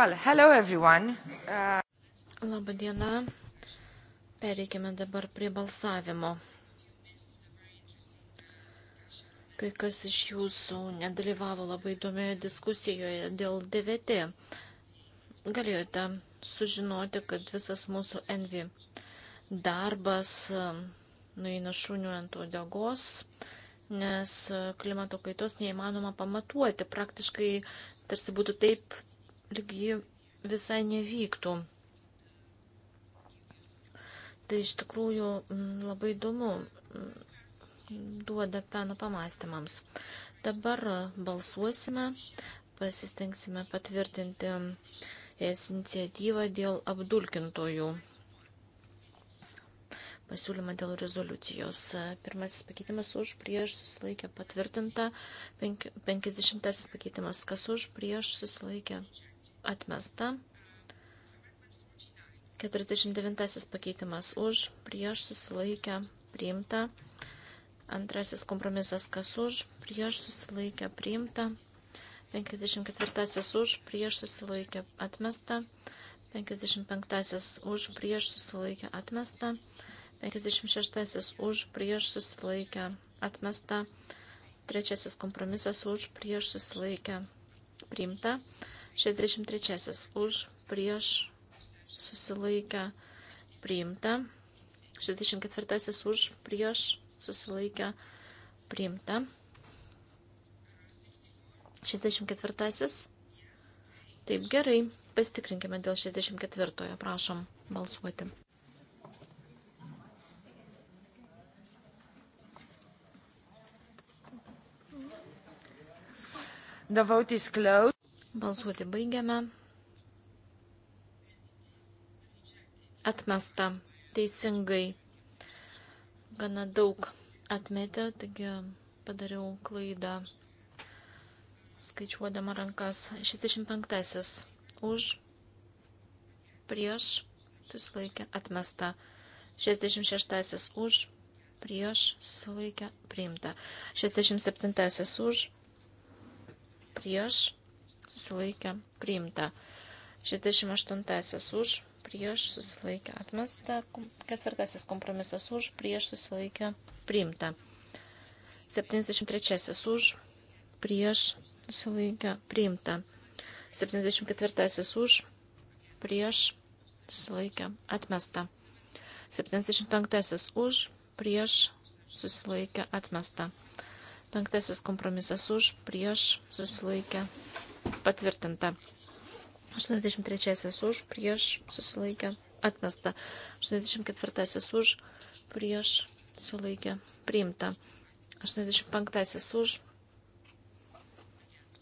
Well, hello everyone. Uh... Labą dieną. Pereikime dabar prie balsavimo. Kai kas iš jūsų nedalyvavo labai įdomioje diskusijoje dėl DVT, galėjote sužinoti, kad visas mūsų envi darbas um, nueina šuniu ant odegos, nes uh, klimato kaitos neįmanoma pamatuoti. Praktiškai tarsi būtų taip lyg ji visai nevyktų. Tai iš tikrųjų mm, labai įdomu mm, duoda peno pamastymams. Dabar balsuosime, pasistengsime patvirtinti es iniciatyvą dėl apdulkintojų pasiūlymą dėl rezoliucijos. Pirmasis pakeitimas už, prieš, susilaikė patvirtinta. 50 pakeitimas kas už, prieš, susilaikė Atmesta. 49 pakeitimas už, prieš susilaikę, priimta. Antrasis kompromisas kas už, prieš susilaikę, priimta. 54 už, prieš susilaikę, atmesta. 55 už, prieš susilaikę, atmesta. 56 už, prieš susilaikę, atmesta. Trečiasis kompromisas už, prieš susilaikę, priimta. 63 už, prieš, susilaikę, priimta. 64 už, prieš, susilaikę, priimta. 64. Taip gerai, pasitikrinkime dėl 64. Prašom balsuoti. The vote is closed. Balsuoti baigiame. Atmesta. Teisingai. Gana daug atmetė, taigi padariau klaidą skaičiuodama rankas. 65. Už. Prieš. Susilaikė. Atmesta. 66. Už. Prieš. Susilaikė. Priimta. 67. Už. Prieš susilaikė priimta. 68 už, prieš susilaikė atmesta, ketvirtasis kompromisas už, prieš susilaikė priimta. 73 už, prieš susilaikė priimta. 74 už, prieš susilaikė atmesta. 75 už, prieš susilaikė atmesta. Penktasis kompromisas už, prieš susilaikė patvirtinta. 83 už, prieš susilaikė atmesta. 84 už, prieš susilaikė priimta. 85 už,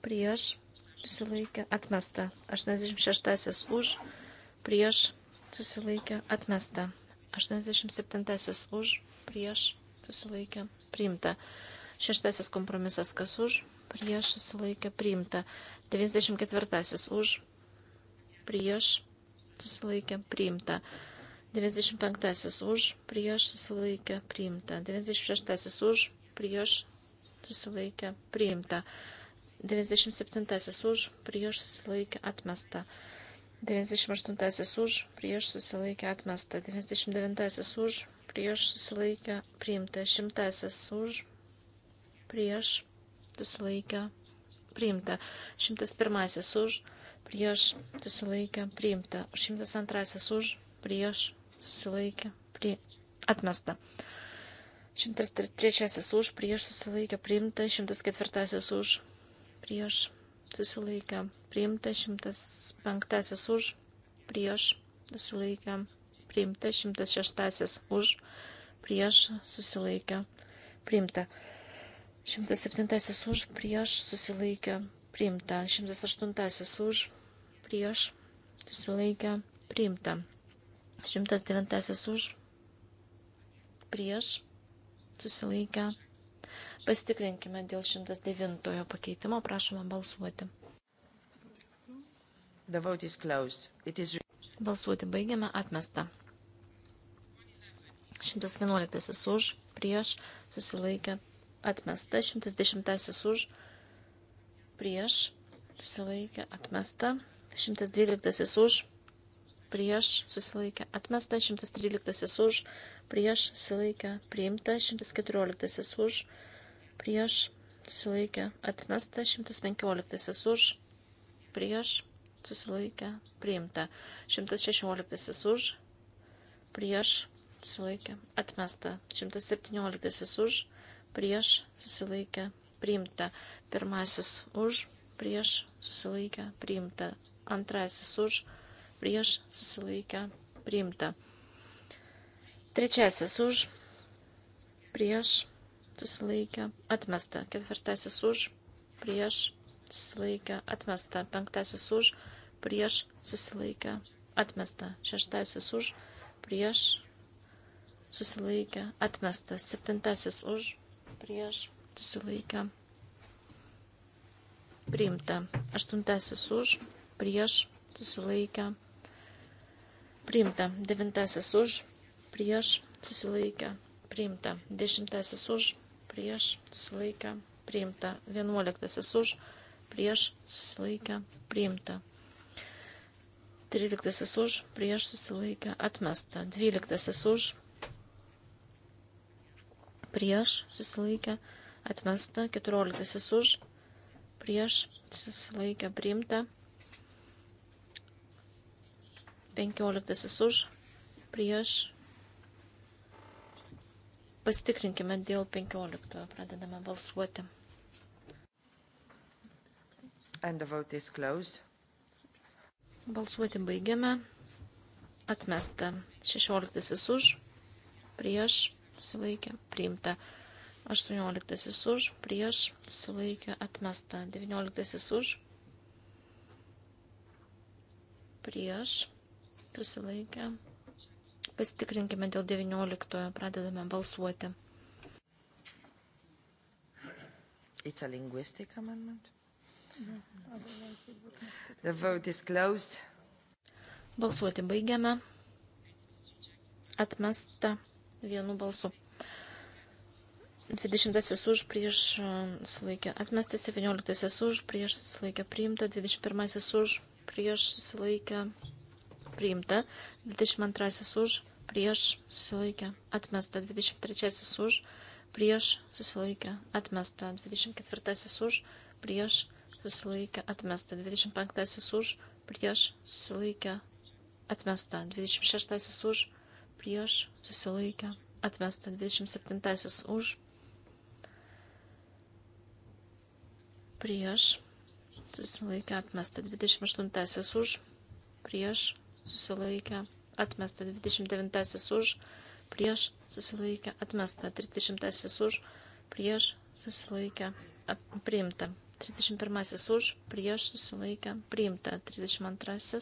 prieš susilaikė atmesta. 86 už, prieš susilaikė atmesta. 87 už, prieš susilaikė priimta. Šeštasis kompromisas kas už, prieš susilaikę priimta. 94 už prieš susilaikę priimta. 95 už prieš susilaikę priimta. 96 už prieš susilaikę priimta. 97 už prieš susilaikę atmesta. 98 už, prieš susilaikę atmesta, 99 už, prieš susilaikę priimta, 100 už, prieš susilaikė priimta. 101 už, prieš susilaikė priimta. 102 už, prieš susilaikė pri... atmesta. 103 už, prieš susilaikė priimta. 104 už, prieš susilaikė priimta. 105 už, prieš susilaikė priimta. 106 už, prieš susilaikė priimta. 107 už prieš susilaikė priimta. 108 už prieš susilaikė priimta. 109 už prieš susilaikė. Pasitikrinkime dėl 109 pakeitimo, prašoma balsuoti. The vote is closed. It is... Balsuoti baigiame atmestą. 111 už, prieš, susilaikę, atmesta, 110 už, prieš, susilaikė, atmesta, 112 už, prieš, susilaikė, atmesta, 113 už, prieš, susilaikė, priimta, 114 už, prieš, susilaikė, atmesta, 115 už, prieš, susilaikė, priimta, 116 už, prieš, susilaikė, atmesta, 117 už, prieš susilaikę priimta. Pirmasis už, prieš susilaikę priimta. Antrasis už, prieš susilaikę priimta. Trečiasis už, prieš susilaikę atmesta. Ketvirtasis už, prieš susilaikę atmesta. Penktasis už, prieš susilaikę atmesta. Šeštasis už, prieš susilaikę atmesta. Septintasis už, prieš susilaikę priimta. Aštuntasis už prieš susilaikę priimta. Devintasis už prieš susilaikę priimta. Dešimtasis už prieš susilaikę priimta. Vienuoliktasis už prieš susilaikę priimta. 13 už, prieš susilaikę, atmesta. 12 už, prieš susilaikę atmesta, 14 už, prieš susilaikę priimta, 15 už, prieš pasitikrinkime dėl 15, pradedame balsuoti. And the vote is closed. Balsuoti baigiame. Atmesta. 16 už, prieš susilaikė, priimta. 18 už, prieš, susilaikė, atmesta. 19 už, prieš, susilaikė. Pasitikrinkime dėl 19, pradedame balsuoti. It's a linguistic amendment. The vote is closed. Balsuoti baigiame. Atmesta vienu balsu. 20 už prieš e, susilaikė atmestas, 17 už prieš susilaikė priimta, 21 už prieš susilaikė priimta, 22 už prieš susilaikė atmesta, 23 už prieš susilaikė atmesta, 24 už prieš susilaikė atmesta, 25 už prieš susilaikė atmesta, 26 už prieš susilaikę atmesta 27 už prieš susilaikę atmesta 28 už prieš susilaikę atmesta 29 už prieš susilaikę atmesta 30 už prieš susilaikę at, priimta 31 už prieš susilaikę priimta 32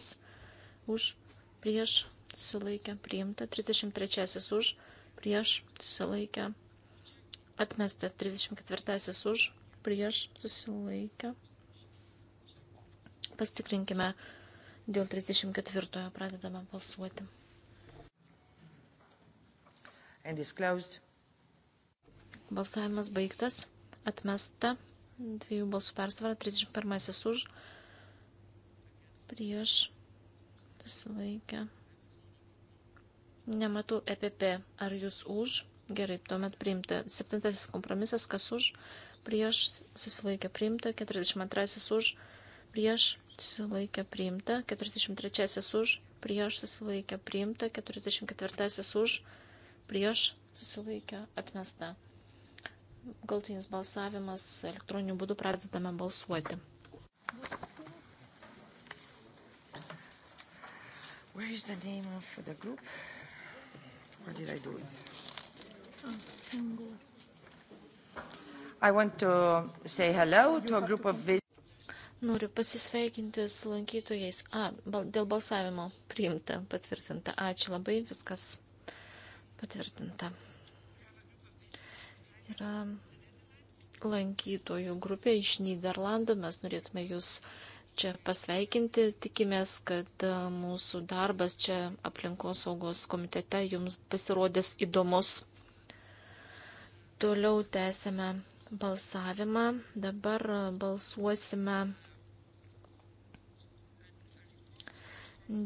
už prieš susilaikė priimta, 33 už, prieš susilaikė atmesta, 34 už, prieš susilaikė. Pastikrinkime dėl 34 pradedame balsuoti. And is closed. Balsavimas baigtas, atmesta, dviejų balsų persvara, 31 už, prieš susilaikę Nematau EPP. Ar jūs už? Gerai, tuomet priimta. Septintasis kompromisas, kas už? Prieš susilaikė priimta. 42 už. Prieš susilaikė priimta. 43 už. Prieš susilaikė priimta. 44 už. Prieš susilaikė atmesta. Galtinis balsavimas elektroniniu būdu pradedame balsuoti. Where is the name of the group? What did I do? I want to say hello to a group of Noriu pasisveikinti su lankytojais. A, bal, dėl balsavimo priimta, patvirtinta. Ačiū labai, viskas patvirtinta. Yra lankytojų grupė iš Niderlandų. Mes norėtume jūs uh, čia pasveikinti. Tikimės, kad e, mūsų darbas čia aplinkos saugos komitete jums pasirodės įdomus. Toliau tęsime balsavimą. Dabar e, balsuosime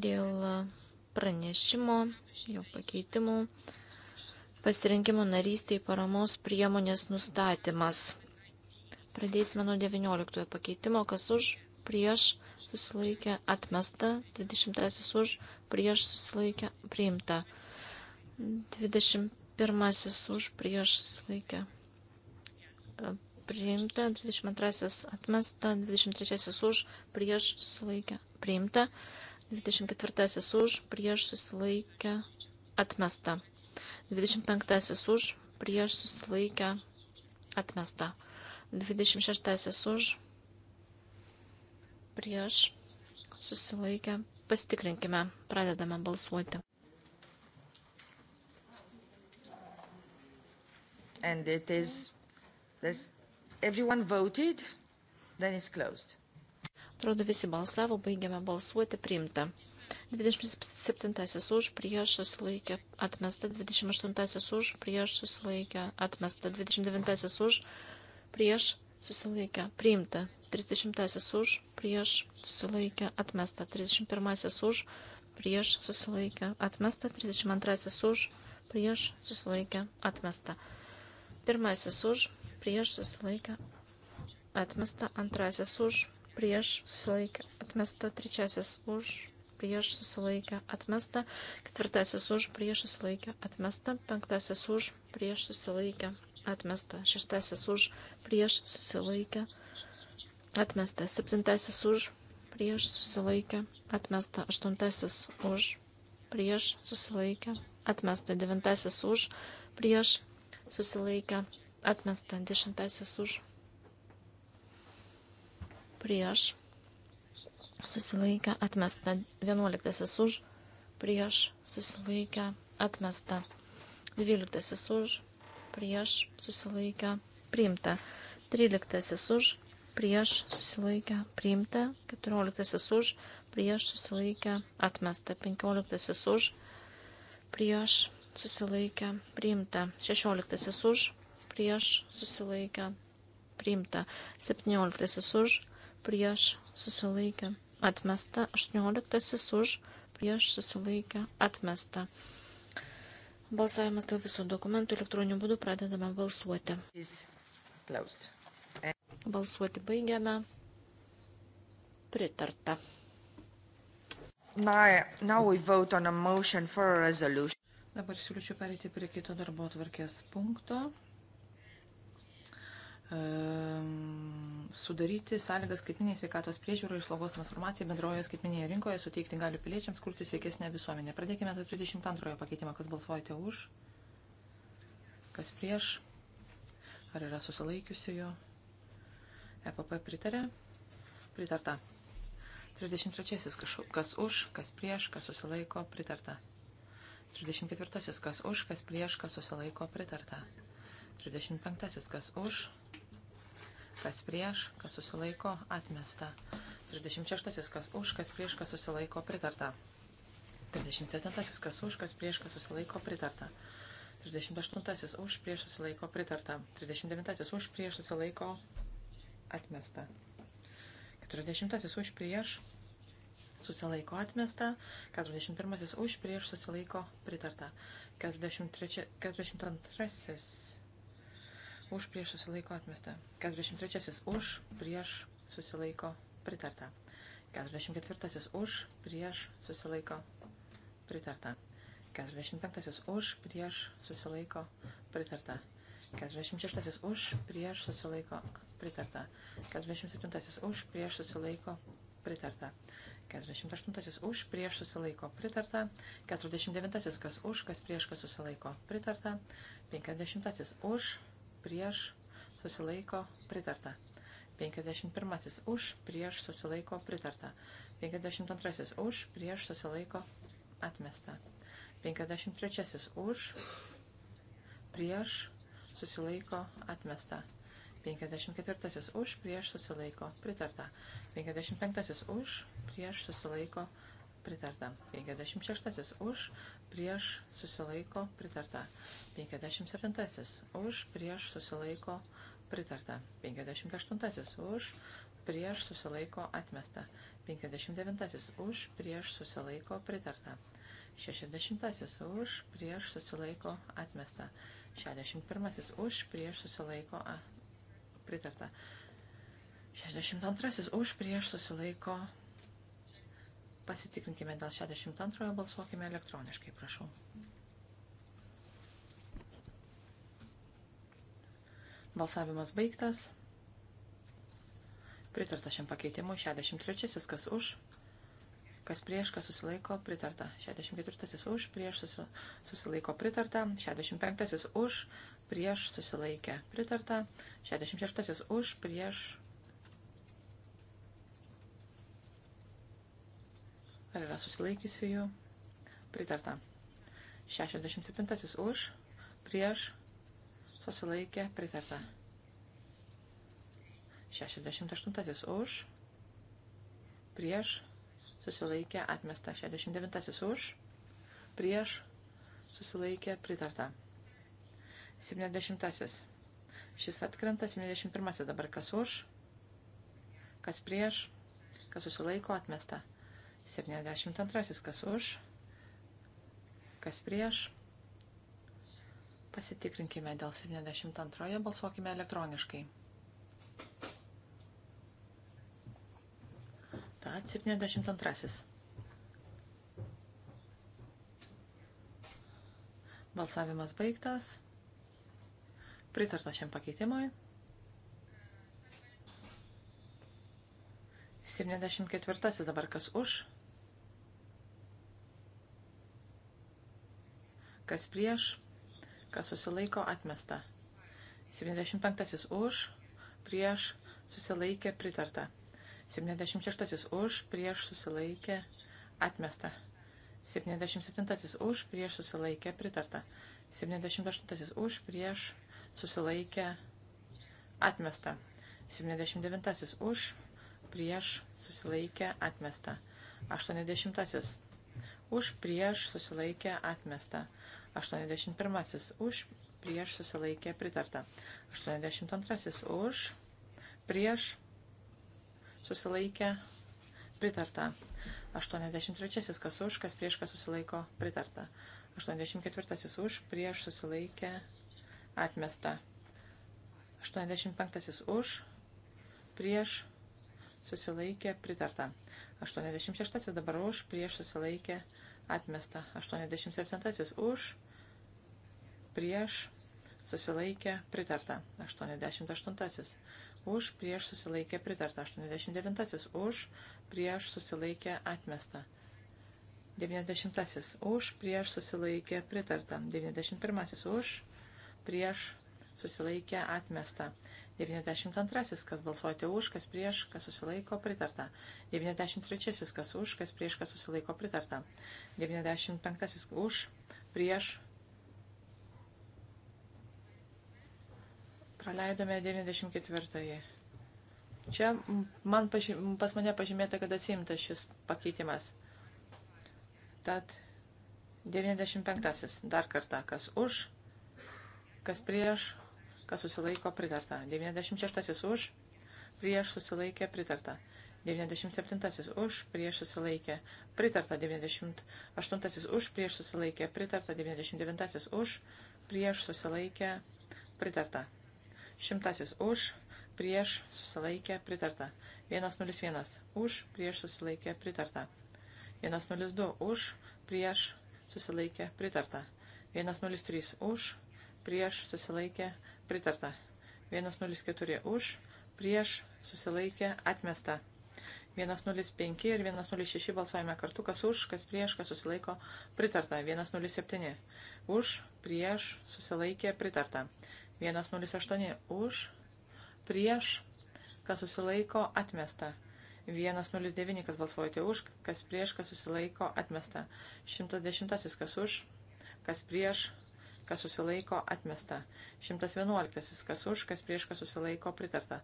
dėl e, pranešimo, jo pakeitimų, pasirinkimo narystiai paramos priemonės nustatymas. Pradėsime nuo 19 pakeitimo, kas už, prieš susilaikę atmesta, 20 už, prieš susilaikę priimta, 21 už, prieš susilaikę e, priimta, 22 atmesta, 23 už, prieš susilaikę priimta, 24 už, prieš susilaikę atmesta, 25 už, prieš susilaikę atmesta, 26 už, prieš susilaikę. Pastikrinkime, pradedame balsuoti. And it is, there's, everyone voted, then it's closed. Atrodo, visi balsavo, baigiame balsuoti, priimta. 27 už, prieš susilaikė, atmesta, 28 už, prieš susilaikė, atmesta, 29 už, prieš susilaikė priimta. 30 už, prieš susilaikė atmesta. 31 už, prieš susilaikė atmesta. 32 už, prieš susilaikė atmesta. Pirmasis už, prieš susilaikė atmesta. Antrasis už, prieš susilaikė atmesta. Trečiasis už, prieš susilaikę atmesta, ketvirtasis už prieš susilaikę atmesta, penktasis už prieš susilaikę atmesta. Šeštasis už, prieš susilaikę, atmesta. Septintasis už, prieš susilaikę, atmesta. Aštuntasis už, prieš susilaikę, atmesta. Devintasis už, prieš susilaikę, atmesta. Dešimtasis už, prieš susilaikę, atmesta. Vienuoliktasis už, prieš susilaikę, atmesta. Dvyliktasis už, prieš susilaikę priimta. 13 už prieš susilaikę priimta, 14 už prieš susilaikę atmesta, 15 už prieš susilaikę priimta, 16 už prieš susilaikę priimta, 17 už prieš susilaikę atmesta, 18 už prieš susilaikę atmesta. Balsavimas dėl visų dokumentų elektroniniu būdu pradedame balsuoti. Balsuoti baigiame. Pritarta. Dabar siūlyčiau perėti prie kito darbo atvarkės punkto sudaryti sąlygas skaitminiai sveikatos priežiūrai ir slaugos transformacijai bendroje skaitminėje rinkoje suteikti gali piliečiams kurti sveikesnę visuomenę. Pradėkime nuo 32 pakeitimo, kas balsuojate už, kas prieš, ar yra susilaikiusi jo. EPP pritarė, pritarta. 33. Kas už, kas prieš, kas susilaiko, pritarta. 34. Kas už, kas prieš, kas susilaiko, pritarta. 35. Kas už, kas prieš, kas susilaiko, atmesta. 36. kas už, kas prieš, kas susilaiko, pritarta. 37. kas už, kas prieš, kas susilaiko, pritarta. 38. už, prieš susilaiko, pritarta. 39. už, prieš susilaiko, atmesta. 40. už, prieš susilaiko, atmesta. 41. už, prieš susilaiko, pritarta. 43. 42 už prieš susilaiko atmesta. 43 už prieš susilaiko pritarta. 44 už prieš susilaiko pritarta. 45 už prieš susilaiko pritarta. 46 už prieš susilaiko pritarta. 47 už prieš susilaiko pritarta. 48 už prieš susilaiko pritarta. 49 kas už, kas prieš, kas susilaiko pritarta. 50 už prieš susilaiko pritarta. 51 už prieš susilaiko pritarta. 52 už prieš susilaiko atmesta. 53 už prieš susilaiko atmesta. 54 už prieš susilaiko pritarta. 55 už prieš susilaiko atmesta pritarta. 56 už, prieš susilaiko pritarta. 57 už, prieš susilaiko pritarta. 58 už, prieš susilaiko atmesta. 59 už, prieš susilaiko pritarta. 60 už, prieš susilaiko atmesta. 61 už, prieš susilaiko pritarta. 62 už, prieš susilaiko atmesta. Pasitikrinkime dėl 62, balsuokime elektroniškai, prašau. Balsavimas baigtas. Pritarta šiam pakeitimui 63, kas už, kas prieš, kas susilaiko, pritarta. 64 už, prieš susilaiko, pritarta. 65 už, prieš susilaikė, pritarta. 66 už, prieš ar yra susilaikiusiųjų, pritarta. 67 už, prieš, susilaikė, pritarta. 68 už, prieš, susilaikė, atmesta. 69 už, prieš, susilaikė, pritarta. 70. Šis atkrenta 71. Dabar kas už, kas prieš, kas susilaiko, atmesta. 72. Kas už? Kas prieš? Pasitikrinkime dėl 72. Balsuokime elektroniškai. Tad 72. Balsavimas baigtas. Pritarta šiam pakeitimui. 74 dabar kas už, kas prieš, kas susilaiko atmesta. 75 už, prieš, susilaikė pritarta. 76 už, prieš, susilaikė atmesta. 77 už, prieš, susilaikė pritarta. 78 už, prieš, susilaikė atmesta. 79 už, prieš, susilaikė atmesta. 80 už, prieš, susilaikė atmesta. 81 už, prieš susilaikė pritarta. 82 už, prieš susilaikė pritarta. 83 kas už, kas prieš, kas susilaiko pritarta. 84 už, prieš susilaikė atmesta. 85 už, prieš susilaikė pritarta. 86 dabar už, prieš susilaikė pritarta atmesta. 87 už, prieš, susilaikė, pritarta. 88 už, prieš, susilaikė, pritarta. 89 už, prieš, susilaikė, atmesta. 90 už, prieš, susilaikė, pritarta. 91 už, prieš, susilaikė, atmesta. 92. Kas balsuojate už, kas prieš, kas susilaiko pritarta. 93. Kas už, kas prieš, kas susilaiko pritarta. 95. Už, prieš. Praleidome 94. Čia man paži... pas mane pažymėta, kad atsimta šis pakeitimas. Tad 95. Dar kartą, kas už, kas prieš, kas susilaiko pritarta. 96 už, prieš susilaikė pritarta. 97 už, prieš susilaikė pritarta. 98 už, prieš susilaikė pritarta. 99 už, prieš susilaikė pritarta. 100 už, prieš susilaikė pritarta. 101 už, prieš susilaikė pritarta. 102 už, prieš susilaikė pritarta. 103 už, prieš susilaikė pritarta pritarta. 104 už, prieš, susilaikė, atmesta. 105 ir 106 balsuojame kartu, kas už, kas prieš, kas susilaiko, pritarta. 107 už, prieš, susilaikė, pritarta. 108 už, prieš, kas susilaiko, atmesta. 109, kas balsuojate už, kas prieš, kas susilaiko, atmesta. 110, kas už, kas prieš, kas susilaiko atmesta. 111. kas už, kas prieš, kas susilaiko pritarta.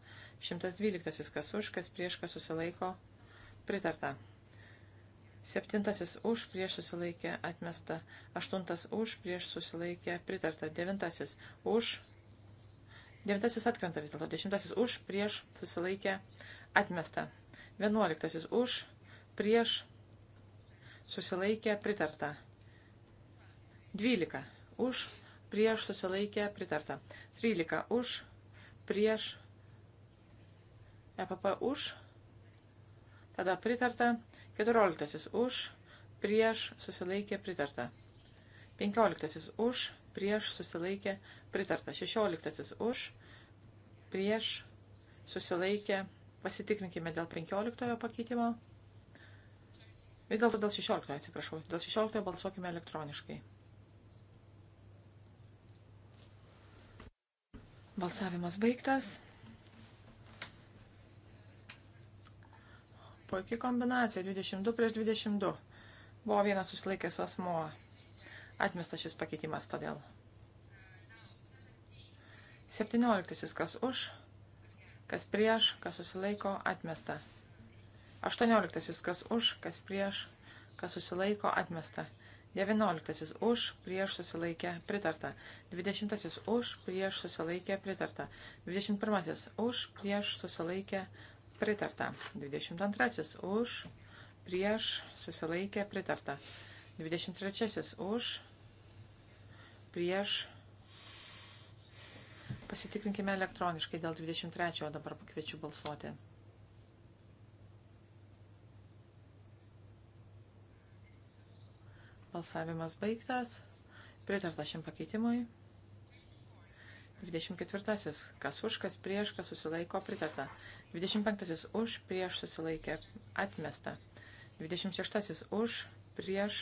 112. kas už, kas prieš, kas susilaiko pritarta. 7. už, prieš susilaikė atmesta. 8. už, prieš susilaikė pritarta. 9. už. 9. atkrenta vis dėlto. 10. už, prieš susilaikė atmesta. 11. už, prieš susilaikė pritarta. 12 už, prieš susilaikę pritarta. 13 už, prieš, EPP už, tada pritarta. 14 už, prieš susilaikė pritarta. 15 e už, prieš susilaikė pritarta. 16 už, prieš susilaikė. Pasitikrinkime dėl 15 pakeitimo. Vis dėlto dėl 16, atsiprašau. Dėl 16 balsuokime elektroniškai. Balsavimas baigtas. Puikiai kombinacija 22 prieš 22. Buvo vienas susilaikęs asmuo. Atmestas šis pakeitimas todėl. 17. Kas už, kas prieš, kas susilaiko, atmesta. 18. Kas už, kas prieš, kas susilaiko, atmesta. 19. Už prieš susilaikę pritarta. 20. Už prieš susilaikę pritarta. 21. Už prieš susilaikę pritarta. 22. Už prieš susilaikę pritarta. 23. Už prieš. Pasitikrinkime elektroniškai dėl 23, o dabar pakviečiu balsuoti. Balsavimas baigtas. Pritarta šiam pakeitimui. 24. Kas už, kas prieš, kas susilaiko, pritarta. 25. Už, prieš, susilaikė, atmesta. 26. Už, prieš,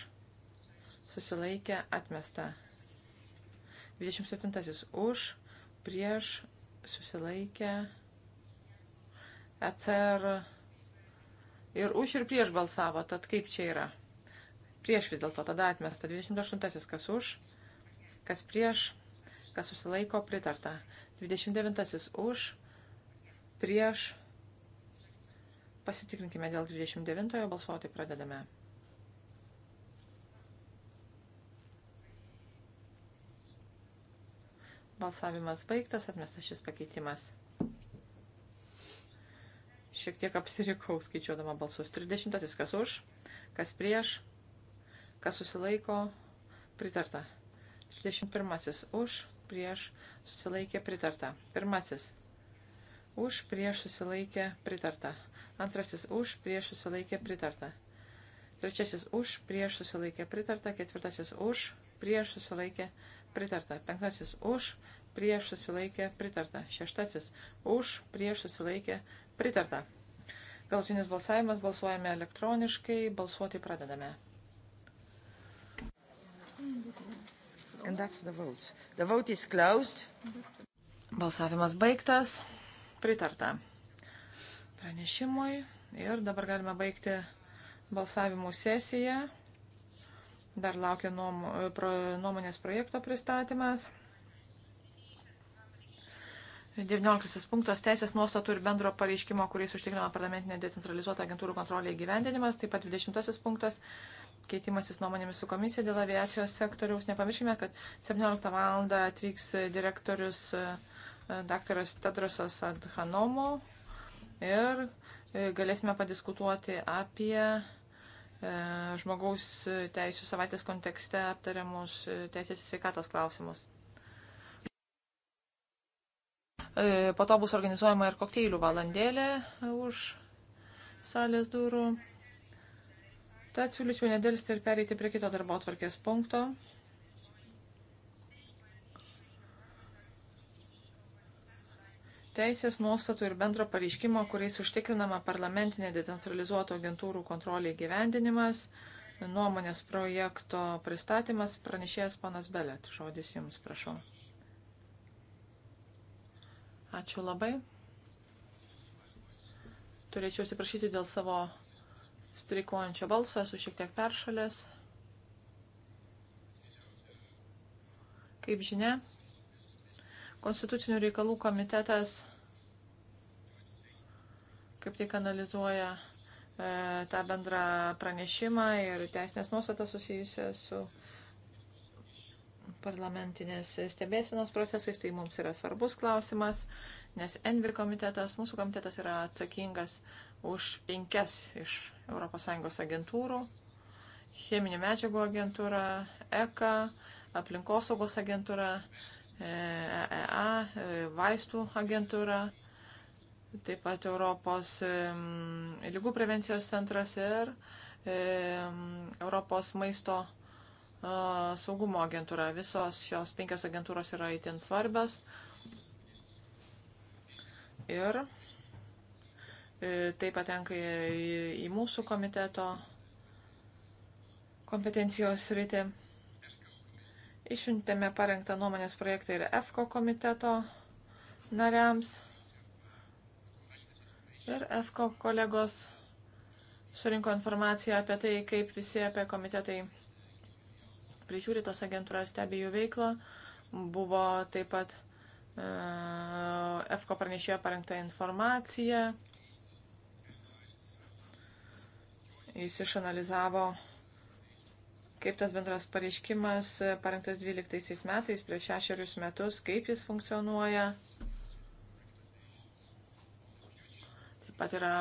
susilaikė, atmesta. 27. Už, prieš, susilaikė, ECR ir už ir prieš balsavo, tad kaip čia yra? prieš vis dėlto tada atmesta. 28. Kas už, kas prieš, kas susilaiko pritarta. 29. Už, prieš. Pasitikrinkime dėl 29. Balsuoti pradedame. Balsavimas baigtas, atmestas šis pakeitimas. Šiek tiek apsirikau skaičiuodama balsus. 30. Kas už, kas prieš kas susilaiko, pritarta. 31 už, prieš, susilaikė, pritarta. Pirmasis už, prieš, susilaikė, pritarta. Antrasis už, prieš, susilaikė, pritarta. Trečiasis už, prieš, susilaikė, pritarta. Ketvirtasis už, prieš, susilaikė, pritarta. Penktasis už, prieš, susilaikė, pritarta. Šeštasis už, prieš, susilaikė, pritarta. Galutinis balsavimas balsuojame elektroniškai, balsuoti pradedame. And that's the vote. The vote is closed. Balsavimas baigtas. Pritarta pranešimui. Ir dabar galime baigti balsavimų sesiją. Dar laukia nuomonės projekto pristatymas. 19 punktas teisės nuostatų ir bendro pareiškimo, kuriais užtikrinama parlamentinė decentralizuota agentūrų kontrolė įgyvendinimas. Taip pat 20 punktas keitimasis nuomonėmis su komisija dėl aviacijos sektoriaus. Nepamirškime, kad 17 val. atvyks direktorius e, dr. Tedrosas Adhanomo ir e, galėsime padiskutuoti apie e, žmogaus teisų savaitės kontekste aptariamus teisės sveikatos klausimus. E, po to bus organizuojama ir kokteilių valandėlė e, už salės durų. Tad siūlyčiau nedėlsti ir pereiti prie kito darbo atvarkės punkto. Teisės nuostatų ir bendro pareiškimo, kuriais užtikrinama parlamentinė decentralizuotų agentūrų kontrolė įgyvendinimas, nuomonės projekto pristatymas, pranešėjas panas Belet. Žodis jums, prašau. Ačiū labai. Turėčiau atsiprašyti dėl savo streikuojančio balso, esu šiek tiek peršalęs. Kaip žinia, Konstitucinių reikalų komitetas kaip tik analizuoja e, tą bendrą pranešimą ir teisinės nuostatas susijusią su parlamentinės stebėsinos procesais, tai mums yra svarbus klausimas, nes Envi komitetas, mūsų komitetas yra atsakingas už penkias iš ES agentūrų - cheminių medžiagų agentūra, ECA, aplinkosaugos agentūra, EEA, e e, vaistų agentūra, taip pat Europos lygų prevencijos centras ir Europos maisto agentūra saugumo agentūra. Visos šios penkios agentūros yra itin svarbios. Ir e, tai patenka į, į mūsų komiteto kompetencijos rytį. Išsiuntėme parengtą nuomonės projektą ir EFKO komiteto nariams. Ir EFKO kolegos surinko informaciją apie tai, kaip visi apie komitetai prižiūri tas agentūras, stebi jų veiklą. Buvo taip pat EFKO pranešėjo parengta informacija. Jis išanalizavo, kaip tas bendras pareiškimas parengtas 12 metais, prieš šešerius metus, kaip jis funkcionuoja. Taip pat yra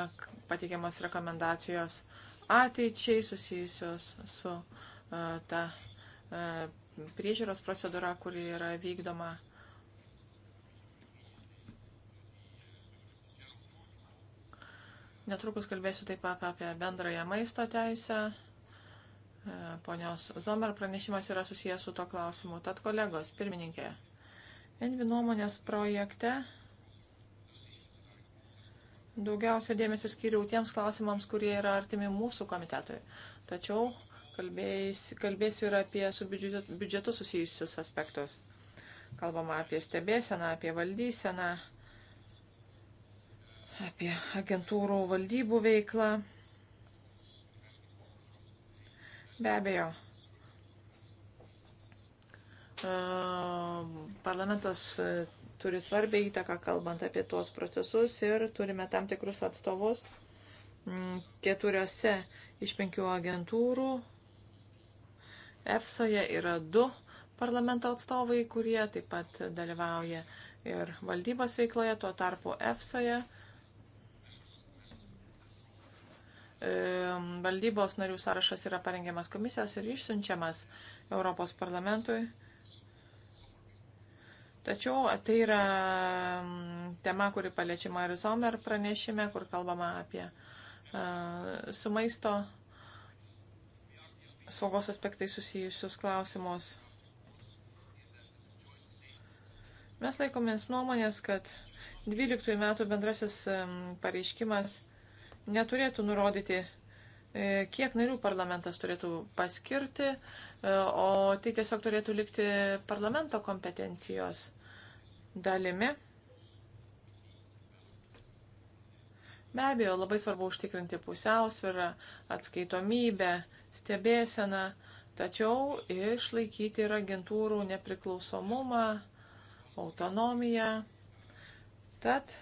pateikiamas rekomendacijos ateičiai susijusios su uh, ta E, priežiūros procedūra, kuri yra vykdoma. Netrukus kalbėsiu taip pat apie bendrąją maisto teisę. E, ponios Zomer pranešimas yra susijęs su to klausimu. Tad kolegos, pirmininkė, Envi nuomonės projekte daugiausia dėmesio skiriau tiems klausimams, kurie yra artimi mūsų komitetui. Tačiau Kalbėjusi, kalbėsiu ir apie su biudžetu, biudžetu susijusius aspektus. Kalbama apie stebėseną, apie valdyseną, apie agentūrų valdybų veiklą. Be abejo, parlamentas turi svarbę įtaką, kalbant apie tuos procesus ir turime tam tikrus atstovus keturiose iš penkių agentūrų EFSOje yra du parlamento atstovai, kurie taip pat dalyvauja ir valdybos veikloje, tuo tarpu EFSOje valdybos narių sąrašas yra parengiamas komisijos ir išsiunčiamas Europos parlamentui. Tačiau tai yra tema, kuri paliečiama ir Zomer pranešime, kur kalbama apie su maisto saugos aspektai susijusius klausimus. Mes laikomės nuomonės, kad 12 metų bendrasis pareiškimas neturėtų nurodyti, e, kiek narių parlamentas turėtų paskirti, e, o tai tiesiog turėtų likti parlamento kompetencijos dalimi. Be abejo, labai svarbu užtikrinti pusiausvyrą, atskaitomybę, stebėseną, tačiau išlaikyti ir agentūrų nepriklausomumą, autonomiją. Tad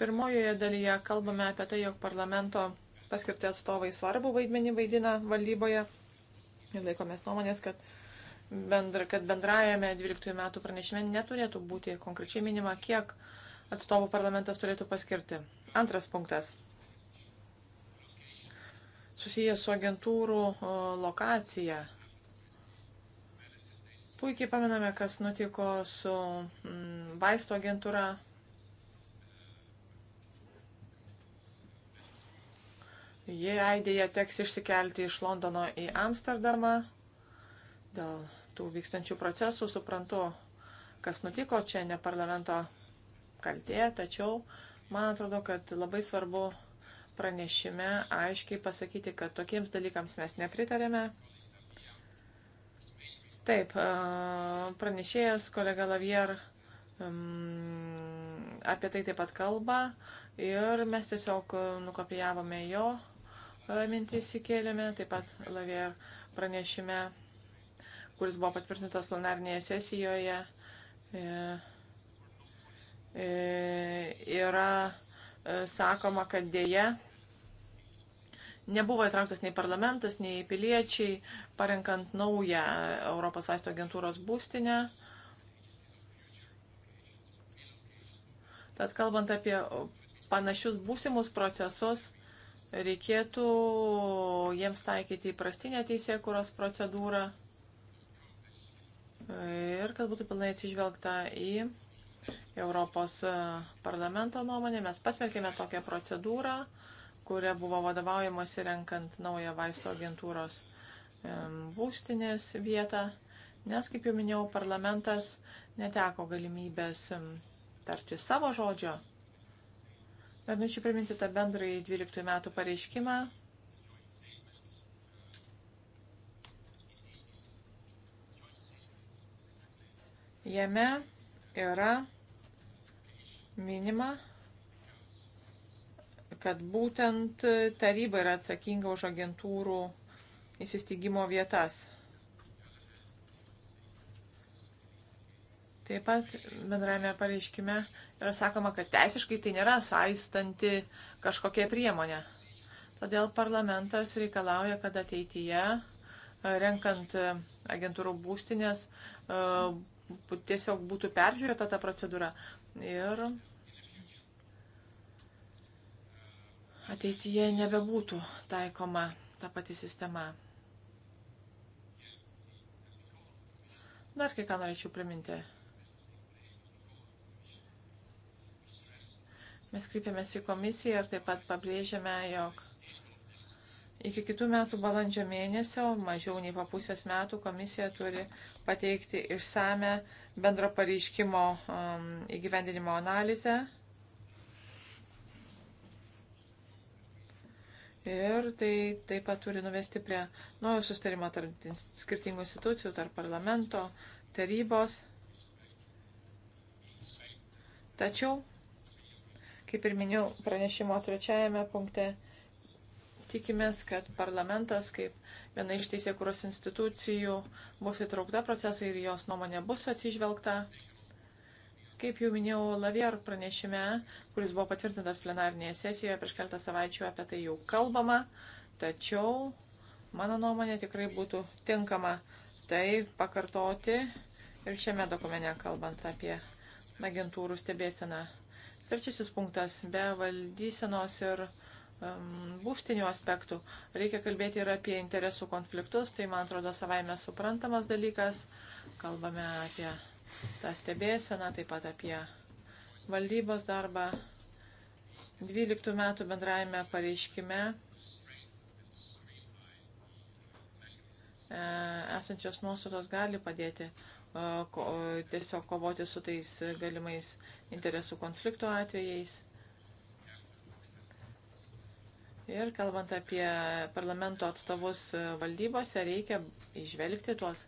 pirmojoje dalyje kalbame apie tai, jog parlamento paskirti atstovai svarbu vaidmenį vaidina valdyboje ir laikomės nuomonės, kad bendra, kad bendrajame 12 metų pranešime neturėtų būti konkrečiai minima, kiek atstovų parlamentas turėtų paskirti. Antras punktas. Susijęs su agentūrų lokacija. Puikiai pamename, kas nutiko su mm, vaisto agentūra. Jei aidėje teks išsikelti iš Londono į Amsterdamą dėl tų vykstančių procesų, suprantu, kas nutiko, čia ne parlamento kaltė, tačiau man atrodo, kad labai svarbu pranešime aiškiai pasakyti, kad tokiems dalykams mes nepritarėme. Taip, pranešėjas kolega Lavier apie tai taip pat kalba ir mes tiesiog nukopijavome jo mintis įkėlėme, taip pat Lavier pranešime kuris buvo patvirtintas plenarnėje sesijoje, e, e, yra e, sakoma, kad dėje nebuvo įtrauktas nei parlamentas, nei piliečiai, parenkant naują Europos vaisto agentūros būstinę. Tad kalbant apie panašius būsimus procesus, reikėtų jiems taikyti įprastinę teisėkuros procedūrą ir kad būtų pilnai atsižvelgta į Europos e, parlamento nuomonę. Mes pasmerkėme tokią procedūrą, kuria buvo vadovaujamasi renkant naują vaisto agentūros būstinės vietą, nes, kaip jau minėjau, parlamentas neteko galimybės tarti savo žodžio. Dar norėčiau priminti tą bendrąjį 12 metų pareiškimą Jame yra minima, kad būtent taryba yra atsakinga už agentūrų įsisteigimo vietas. Taip pat bendrame pareiškime yra sakoma, kad teisiškai tai nėra saistanti kažkokia priemonė. Todėl parlamentas reikalauja, kad ateityje, renkant agentūrų būstinės, tiesiog būtų peržiūrėta ta procedūra ir ateityje nebebūtų taikoma ta pati sistema. Dar kai ką norėčiau priminti. Mes kreipiamės į komisiją ir taip pat pabrėžiame, jog Iki kitų metų balandžio mėnesio, mažiau nei po pusės metų, komisija turi pateikti išsame bendro pareiškimo um, įgyvendinimo analizę. Ir tai taip pat turi nuvesti prie naujo sustarimo tarp skirtingų institucijų, tarp parlamento, tarybos. Tačiau, kaip ir minėjau, pranešimo trečiajame punkte Tikimės, kad parlamentas kaip viena iš teisėkuros institucijų bus įtraukta procesai ir jos nuomonė bus atsižvelgta. Kaip jau minėjau, Lavier pranešime, kuris buvo patvirtintas plenarnėje sesijoje prieš keltą savaičių, apie tai jau kalbama, tačiau mano nuomonė tikrai būtų tinkama tai pakartoti ir šiame dokumente kalbant apie agentūrų stebėseną. Trečiasis punktas - be valdysenos ir Um, būštinių aspektų. Reikia kalbėti ir apie interesų konfliktus, tai man atrodo savaime suprantamas dalykas. Kalbame apie tą stebėseną, taip pat apie valdybos darbą. 12 metų bendraime pareiškime e, esančios nuostatos gali padėti e, e, tiesiog kovoti su tais galimais interesų konflikto atvejais. Ir kalbant apie parlamento atstovus valdybose, reikia išvelgti tuos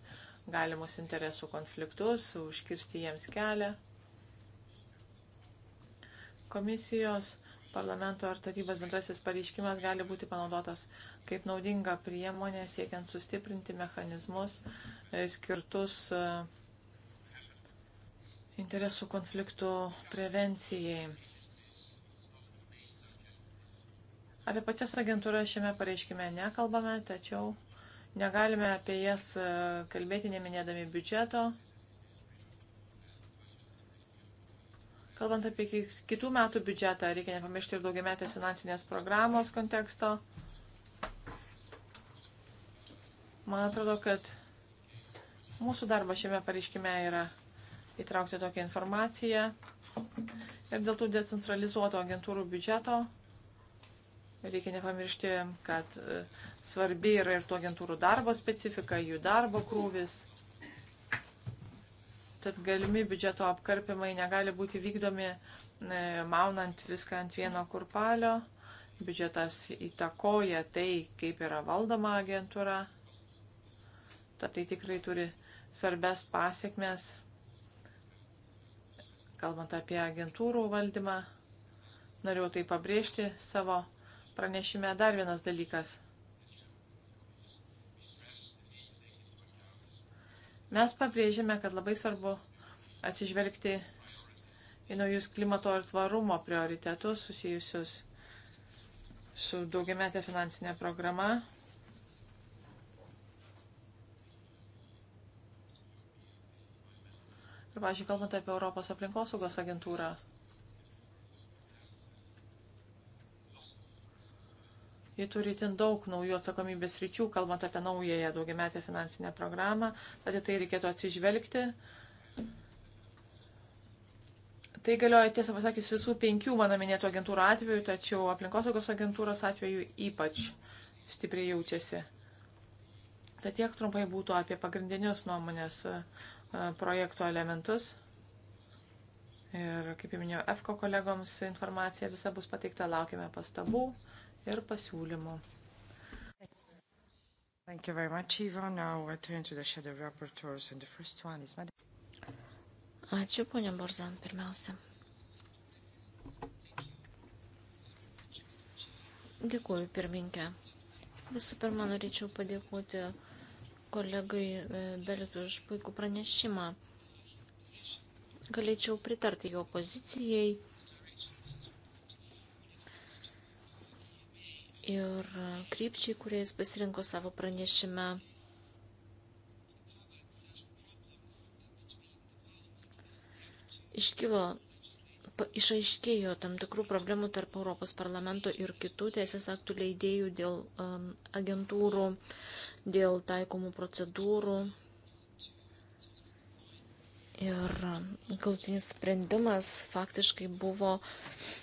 galimus interesų konfliktus, užkirsti jiems kelią. Komisijos parlamento ar tarybos bendrasis pareiškimas gali būti panaudotas kaip naudinga priemonė siekiant sustiprinti mechanizmus e, skirtus e, interesų konfliktų prevencijai. Apie pačias agentūras šiame pareiškime nekalbame, tačiau negalime apie jas e, kalbėti neminėdami biudžeto. Kalbant apie kitų metų biudžetą, reikia nepamiršti ir daugiametės finansinės programos konteksto. Man atrodo, kad mūsų darbas šiame pareiškime yra įtraukti tokią informaciją ir dėl tų decentralizuoto agentūrų biudžeto Reikia nepamiršti, kad e, svarbi yra ir tų agentūrų darbo specifika, jų darbo krūvis. Tad galimi biudžeto apkarpimai negali būti vykdomi e, maunant viską ant vieno kurpalio. Biudžetas įtakoja tai, kaip yra valdoma agentūra. Tad tai tikrai turi svarbes pasiekmes, kalbant apie agentūrų valdymą. Norėjau tai pabrėžti savo pranešime dar vienas dalykas. Mes pabrėžėme, kad labai svarbu atsižvelgti į naujus klimato ir tvarumo prioritetus susijusius su daugiametė finansinė programa. Ir, pažiūrėjau, kalbant apie Europos aplinkosaugos agentūrą. Jie turi ten daug naujų atsakomybės ryčių, kalbant apie naująją daugiametę finansinę programą, tad į tai reikėtų atsižvelgti. Tai galioja, tiesą pasakius, visų penkių mano minėtų agentūrų atveju, tačiau aplinkosaugos agentūros atveju ypač stipriai jaučiasi. Tad tiek trumpai būtų apie pagrindinius nuomonės e, projekto elementus. Ir kaip jau minėjau, EFKO kolegoms informacija visa bus pateikta, laukime pastabų ir pasiūlymų. Thank you very much, Iva. Now I turn to the shadow rapporteurs, and the first one is Madam. Ačiū, ponia Borzan, pirmiausia. Dėkuoju, pirminkė. Visų pirma, norėčiau padėkoti kolegai e, Belizui už puikų pranešimą. Galėčiau pritarti jo pozicijai ir krypčiai, kuriais pasirinko savo pranešime. Iškilo, išaiškėjo tam tikrų problemų tarp Europos parlamento ir kitų teisės aktų leidėjų dėl um, agentūrų, dėl taikomų procedūrų. Ir galtinis sprendimas faktiškai buvo uh,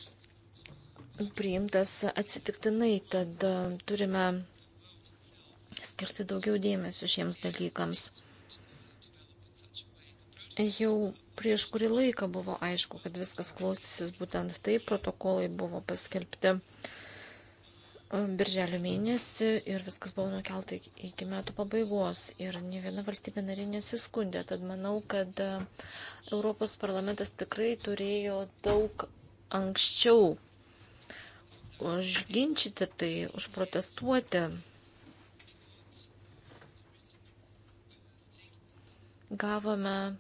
priimtas atsitiktinai, tad e, turime skirti daugiau dėmesio šiems dalykams. Jau prieš kurį laiką buvo aišku, kad viskas klausysis būtent taip, protokolai buvo paskelbti e, birželio mėnesį ir viskas buvo nukelta iki metų pabaigos ir ne viena valstybė narė nesiskundė. Tad manau, kad e, Europos parlamentas tikrai turėjo daug anksčiau užginčyti tai, užprotestuoti. Gavome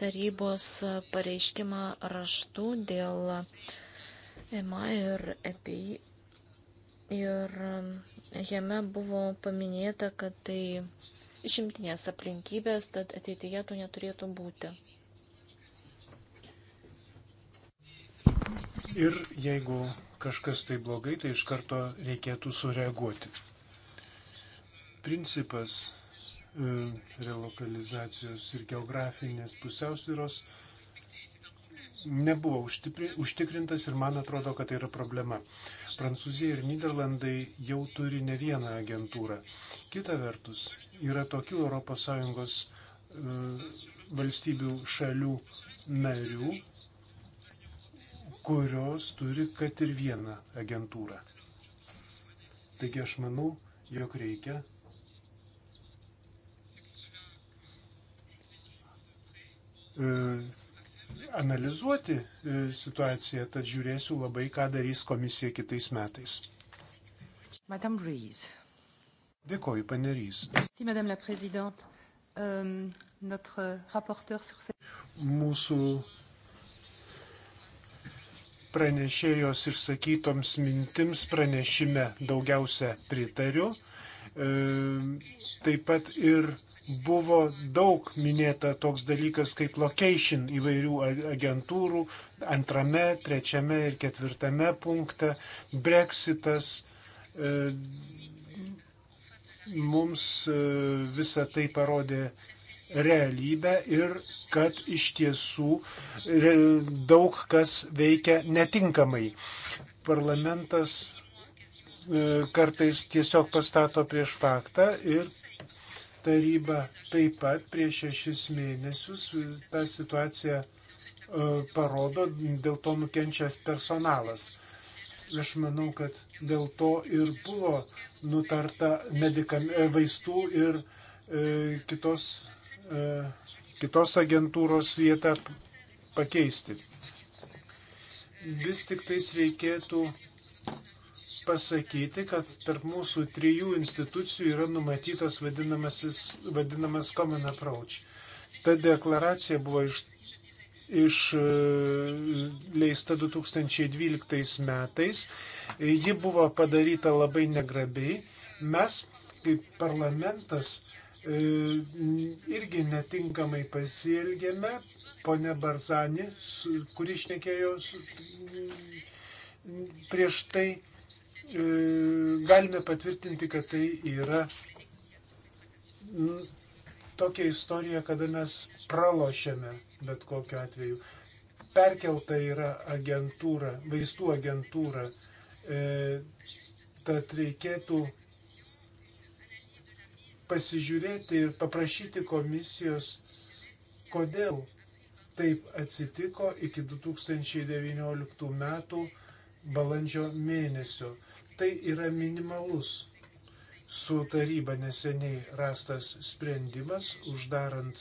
tarybos pareiškimą raštų dėl EMA ir EPI. Ir jame buvo paminėta, kad tai išimtinės aplinkybės, tad ateityje to neturėtų būti. Ir jeigu kažkas tai blogai, tai iš karto reikėtų sureaguoti. Principas e, relokalizacijos ir geografinės pusiausvyros nebuvo užtikrintas ir man atrodo, kad tai yra problema. Prancūzija ir Niderlandai jau turi ne vieną agentūrą. Kita vertus, yra tokių ES e, valstybių šalių narių, kurios turi kad ir vieną agentūrą. Taigi aš manau, jog reikia e, analizuoti e, situaciją, tad žiūrėsiu labai, ką darys komisija kitais metais. Madame Rees. Dėkoju, panerys. Madame la Présidente, um, notre rapporteur sur... Mūsų pranešėjos išsakytoms mintims pranešime daugiausia pritariu. E, taip pat ir buvo daug minėta toks dalykas kaip location įvairių agentūrų antrame, trečiame ir ketvirtame punkte, Brexitas. E, mums e, visą tai parodė realybę ir kad iš tiesų e, daug kas veikia netinkamai. Parlamentas e, kartais tiesiog pastato prieš faktą ir taryba taip pat prieš šešis mėnesius e, tą situaciją parodo, dėl to nukenčia personalas. Aš manau, kad dėl to ir buvo nutarta medikam, vaistų ir e, kitos E, kitos agentūros vietą pakeisti. Vis tik tais reikėtų pasakyti, kad tarp mūsų trijų institucijų yra numatytas vadinamas common approach. Ta deklaracija buvo iš, išleista e, 2012 metais. Ji buvo padaryta labai negrabiai. Mes, kaip parlamentas, E, irgi netinkamai pasielgėme. Pone Barzani, kuris šnekėjo prieš tai, e, galime patvirtinti, kad tai yra tokia istorija, kada mes pralošėme bet kokiu atveju. Perkelta yra agentūra, vaistų agentūra, e, tad reikėtų pasižiūrėti ir paprašyti komisijos, kodėl taip atsitiko iki 2019 metų balandžio mėnesio. Tai yra minimalus su taryba neseniai rastas sprendimas, uždarant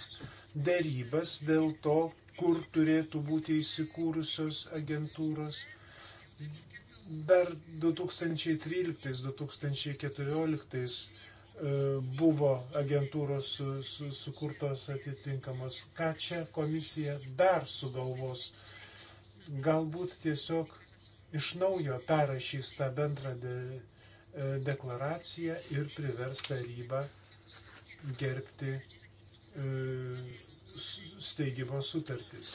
dėrybas dėl to, kur turėtų būti įsikūrusios agentūros. Dar 2013-2014 E, buvo agentūros su, su, sukurtos atitinkamos. Ką čia komisija dar sugalvos? Galbūt tiesiog iš naujo perrašys tą bendrą de, e, deklaraciją ir privers tarybą gerbti e, steigimo sutartis.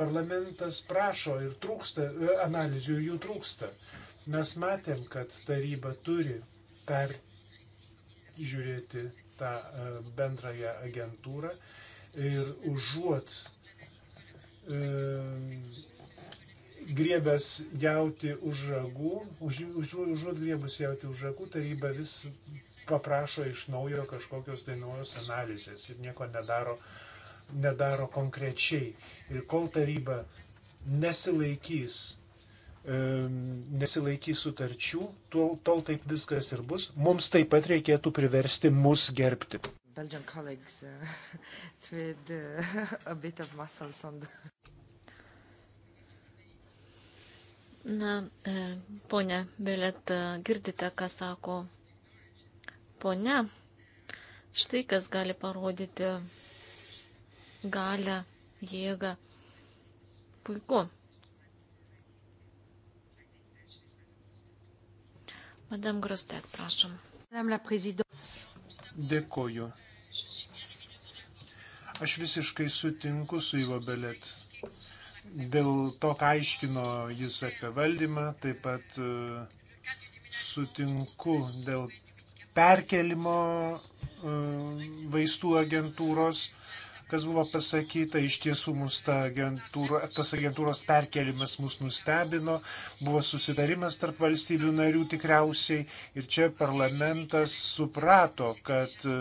Parlamentas prašo ir trūksta, analizių jų trūksta. Mes matėm, kad taryba turi per, prižiūrėti tą e, bendrąją agentūrą ir užuot e, griebęs jauti už ragų, už, už, užuot griebus jauti už ragų, taryba vis paprašo iš naujo kažkokios tai naujos analizės ir nieko nedaro, nedaro konkrečiai. Ir kol taryba nesilaikys nesilaikys sutarčių, tol, tol taip viskas ir bus. Mums taip pat reikėtų priversti mus gerbti. Uh, uh, Na, e, ponia Belet, e, girdite, ką sako ponia. Štai kas gali parodyti galę, jėgą. Puiku. Madame Grostet, prašom. Dėkoju. Aš visiškai sutinku su Ivo Belet. Dėl to, ką aiškino jis apie valdymą, taip pat e, sutinku dėl perkelimo e, vaistų agentūros kas buvo pasakyta. Iš tiesų, ta agentūra, tas agentūros perkelimas mus nustebino, buvo susitarimas tarp valstybių narių tikriausiai ir čia parlamentas suprato, kad e,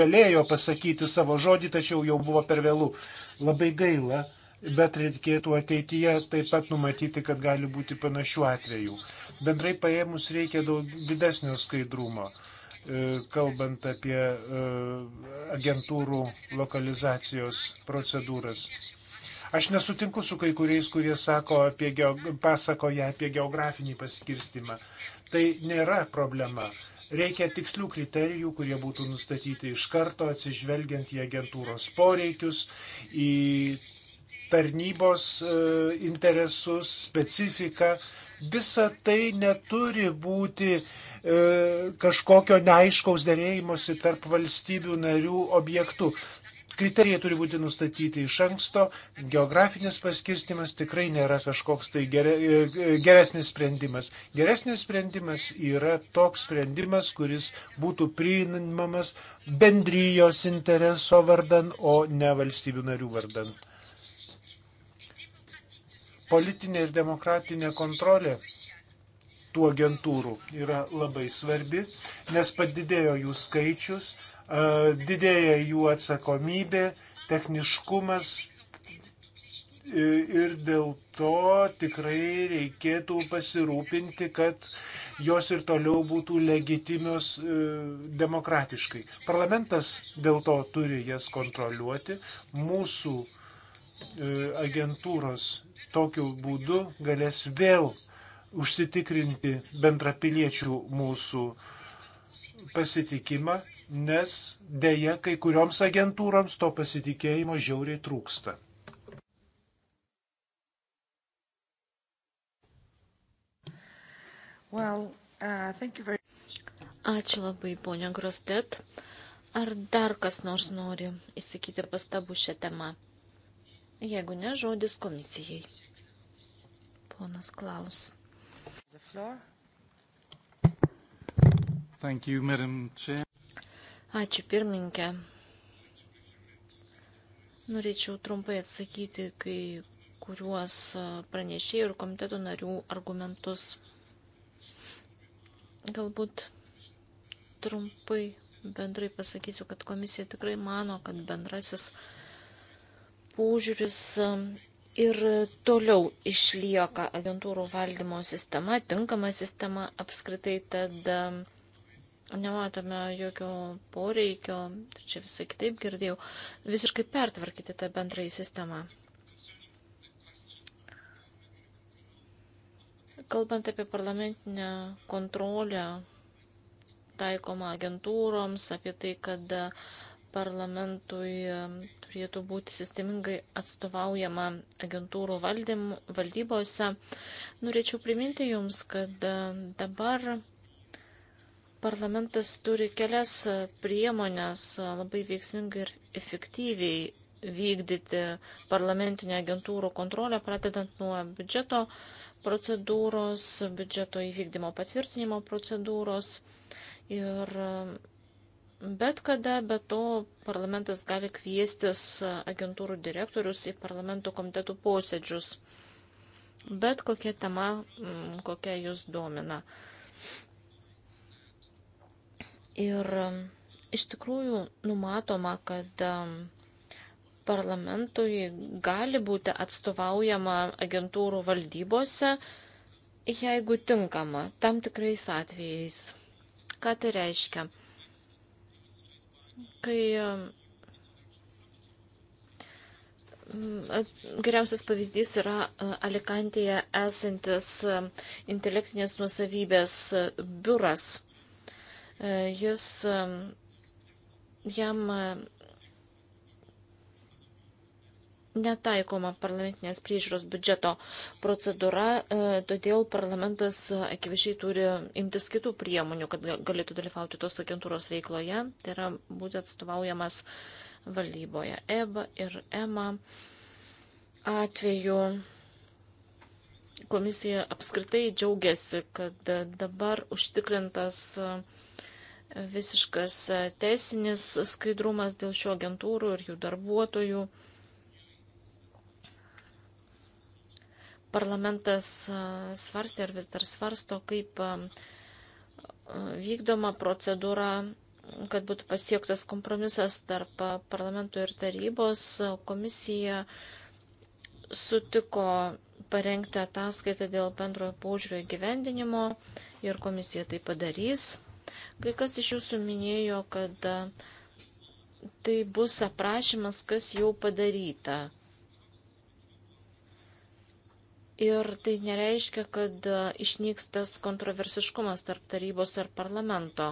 galėjo pasakyti savo žodį, tačiau jau buvo per vėlų. Labai gaila, bet reikėtų ateityje taip pat numatyti, kad gali būti panašių atvejų. Bendrai paėmus reikia daug didesnio skaidrumo. E, kalbant apie e, agentūrų lokalizacijos procedūras. Aš nesutinku su kai kuriais, kurie sako apie, pasakoja apie geografinį paskirstimą. Tai nėra problema. Reikia tikslių kriterijų, kurie būtų nustatyti iš karto, atsižvelgiant į agentūros poreikius, į tarnybos e, interesus, specifiką, Visa tai neturi būti e, kažkokio neaiškaus dėrėjimosi tarp valstybių narių objektų. Kriterijai turi būti nustatyti iš anksto, geografinis paskirstimas tikrai nėra kažkoks tai gere, e, e, geresnis sprendimas. Geresnis sprendimas yra toks sprendimas, kuris būtų priimamas bendrijos intereso vardan, o ne valstybių narių vardan politinė ir demokratinė kontrolė tų agentūrų yra labai svarbi, nes padidėjo jų skaičius, didėja jų atsakomybė, techniškumas ir dėl to tikrai reikėtų pasirūpinti, kad jos ir toliau būtų legitimios e, demokratiškai. Parlamentas dėl to turi jas kontroliuoti, mūsų e, agentūros Tokiu būdu galės vėl užsitikrinti bendrapiliečių mūsų pasitikimą, nes dėja kai kurioms agentūroms to pasitikėjimo žiauriai trūksta. Well, uh, very... Ačiū labai, ponia Grostet. Ar dar kas nors nori įsakyti pastabų šią temą? Jeigu ne, žodis komisijai ponas Klaus. You, Ačiū pirmininkė. Norėčiau trumpai atsakyti kai kuriuos pranešėjų ir komiteto narių argumentus. Galbūt trumpai bendrai pasakysiu, kad komisija tikrai mano, kad bendrasis požiūris ir toliau išlieka agentūrų valdymo sistema, tinkama sistema apskritai, tad nematome jokio poreikio, čia visai kitaip girdėjau, visiškai pertvarkyti tą bendrąjį sistemą. Kalbant apie parlamentinę kontrolę taikomą agentūroms, apie tai, kad parlamentui turėtų būti sistemingai atstovaujama agentūrų valdym, valdybose. Norėčiau priminti Jums, kad dabar parlamentas turi kelias priemonės labai veiksmingai ir efektyviai vykdyti parlamentinę agentūrų kontrolę, pradedant nuo biudžeto procedūros, biudžeto įvykdymo patvirtinimo procedūros. Ir Bet kada be to parlamentas gali kviestis agentūrų direktorius į parlamento komitetų posėdžius. Bet kokia tema, mm, kokia jūs domina. Ir mm, iš tikrųjų numatoma, kad mm, parlamentui gali būti atstovaujama agentūrų valdybose, jeigu tinkama, tam tikrais atvejais. Ką tai reiškia? kai Geriausias pavyzdys yra e, Alikantėje esantis e, intelektinės nuosavybės e, biuras. Jis jam netaikoma parlamentinės priežiūros biudžeto procedūra, e, todėl parlamentas akivaizdžiai turi imtis kitų priemonių, kad galėtų dalyvauti tos agentūros veikloje, tai yra būti atstovaujamas valdyboje EBA ir EMA atveju. Komisija apskritai džiaugiasi, kad dabar užtikrintas e, visiškas e, teisinis skaidrumas dėl šių agentūrų ir jų darbuotojų. Parlamentas svarstė ir vis dar svarsto, kaip vykdoma procedūra, kad būtų pasiektas kompromisas tarp parlamento ir tarybos. Komisija sutiko parengti ataskaitą dėl bendrojo požiūrio gyvendinimo ir komisija tai padarys. Kai kas iš jūsų minėjo, kad tai bus aprašymas, kas jau padaryta. Ir tai nereiškia, kad e, išnyks tas kontroversiškumas tarp tarybos ir parlamento.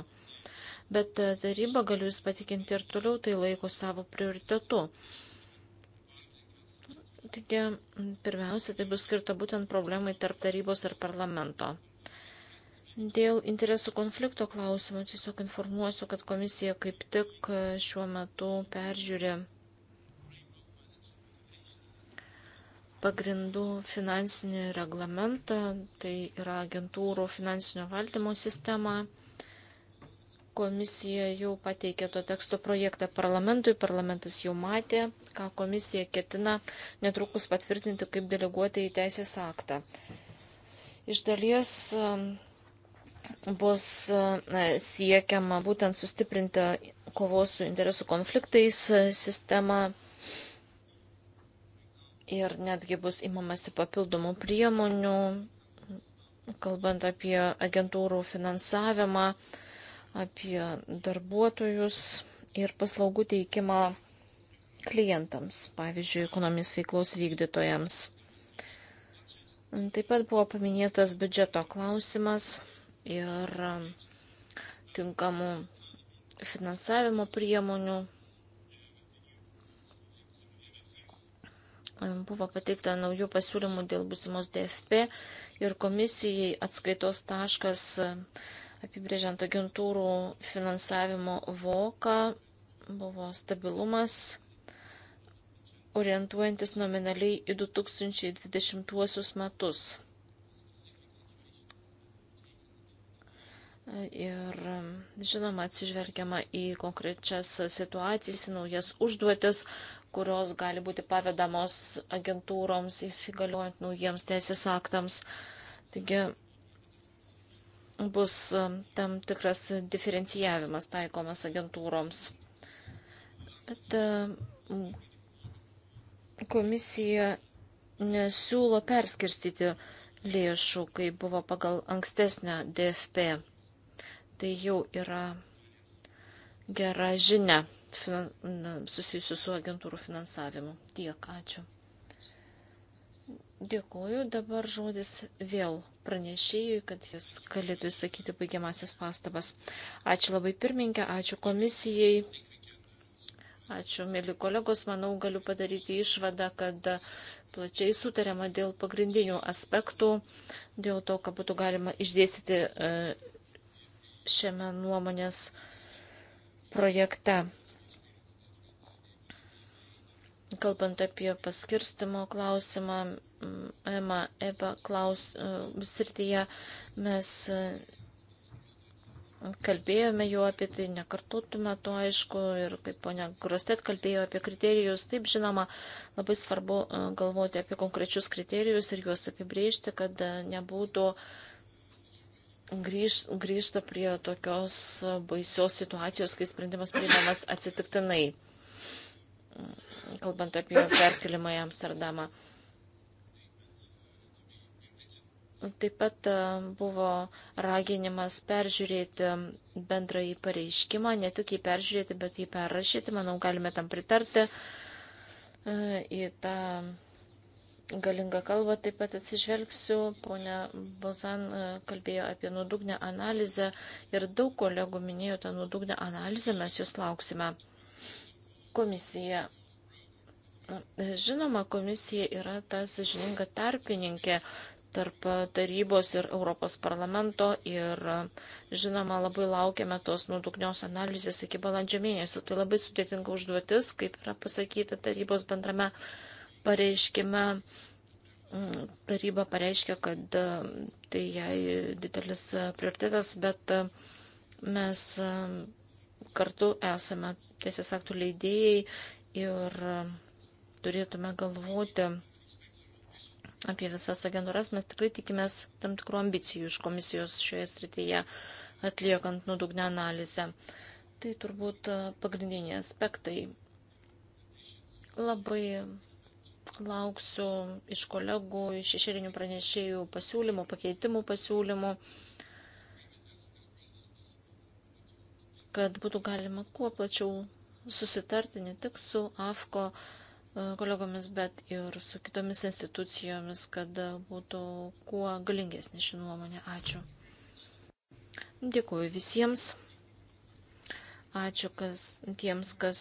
Bet e, taryba, galiu Jūs patikinti, ir toliau tai laiko savo prioritetu. Taigi, pirmiausia, tai bus skirta būtent problemai tarp tarybos ir parlamento. Dėl interesų konflikto klausimo tiesiog informuosiu, kad komisija kaip tik e, šiuo metu peržiūrė pagrindų finansinį reglamentą, tai yra agentūrų finansinio valdymo sistema. Komisija jau pateikė to teksto projektą parlamentui, parlamentas jau matė, ką komisija ketina netrukus patvirtinti kaip deleguotą į teisės aktą. Iš dalies um, bus uh, siekiama būtent sustiprinti kovos su interesų konfliktais uh, sistemą ir netgi bus imamasi papildomų priemonių, kalbant apie agentūrų finansavimą, apie darbuotojus ir paslaugų teikimą klientams, pavyzdžiui, ekonomis veiklos vykdytojams. Taip pat buvo paminėtas biudžeto klausimas ir tinkamų finansavimo priemonių buvo pateikta naujų pasiūlymų dėl būsimos DFP ir komisijai atskaitos taškas e, apibrėžiant agentūrų finansavimo voką buvo stabilumas orientuojantis nominaliai į 2020 metus. E, ir e, žinoma, atsižvelgiama į konkrečias situacijas, į naujas užduotis, kurios gali būti pavedamos agentūroms įsigaliuojant naujiems teisės aktams. Taigi bus um, tam tikras diferencijavimas taikomas agentūroms. Bet um, komisija nesiūlo perskirstyti lėšų, kai buvo pagal ankstesnę DFP. Tai jau yra gera žinia susijusių su agentūrų finansavimu. Tiek, ačiū. Dėkuoju. Dabar žodis vėl pranešėjui, kad jis galėtų įsakyti baigiamasis pastabas. Ačiū labai pirmininkė, ačiū komisijai. Ačiū, mėly kolegos. Manau, galiu padaryti išvadą, kad plačiai sutarėma dėl pagrindinių aspektų, dėl to, ką būtų galima išdėstyti e, šiame nuomonės projekte. Kalbant apie paskirstimo klausimą, mm, EMA, EBA klaus, e, srityje mes e, kalbėjome jau apie tai, nekartotume to aišku ir kaip ponia Grostet kalbėjo apie kriterijus, taip žinoma, labai svarbu e, galvoti apie konkrečius kriterijus ir juos apibrėžti, kad nebūtų grįž, grįžta prie tokios baisios situacijos, kai sprendimas priimamas atsitiktinai kalbant apie perkelimą į Amsterdamą. Taip pat e, buvo raginimas peržiūrėti bendrąjį pareiškimą, ne tik jį peržiūrėti, bet jį perrašyti. Manau, galime tam pritarti. E, į tą galingą kalbą taip pat atsižvelgsiu. Pone Bozan e, kalbėjo apie nudugnę analizę ir daug kolegų minėjo tą nudugnę analizę, mes jūs lauksime. Komisija Žinoma, komisija yra tas žininga tarpininkė tarp tarybos ir Europos parlamento ir žinoma labai laukiame tos nuodugnios analizės iki balandžio mėnesio. Tai labai sudėtinga užduotis, kaip yra pasakyta tarybos bendrame pareiškime. Mm, taryba pareiškia, kad tai jai didelis prioritetas, bet mes kartu esame tiesiog aktų leidėjai ir turėtume galvoti apie visas agentūras. Mes tikrai tikimės tam tikrų ambicijų iš komisijos šioje srityje atliekant nudugnę analizę. Tai turbūt e, pagrindiniai aspektai. Labai lauksiu iš kolegų, iš išėrinių pranešėjų pasiūlymų, pakeitimų pasiūlymų, kad būtų galima kuo plačiau susitarti ne tik su AFKO, kolegomis, bet ir su kitomis institucijomis, kad būtų kuo galingesnė ši nuomonė. Ačiū. Dėkuoju visiems. Ačiū kas, tiems, kas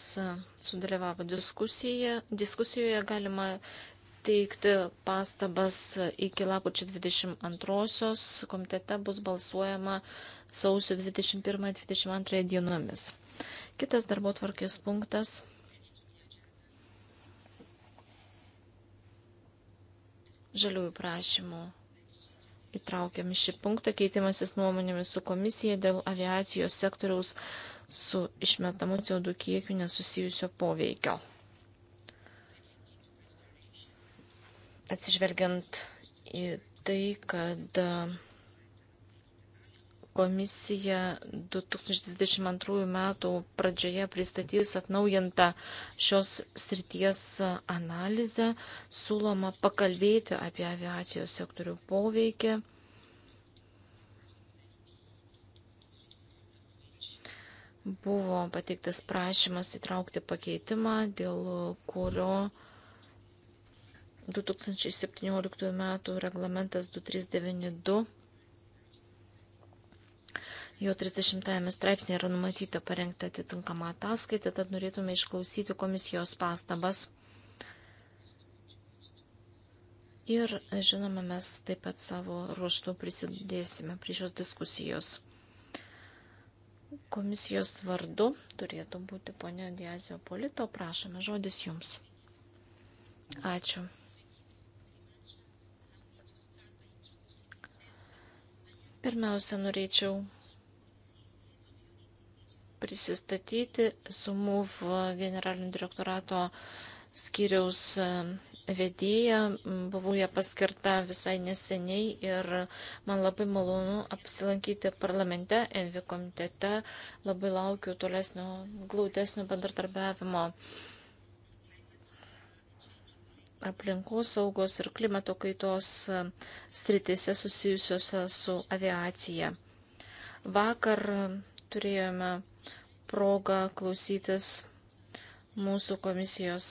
sudalyvavo diskusijoje. Diskusijoje galima teikti pastabas iki lapučio 22-osios. Komitete bus balsuojama sausio 21-22 dienomis. Kitas darbo tvarkės punktas. žaliųjų prašymų įtraukiami šį punktą keitimasis nuomonėmis su komisija dėl aviacijos sektoriaus su išmetamu CO2 kiekiu nesusijusio poveikio. Atsižvelgiant į tai, kad Komisija 2022 metų pradžioje pristatys atnaujintą šios srities analizę. Sūloma pakalbėti apie aviacijos sektorių poveikį. Buvo pateiktas prašymas įtraukti pakeitimą, dėl kurio 2017 m. reglamentas 2392 Jo 30 straipsnė yra numatyta parengti atitinkamą ataskaitą, tad norėtume išklausyti komisijos pastabas. Ir, žinoma, mes taip pat savo ruoštų prisidėsime prie šios diskusijos. Komisijos vardu turėtų būti ponia Diazio Polito. Prašome, žodis jums. Ačiū. Pirmiausia, norėčiau prisistatyti su MUV generalinio direktorato skyriaus e, vedėja. Buvau ją paskirta visai neseniai ir man labai malonu apsilankyti parlamente, Envi komitete. Labai laukiu tolesnio, glaudesnio bendradarbiavimo aplinkos saugos ir klimato kaitos e, stritise susijusiuose su aviacija. Vakar turėjome progą klausytis mūsų komisijos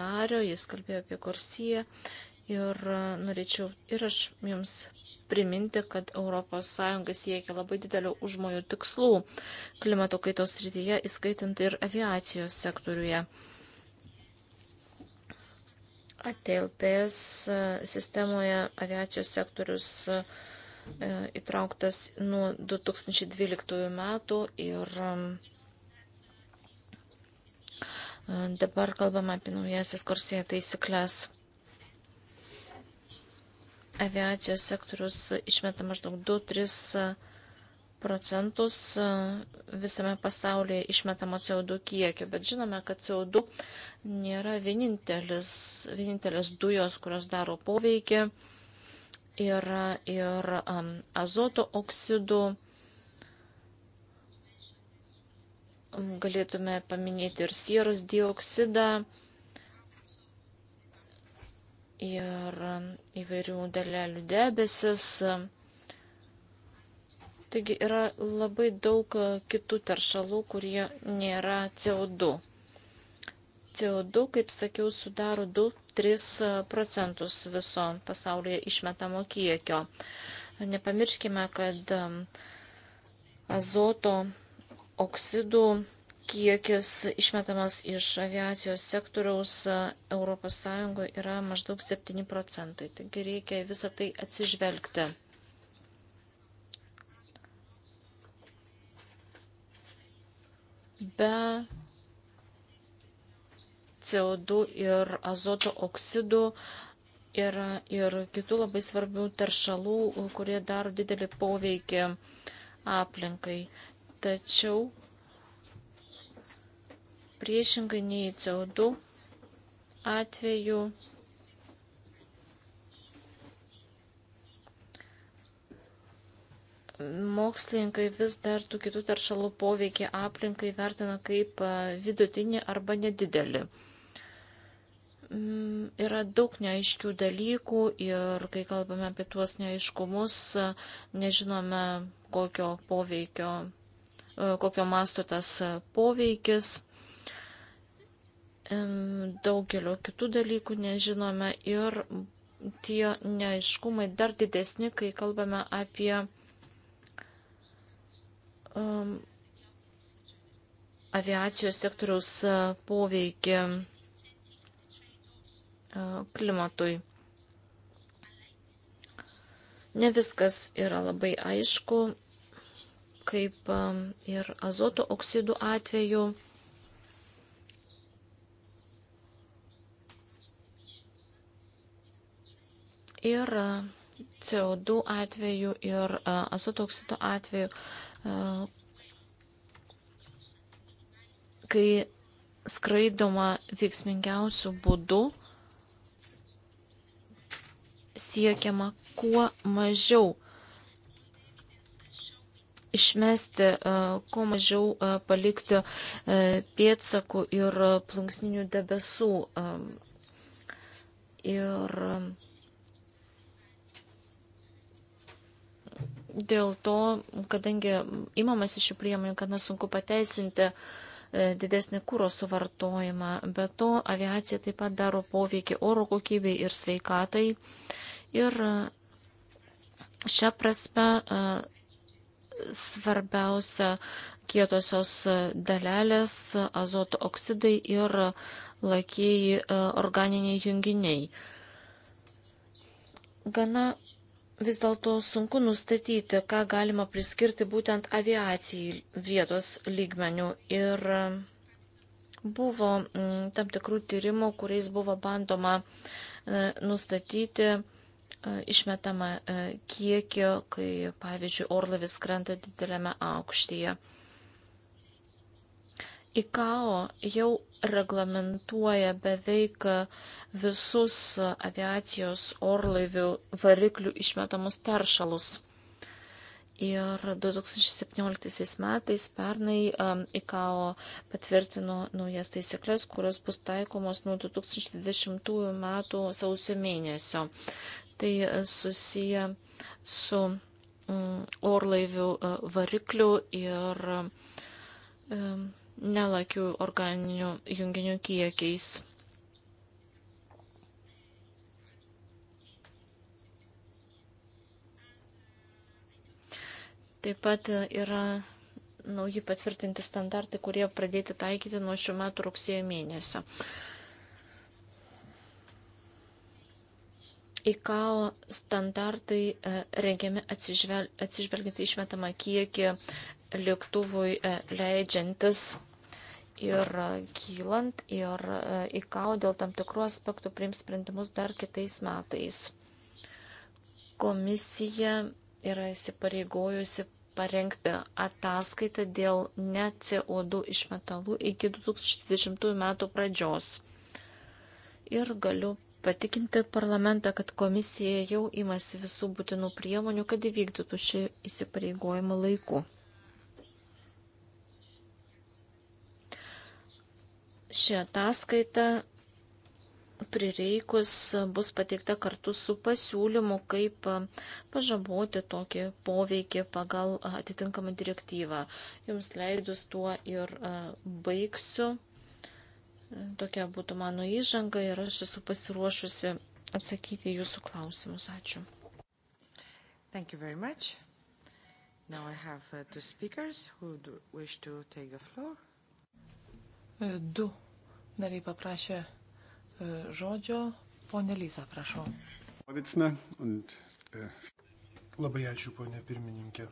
nario, jis kalbėjo apie Korsiją ir norėčiau ir aš jums priminti, kad ES siekia labai didelio užmojų tikslų klimato kaitos srityje, įskaitant ir aviacijos sektoriuje. ATLPS sistemoje aviacijos sektorius e, įtrauktas nuo 2012 metų ir Dabar kalbame apie naujasis korsėje taisyklės. Aviacijos sektorius išmeta maždaug 2-3 procentus visame pasaulyje išmetamo CO2 kiekio, bet žinome, kad CO2 nėra vienintelis, vienintelis dujos, kurios daro poveikį. Yra ir um, azoto oksidų Galėtume paminėti ir sieros dioksidą ir įvairių dalelių debesis. Taigi yra labai daug kitų teršalų, kurie nėra CO2. CO2, kaip sakiau, sudaro 2-3 procentus viso pasaulyje išmetamo kiekio. Nepamirškime, kad azoto oksidų kiekis išmetamas iš aviacijos sektoriaus ES yra maždaug 7 procentai. Taigi reikia visą tai atsižvelgti. Be CO2 ir azoto oksidų yra ir kitų labai svarbių teršalų, kurie daro didelį poveikį aplinkai. Tačiau priešingai nei CO2 atveju mokslininkai vis dar tų kitų taršalų poveikį aplinkai vertina kaip vidutinį arba nedidelį. Mm, yra daug neaiškių dalykų ir kai kalbame apie tuos neaiškumus, nežinome, kokio poveikio E, kokio masto tas e, poveikis. Daugelio kitų dalykų nežinome ir tie neaiškumai dar didesni, kai kalbame apie um, aviacijos sektoriaus e, poveikį klimatui. Ne viskas yra labai aišku kaip um, ir azoto oksidų atveju. Ir uh, CO2 atveju ir uh, azoto oksidų atveju, uh, kai skraidoma veiksmingiausių būdų, siekiama kuo mažiau išmesti, e, kuo mažiau e, palikti e, pėdsakų ir plunksninių debesų. Ir dėl to, kadangi įmamas iš šių priemonių, kad nesunku pateisinti didesnį kūro suvartojimą, bet to aviacija taip pat daro poveikį oro kokybei ir sveikatai. Ir šią prasme svarbiausia kietosios dalelės, azoto oksidai ir lakieji e, organiniai junginiai. Gana vis dėlto sunku nustatyti, ką galima priskirti būtent aviacijai vietos lygmenių. Ir e, buvo tam tikrų tyrimų, kuriais buvo bandoma e, nustatyti, E, išmetama e, kiekio, kai, pavyzdžiui, orlavis krenta dideliame aukštyje. ICAO jau reglamentuoja beveik visus aviacijos orlaivių variklių išmetamus teršalus. Ir 2017 metais pernai e, ICAO patvirtino naujas taisyklės, kurios bus taikomos nuo 2020 metų sausio mėnesio. Tai susiję su mm, orlaivių e, variklių ir e, nelakių organinių junginių kiekiais. Taip pat e, yra nauji patvirtinti standartai, kurie pradėti taikyti nuo šių metų rugsėjo mėnesio. ICAO standartai e, rengiami atsižvel... atsižvelgiant išmetamą kiekį lėktuvui e, leidžiantis ir kylant ir ICAO e, dėl tam tikrų aspektų priims sprendimus dar kitais metais. Komisija yra įsipareigojusi parengti ataskaitą dėl ne CO2 išmetalų iki 2020 metų pradžios. Ir galiu patikinti parlamentą, kad komisija jau imasi visų būtinų priemonių, kad įvykdytų šį įsipareigojimą laiku. Ši ataskaita prireikus bus pateikta kartu su pasiūlymu, kaip pažaboti tokį poveikį pagal atitinkamą direktyvą. Jums leidus tuo ir baigsiu. Tokia būtų mano įžanga ir aš esu pasiruošusi atsakyti jūsų klausimus. Ačiū. Thank you very much. Now I have uh, two speakers who do wish to take the floor. E, du nariai paprašė uh, žodžio. Pone Lysa, prašau. E, Labai ačiū, ponė pirmininkė.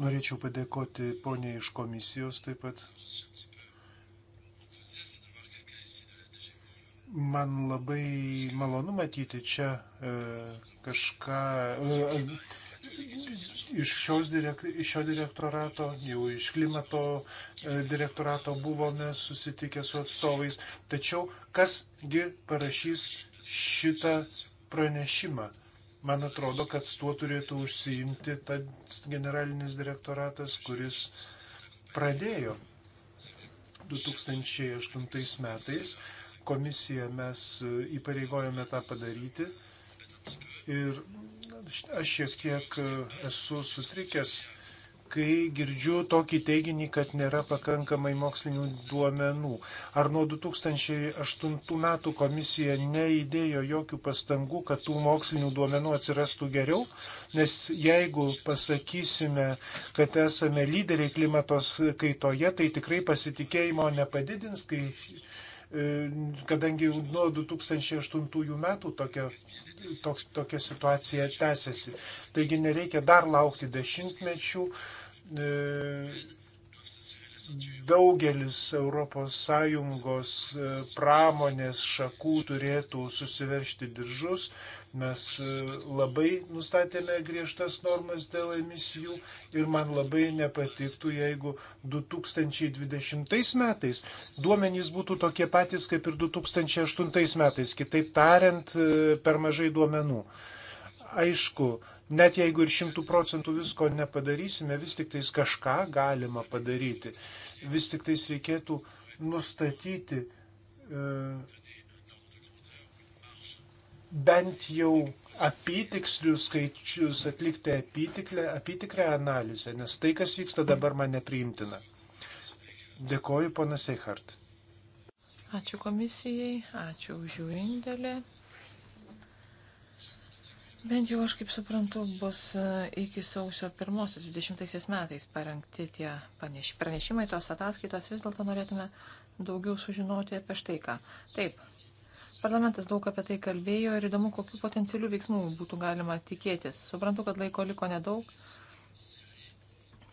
Norėčiau padėkoti poniai iš komisijos taip pat. Man labai malonu matyti čia e, kažką. E, Iš, direkt, iš šio direktorato, jau iš klimato e, direktorato buvome susitikę su atstovais. Tačiau kasgi parašys šitą pranešimą? Man atrodo, kad tuo turėtų užsiimti tas generalinis direktoratas, kuris pradėjo 2008 metais. Komisiją mes įpareigojame tą padaryti. Ir aš šiek tiek esu sutrikęs kai girdžiu tokį teiginį, kad nėra pakankamai mokslinių duomenų. Ar nuo 2008 metų komisija neįdėjo jokių pastangų, kad tų mokslinių duomenų atsirastų geriau? Nes jeigu pasakysime, kad esame lyderiai klimatos kaitoje, tai tikrai pasitikėjimo nepadidins, kai e, kadangi nuo 2008 metų tokia, toks, tokia situacija tęsiasi. Taigi nereikia dar laukti dešimtmečių, E, daugelis ES e, pramonės šakų turėtų susiveršti diržus. Mes e, labai nustatėme griežtas normas dėl emisijų ir man labai nepatiktų, jeigu 2020 metais duomenys būtų tokie patys kaip ir 2008 metais. Kitaip tariant, per mažai duomenų. Aišku, net jeigu ir šimtų procentų visko nepadarysime, vis tik tais kažką galima padaryti. Vis tik tais reikėtų nustatyti e, bent jau apytikslių skaičius, atlikti apytikrę analizę, nes tai, kas vyksta dabar, man nepriimtina. Dėkoju, ponas Eichart. Ačiū komisijai, ačiū už jų indėlį. Bent jau aš kaip suprantu, bus e, iki sausio 1-20 metais parengti tie pranešimai, tos ataskaitos. Vis dėlto norėtume daugiau sužinoti apie štai ką. Taip, parlamentas daug apie tai kalbėjo ir įdomu, kokiu potencialiu veiksmu būtų galima tikėtis. Suprantu, kad laiko liko nedaug.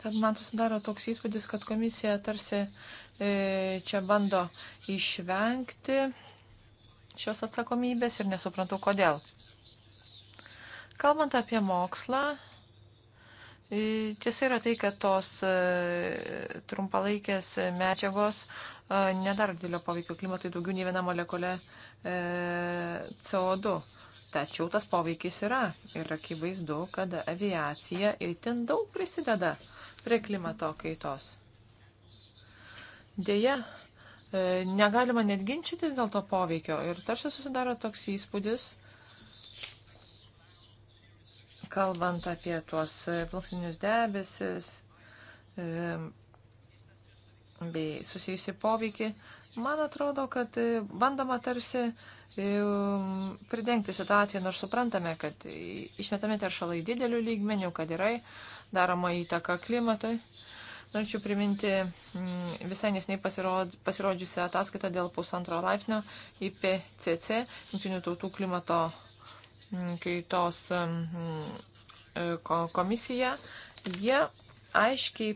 Tad man susidaro toks įspūdis, kad komisija tarsi e, čia bando išvengti šios atsakomybės ir nesuprantu kodėl. Kalbant apie mokslą, tiesa yra tai, kad tos e, trumpalaikės medžiagos e, nedaro didelio poveikio klimatui daugiau nei viena molekulė e, CO2. Tačiau tas poveikis yra ir akivaizdu, kad aviacija itin daug prisideda prie klimato kaitos. Deja, negalima net ginčytis dėl to poveikio ir tarsi susidaro toks įspūdis, kalbant apie tuos e, plunksninius debesis e, bei susijusi poveikį, man atrodo, kad e, bandoma tarsi pridengti situaciją, nors suprantame, kad išmetami teršalai dideliu lygmeniu, kad yra daroma įtaka klimatui. Norėčiau priminti mm, visai nesnei pasirodžiusią ataskaitą dėl pusantro laipsnio IPCC, Junktinių tautų klimato kaitos komisija, jie aiškiai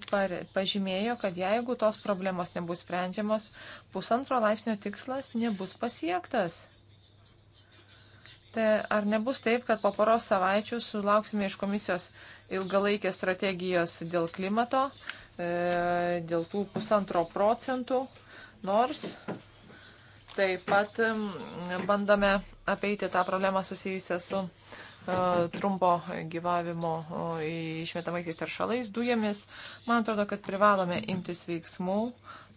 pažymėjo, kad jeigu tos problemos nebus sprendžiamos, pusantro laipsnio tikslas nebus pasiektas. Tai ar nebus taip, kad po poros savaičių sulauksime iš komisijos ilgalaikės strategijos dėl klimato, e, dėl tų pusantro procentų, nors taip pat bandome apeiti tą problemą susijusią su uh, trumpo gyvavimo uh, išmetamaisiais taršalais, dujomis. Man atrodo, kad privalome imtis veiksmų.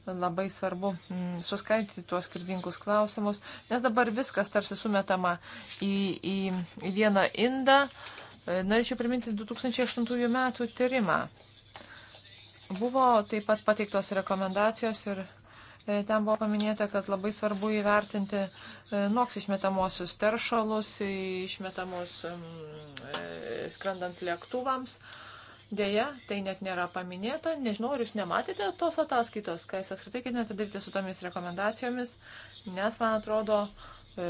Labai svarbu mm, suskaityti tuos skirtingus klausimus, nes dabar viskas tarsi sumetama į, į, į vieną indą. E, norėčiau priminti 2008 metų tyrimą. Buvo taip pat pateiktos rekomendacijos ir E, ten buvo paminėta, kad labai svarbu įvertinti e, NOX išmetamosius teršalus, išmetamus e, skrendant lėktuvams. Deja, tai net nėra paminėta. Nežinau, ar jūs nematėte tos ataskaitos, ką jūs apskritai ketinate daryti su tomis rekomendacijomis, nes, man atrodo, e,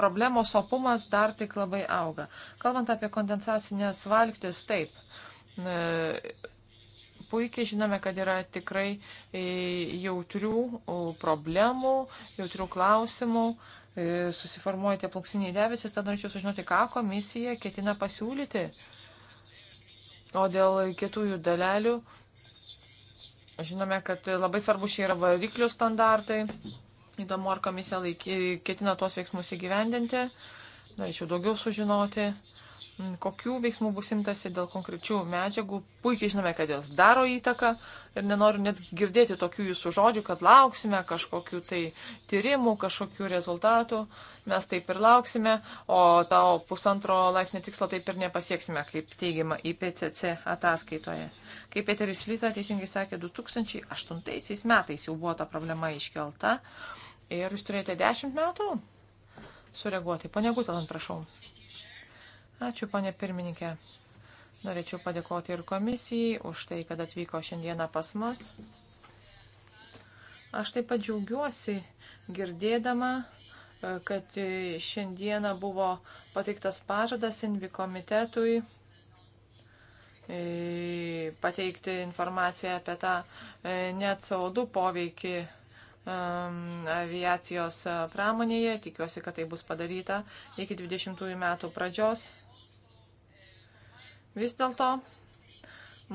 problemos opumas dar tik labai auga. Kalbant apie kondensacinės valgtis, taip. E, puikiai žinome, kad yra tikrai e, jautrių problemų, jautrių klausimų, e, susiformuoja tie plunksiniai debesis, tad norėčiau sužinoti, ką komisija ketina pasiūlyti. O dėl kietųjų dalelių, žinome, kad labai svarbu čia yra variklių standartai. Įdomu, ar komisija laiky, ketina tuos veiksmus įgyvendinti. Norėčiau daugiau sužinoti. Mm, kokių veiksmų bus imtasi dėl konkrečių medžiagų. Puikiai žinome, kad jos daro įtaką ir nenoriu net girdėti tokių jūsų žodžių, kad lauksime kažkokių tai tyrimų, kažkokių rezultatų. Mes taip ir lauksime, o tau pusantro laipsnio tikslo taip ir nepasieksime, kaip teigiama IPCC ataskaitoje. Kaip Peteris Lyza teisingai sakė, 2008 metais jau buvo ta problema iškelta ir jūs turėjote 10 metų sureaguoti. Pane Gutelant, prašau. Ačiū, ponė pirmininkė. Norėčiau padėkoti ir komisijai už tai, kad atvyko šiandieną pas mus. Aš taip pat džiaugiuosi girdėdama, e, kad e, šiandieną buvo pateiktas pažadas Invi komitetui e, pateikti informaciją apie tą net CO2 poveikį aviacijos pramonėje. Tikiuosi, kad tai bus padaryta iki 20 metų pradžios. Vis dėlto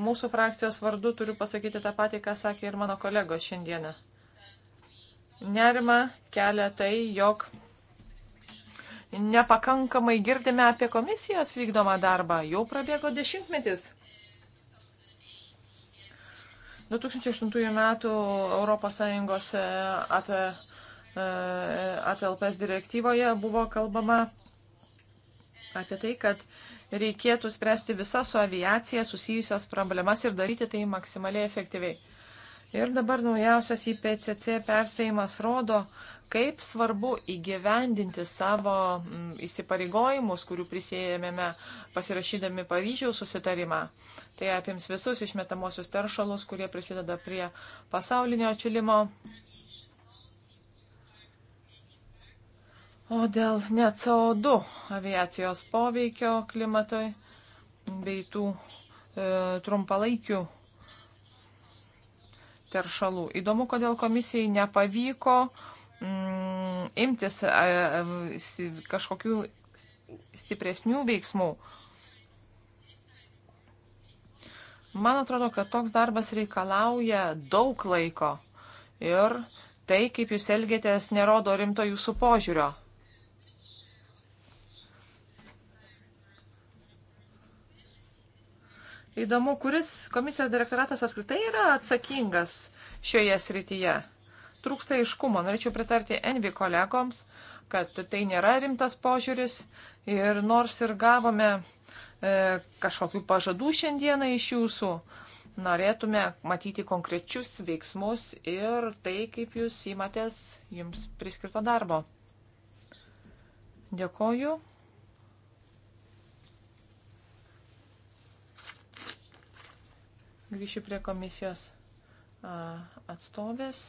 mūsų frakcijos vardu turiu pasakyti tą patį, ką sakė ir mano kolegos šiandieną. Nerima kelia tai, jog nepakankamai girdime apie komisijos vykdomą darbą. Jau prabėgo dešimtmetis. 2008 metų ES e, at, e, e, atlps direktyvoje buvo kalbama apie tai, kad reikėtų spręsti visas su aviacija susijusias problemas ir daryti tai maksimaliai efektyviai. Ir dabar naujausias IPCC perspėjimas rodo, kaip svarbu įgyvendinti savo mm, įsipareigojimus, kurių prisėjėmėme pasirašydami Paryžiaus susitarimą. Tai apims visus išmetamosius teršalus, kurie prisideda prie pasaulinio atšilimo O dėl ne CO2 aviacijos poveikio klimatoj bei tų e, trumpalaikių teršalų. Įdomu, kodėl komisijai nepavyko mm, imtis e, e, kažkokių stipresnių veiksmų. Man atrodo, kad toks darbas reikalauja daug laiko ir tai, kaip jūs elgėtės, nerodo rimto jūsų požiūrio. Įdomu, kuris komisijos direktoratas apskritai yra atsakingas šioje srityje. Trūksta iškumo. Norėčiau pritarti Envi kolegoms, kad tai nėra rimtas požiūris ir nors ir gavome e, kažkokių pažadų šiandieną iš jūsų, norėtume matyti konkrečius veiksmus ir tai, kaip jūs įmatės jums priskirto darbo. Dėkoju. Grįšiu prie komisijos atstovės.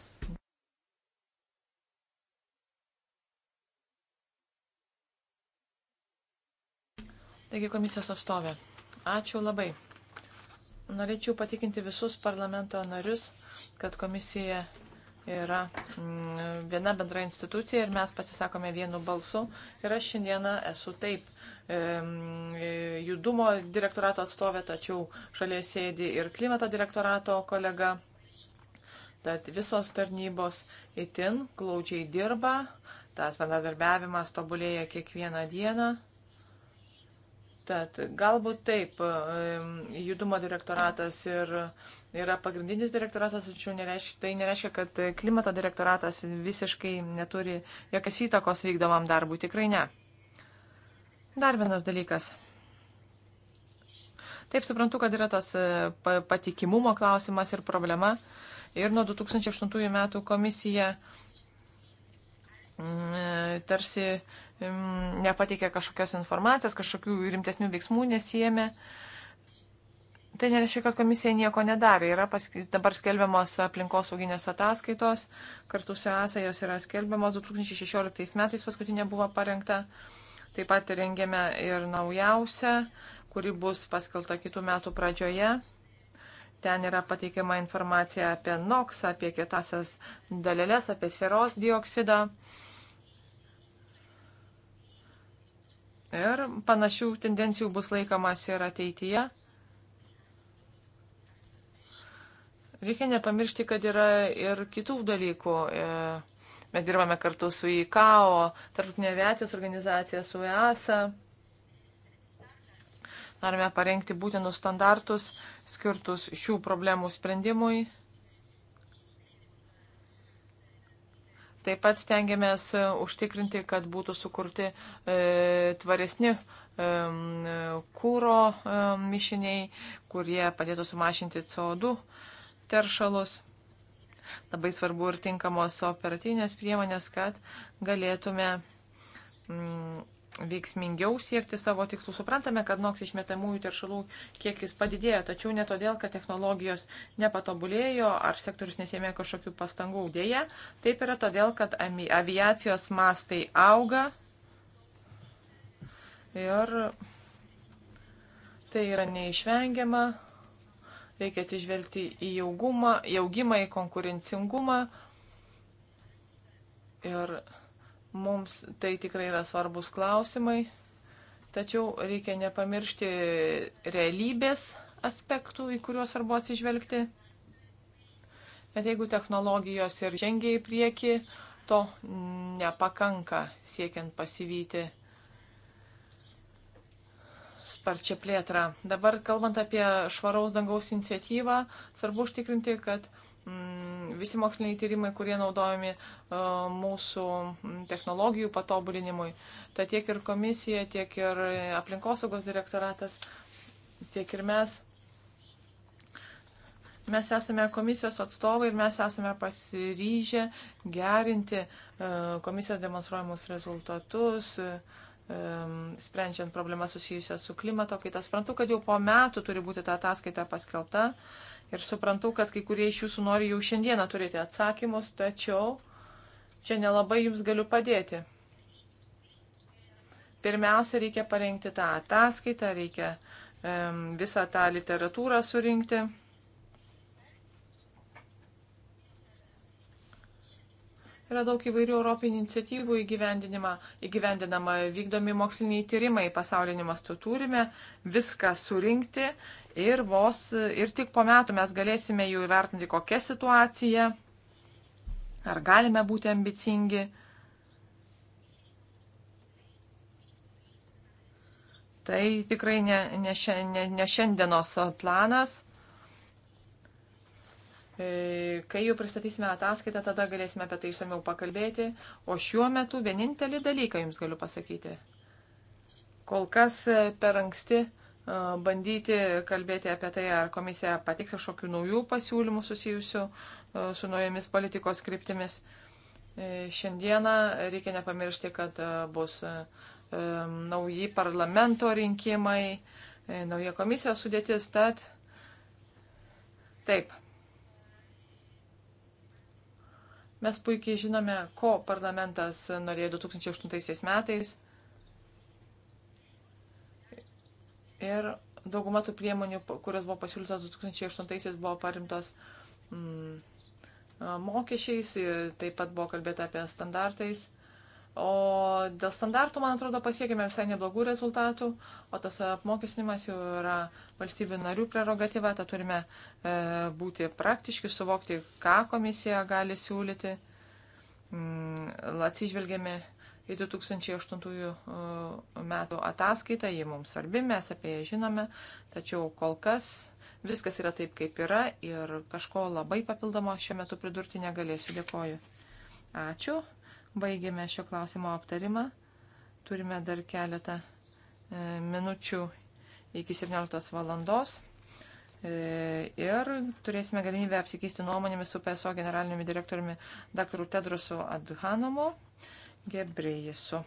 Taigi komisijos atstovė. Ačiū labai. Norėčiau patikinti visus parlamento narius, kad komisija yra mm, viena bendra institucija ir mes pasisakome vienu balsu. Ir aš šiandieną esu taip e, judumo direktorato atstovė, tačiau šalia sėdi ir klimato direktorato kolega. Tad visos tarnybos itin glaudžiai dirba, tas bendradarbiavimas tobulėja kiekvieną dieną. Tad galbūt taip, judumo direktoratas ir yra pagrindinis direktoratas, tačiau nereiškia, tai nereiškia, kad klimato direktoratas visiškai neturi jokios įtakos vykdomam darbui. Tikrai ne. Dar vienas dalykas. Taip suprantu, kad yra tas e, patikimumo klausimas ir problema. Ir nuo 2008 metų komisija e, tarsi nepateikė kažkokios informacijos, kažkokių rimtesnių veiksmų nesijėmė. Tai nereiškia, kad komisija nieko nedarė. Yra pas, dabar skelbiamos aplinkosauginės ataskaitos, kartu su ESA jos yra skelbiamos 2016 metais, paskutinė buvo parengta. Taip pat rengėme ir naujausią, kuri bus paskelta kitų metų pradžioje. Ten yra pateikiama informacija apie NOX, apie kietasias dalelės, apie sieros dioksidą. Uh, Ir panašių tendencijų bus laikomas ir ateityje. Reikia nepamiršti, kad yra ir kitų dalykų. E, Mes dirbame kartu su ICAO, tarptautinė aviacijos organizacija, su EASA. Norime parengti būtinus standartus skirtus šių problemų sprendimui. Taip pat stengiamės užtikrinti, kad būtų sukurti e, tvaresni e, kūro e, mišiniai, kurie padėtų sumažinti CO2 teršalus. Labai svarbu ir tinkamos operatyvinės priemonės, kad galėtume mm, veiksmingiau siekti savo tikslų. Suprantame, kad NOX išmetamųjų teršalų kiekis padidėjo, tačiau ne todėl, kad technologijos nepatobulėjo ar sektorius nesėmė kažkokių pastangų dėje. Taip yra todėl, kad aviacijos mastai auga ir tai yra neišvengiama. Reikia atsižvelgti į jaugumą, jaugimą, į konkurencingumą. Ir Mums tai tikrai yra svarbus klausimai, tačiau reikia nepamiršti realybės aspektų, į kuriuos svarbu atsižvelgti. Net jeigu technologijos ir žengia į priekį, to nepakanka siekiant pasivyti sparčią plėtrą. Dabar kalbant apie švaraus dangaus iniciatyvą, svarbu užtikrinti, kad Mm, visi moksliniai tyrimai, kurie naudojami e, mūsų mm, technologijų patobulinimui. Tad tiek ir komisija, tiek ir aplinkosaugos direktoratas, tiek ir mes. Mes esame komisijos atstovai ir mes esame pasiryžę gerinti e, komisijos demonstruojamus rezultatus, e, sprendžiant problemas susijusias su klimato kaita. Sprantu, kad jau po metų turi būti ta ataskaita paskelbta. Ir suprantu, kad kai kurie iš jūsų nori jau šiandieną turėti atsakymus, tačiau čia nelabai jums galiu padėti. Pirmiausia, reikia parengti tą ataskaitą, reikia um, visą tą literatūrą surinkti. Yra daug įvairių Europinių iniciatyvų įgyvendinama, vykdomi moksliniai tyrimai pasauliniu mastu. Turime viską surinkti ir, vos, ir tik po metų mes galėsime jų įvertinti, kokia situacija, ar galime būti ambicingi. Tai tikrai ne, ne, ne, ne šiandienos planas. E, kai jau pristatysime ataskaitą, tada galėsime apie tai išsameu pakalbėti. O šiuo metu vienintelį dalyką jums galiu pasakyti. Kol kas e, per anksti e, bandyti kalbėti apie tai, ar komisija patiks kažkokių naujų pasiūlymų susijusių su naujomis politikos kryptimis. Šiandieną reikia nepamiršti, kad bus nauji parlamento rinkimai, nauja komisijos sudėtis, tad taip, Mes puikiai žinome, ko parlamentas norėjo 2008 metais. Ir dauguma tų priemonių, kurios buvo pasiūlytos 2008-aisiais, buvo parimtos mm, mokesčiais, taip pat buvo kalbėta apie standartais. O dėl standartų, man atrodo, pasiekėme visai neblogų rezultatų, o tas apmokestinimas jau yra valstybių narių prerogatyva, tą turime e, būti praktiški, suvokti, ką komisija gali siūlyti. Mm, atsižvelgėme į 2008 e, metų ataskaitą, ji mums svarbi, mes apie ją žinome, tačiau kol kas viskas yra taip, kaip yra ir kažko labai papildomo šiuo metu pridurti negalėsiu. Dėkoju. Ačiū. Baigėme šio klausimo aptarimą. Turime dar keletą e, minučių iki 17 valandos. E, ir turėsime galimybę apsikeisti nuomonėmis su PSO generaliniu direktoriumi dr. Tedrusu Adhanomu Gebrėjisu.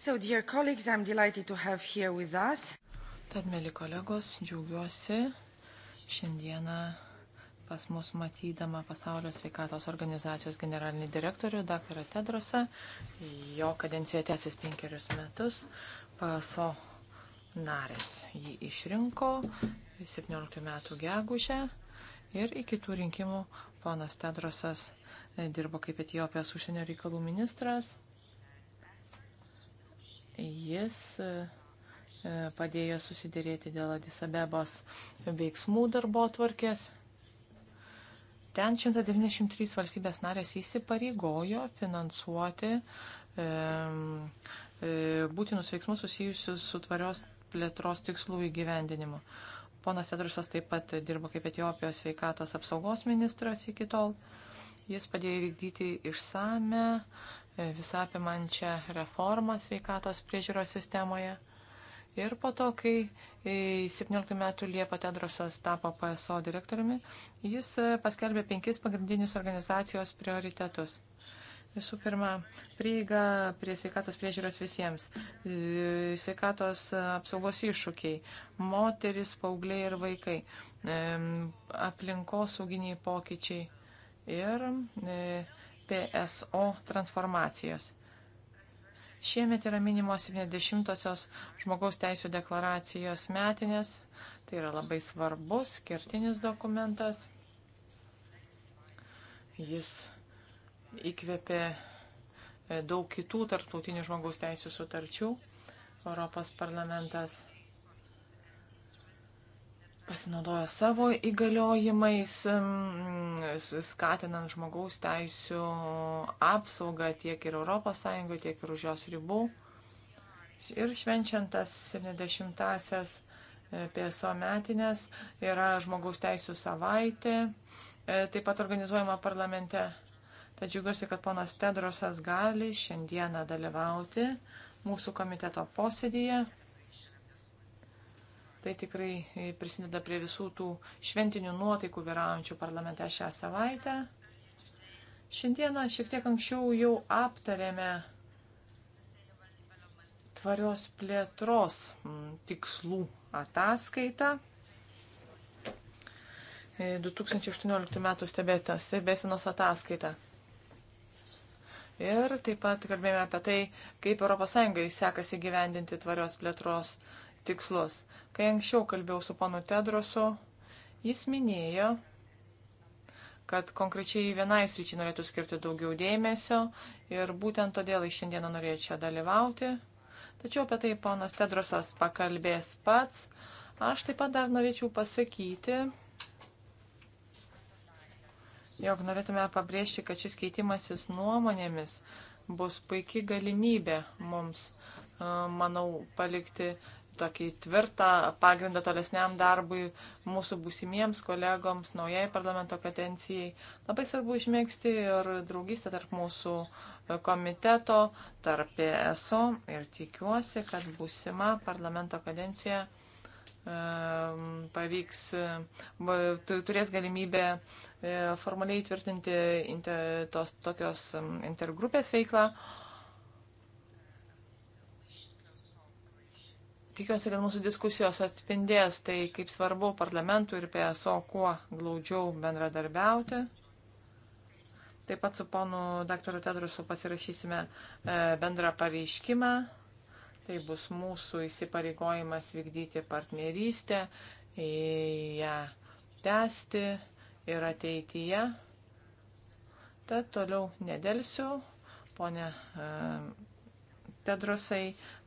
So, dear colleagues, I'm delighted to have here with us. Tad, mėly kolegos, džiaugiuosi šiandieną pas mus matydama Pasaulio sveikatos organizacijos generalinį direktorių, daktarą Tedrosą. Jo kadencija tęsis penkerius metus. PSO narės jį išrinko 17 metų gegužę ir iki tų rinkimų ponas Tedrosas dirbo kaip Etijopijos užsienio reikalų ministras. Jis e, padėjo susidėrėti dėl Adisabebos veiksmų darbo tvarkės. Ten 193 valstybės narės įsipareigojo finansuoti e, e, būtinus veiksmus susijusius su tvarios plėtros tikslų įgyvendinimu. Ponas Tedrusas taip pat dirbo kaip Etijopijos sveikatos apsaugos ministras iki tol. Jis padėjo įvykdyti išsame E, visapimančią reformą sveikatos priežiūros sistemoje. Ir po to, kai 17 e, metų Liepa Tedrosas tapo PSO direktoriumi, jis e, paskelbė penkis pagrindinius organizacijos prioritetus. Visų pirma, prieiga prie sveikatos priežiūros visiems, sveikatos apsaugos iššūkiai, moteris, paaugliai ir vaikai, aplinkosauginiai pokyčiai ir PSO transformacijos. Šiemet yra minimos 70-osios žmogaus teisų deklaracijos metinės. Tai yra labai svarbus, skirtinis dokumentas. Jis įkvėpė e, daug kitų tarptautinių žmogaus teisų sutarčių. Europos parlamentas pasinaudojo savo įgaliojimais, skatinant žmogaus teisų apsaugą tiek ir ES, tiek ir už jos ribų. Ir švenčiant tas 70-asias e, pieso metinės yra žmogaus teisų savaitė, e, taip pat organizuojama parlamente. Tad džiugiuosi, kad ponas Tedrosas gali šiandieną dalyvauti mūsų komiteto posėdėje. Tai tikrai e, prisideda prie visų tų šventinių nuotaikų vyraujančių parlamente šią savaitę. Šiandieną šiek tiek anksčiau jau aptarėme tvarios plėtros tikslų ataskaitą. 2018 m. stebėsinos ataskaitą. Ir taip pat kalbėjome apie tai, kaip ES sekasi gyvendinti tvarios plėtros tikslus. Kai anksčiau kalbėjau su panu Tedrosu, jis minėjo, kad konkrečiai vienai sričiai norėtų skirti daugiau dėmesio ir būtent todėl iš šiandieną norėčiau čia dalyvauti. Tačiau apie tai ponas Tedrosas pakalbės pats. Aš taip pat dar norėčiau pasakyti, jog norėtume pabrėžti, kad šis keitimasis nuomonėmis bus puikiai galimybė mums, manau, palikti tokį tvirtą pagrindą tolesniam darbui mūsų būsimiems kolegoms, naujai parlamento kadencijai. Labai svarbu išmėgsti ir draugystę tarp mūsų komiteto, tarp ESO ir tikiuosi, kad būsima parlamento kadencija pavyks, turės galimybę e, formaliai tvirtinti tos tokios intergrupės veiklą. Tikiuosi, kad mūsų diskusijos atspindės tai, kaip svarbu parlamentui ir PSO kuo glaudžiau bendradarbiauti. Taip pat su ponu daktaru Tedrusu pasirašysime e, bendrą pareiškimą. Tai bus mūsų įsipareigojimas vykdyti partnerystę, ją tęsti ir ateityje. Tad toliau nedelsiu, ponė e, Tedrusai,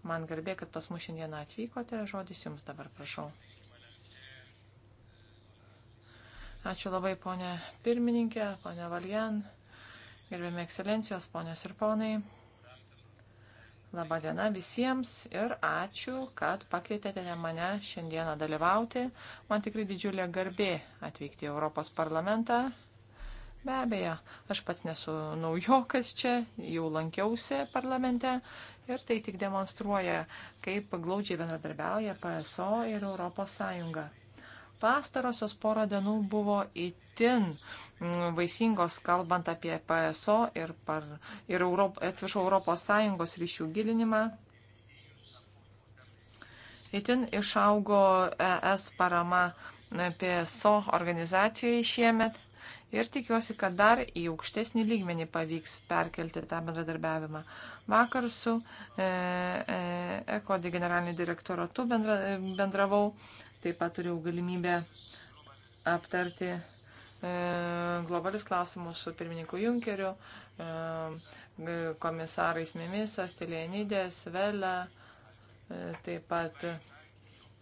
Man garbė, kad pas mus šiandieną atvykote. Žodis jums dabar, prašau. Ačiū labai, ponė pirmininkė, ponė Valjan, gerbėmi ekscelencijos, ponės ir ponai. Labadiena visiems ir ačiū, kad pakvietėte mane šiandieną dalyvauti. Man tikrai didžiulė garbė atvykti į Europos parlamentą. Be abejo, aš pats nesu naujokas čia, jau lankiausi parlamente Ir tai tik demonstruoja, kaip glaudžiai bendradarbiauja PSO ir ES. Pastarosios porą dienų buvo itin mm, vaisingos, kalbant apie PSO ir, par, ir Europ, atsiprašau, ES ryšių gilinimą. Itin išaugo ES parama PSO organizacijai šiemet ir tikiuosi, kad dar į aukštesnį lygmenį pavyks perkelti tą bendradarbiavimą. Vakar su e, e, ECODI generaliniu direktoratu bendra, bendravau, taip pat turėjau galimybę aptarti e, globalius klausimus su pirmininku Junkeriu, e, komisarais Mimisas, Tilienidės, Vela, e, taip pat. E,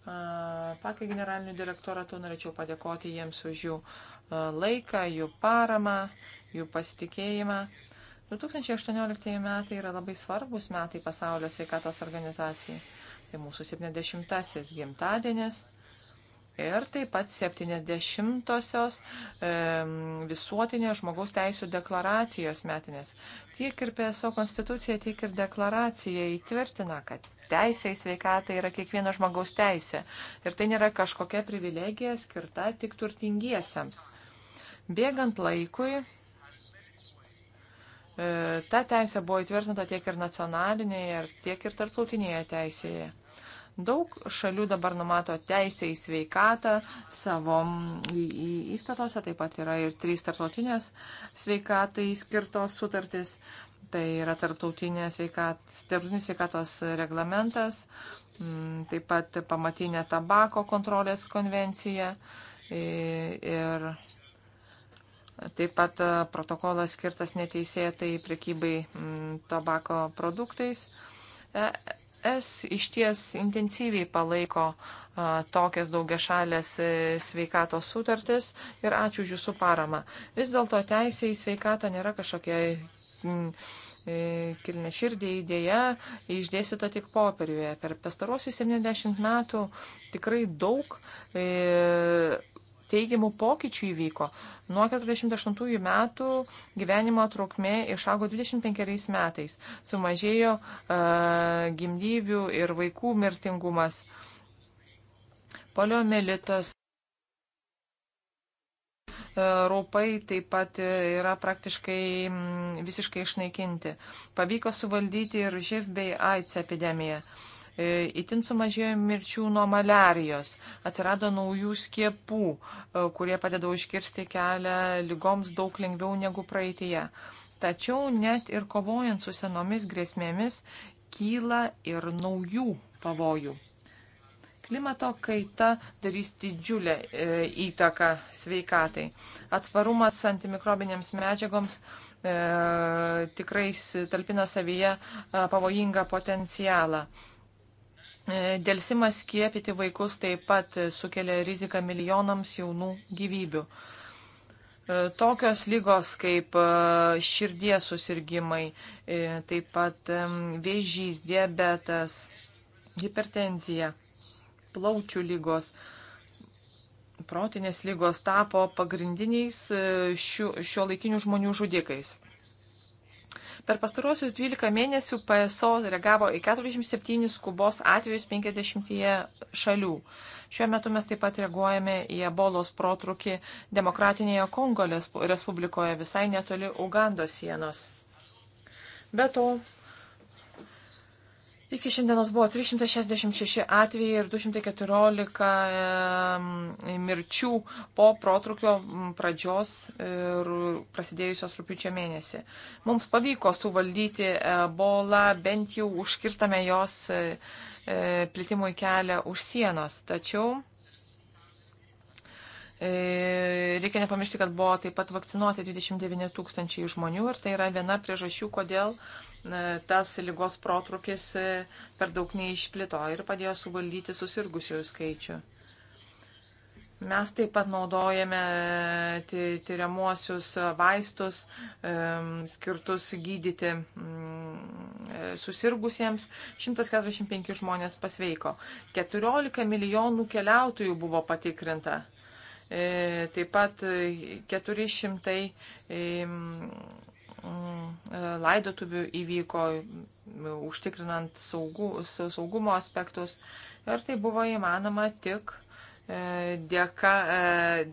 Pakai generaliniu direktoratu norėčiau padėkoti jiems už jų laiką, jų paramą, jų pasitikėjimą. 2018 metai yra labai svarbus metai pasaulio sveikatos organizacijai. Tai mūsų 70-asis gimtadienis ir taip pat 70-osios e, visuotinės žmogaus teisų deklaracijos metinės. Tiek ir PSO konstitucija, tiek ir deklaracija įtvirtina, kad teisė į sveikatą yra kiekvieno žmogaus teisė. Ir tai nėra kažkokia privilegija skirta tik turtingiesiems. Bėgant laikui, e, ta teisė buvo įtvirtinta tiek ir nacionalinėje, tiek ir tarptautinėje teisėje. Daug šalių dabar numato teisę į sveikatą savo įstatose, taip pat yra ir trys tarptautinės sveikatai skirtos sutartys. Tai yra tarptautinės sveikatos, tarptautinės sveikatos reglamentas, taip pat pamatinė tabako kontrolės konvencija ir Taip pat e, protokolas skirtas neteisėtai prekybai mm, tabako produktais. E, es iš ties intensyviai palaiko e, tokias daugiašalės sveikatos sutartis ir ačiū už jūsų paramą. Vis dėlto teisė į sveikatą nėra kažkokia mm, kilne širdį idėja išdėstyta tik popieriuje. Per pastarosius 70 metų tikrai daug teigiamų pokyčių įvyko. Nuo 48 metų gyvenimo trukmė išaugo 25 metais. Sumažėjo uh, e, gimdybių ir vaikų mirtingumas. Poliomelitas. E, Raupai taip pat yra praktiškai visiškai išnaikinti. Pavyko suvaldyti ir živ bei AIDS epidemiją. Uh, Įtin e, sumažėjo mirčių nuo malarijos, atsirado naujų skiepų, e, kurie padeda užkirsti kelią lygoms daug lengviau negu praeitie. Tačiau net ir kovojant su senomis grėsmėmis kyla ir naujų pavojų. Klimato kaita darys didžiulę e, įtaką sveikatai. Atsparumas antimikrobinėms medžiagoms e, tikrai talpina savyje e, pavojingą potencialą. Dėlsimas skiepyti vaikus taip pat sukelia riziką milijonams jaunų gyvybių. E, tokios lygos kaip e, širdies susirgymai, e, taip pat vėžys, diabetas, hipertenzija, plaučių lygos, protinės lygos tapo pagrindiniais šio laikinių žmonių žudikais. Per pastaruosius 12 mėnesių PSO reagavo į 47 skubos atvejus 50 šalių. Šiuo metu mes taip pat reaguojame į ebolos protrukį Demokratinėje Kongo Respublikoje visai netoli Ugandos sienos. Be to, Iki šiandienos buvo 366 atvejai ir 214 mirčių po protrukio pradžios ir prasidėjusios rūpiučio mėnesį. Mums pavyko suvaldyti bolą, bent jau užkirtame jos e, e, plitimui kelią už sienos. Tačiau e, Reikia nepamiršti, kad buvo taip pat vakcinuoti 29 tūkstančiai žmonių ir tai yra viena priežasčių, kodėl uh, E, tas lygos protrukis e, per daug neišplito ir padėjo suvaldyti susirgusiųjų skaičių. Mes taip pat naudojame e, tyriamuosius vaistus skirtus gydyti mm, susirgusiems. 145 žmonės pasveiko. 14 milijonų keliautojų buvo patikrinta. Taip pat 400 Mm, e, laidotuvių įvyko, užtikrinant saugų, saugumo aspektus. Ir tai buvo įmanoma tik e, dėka e,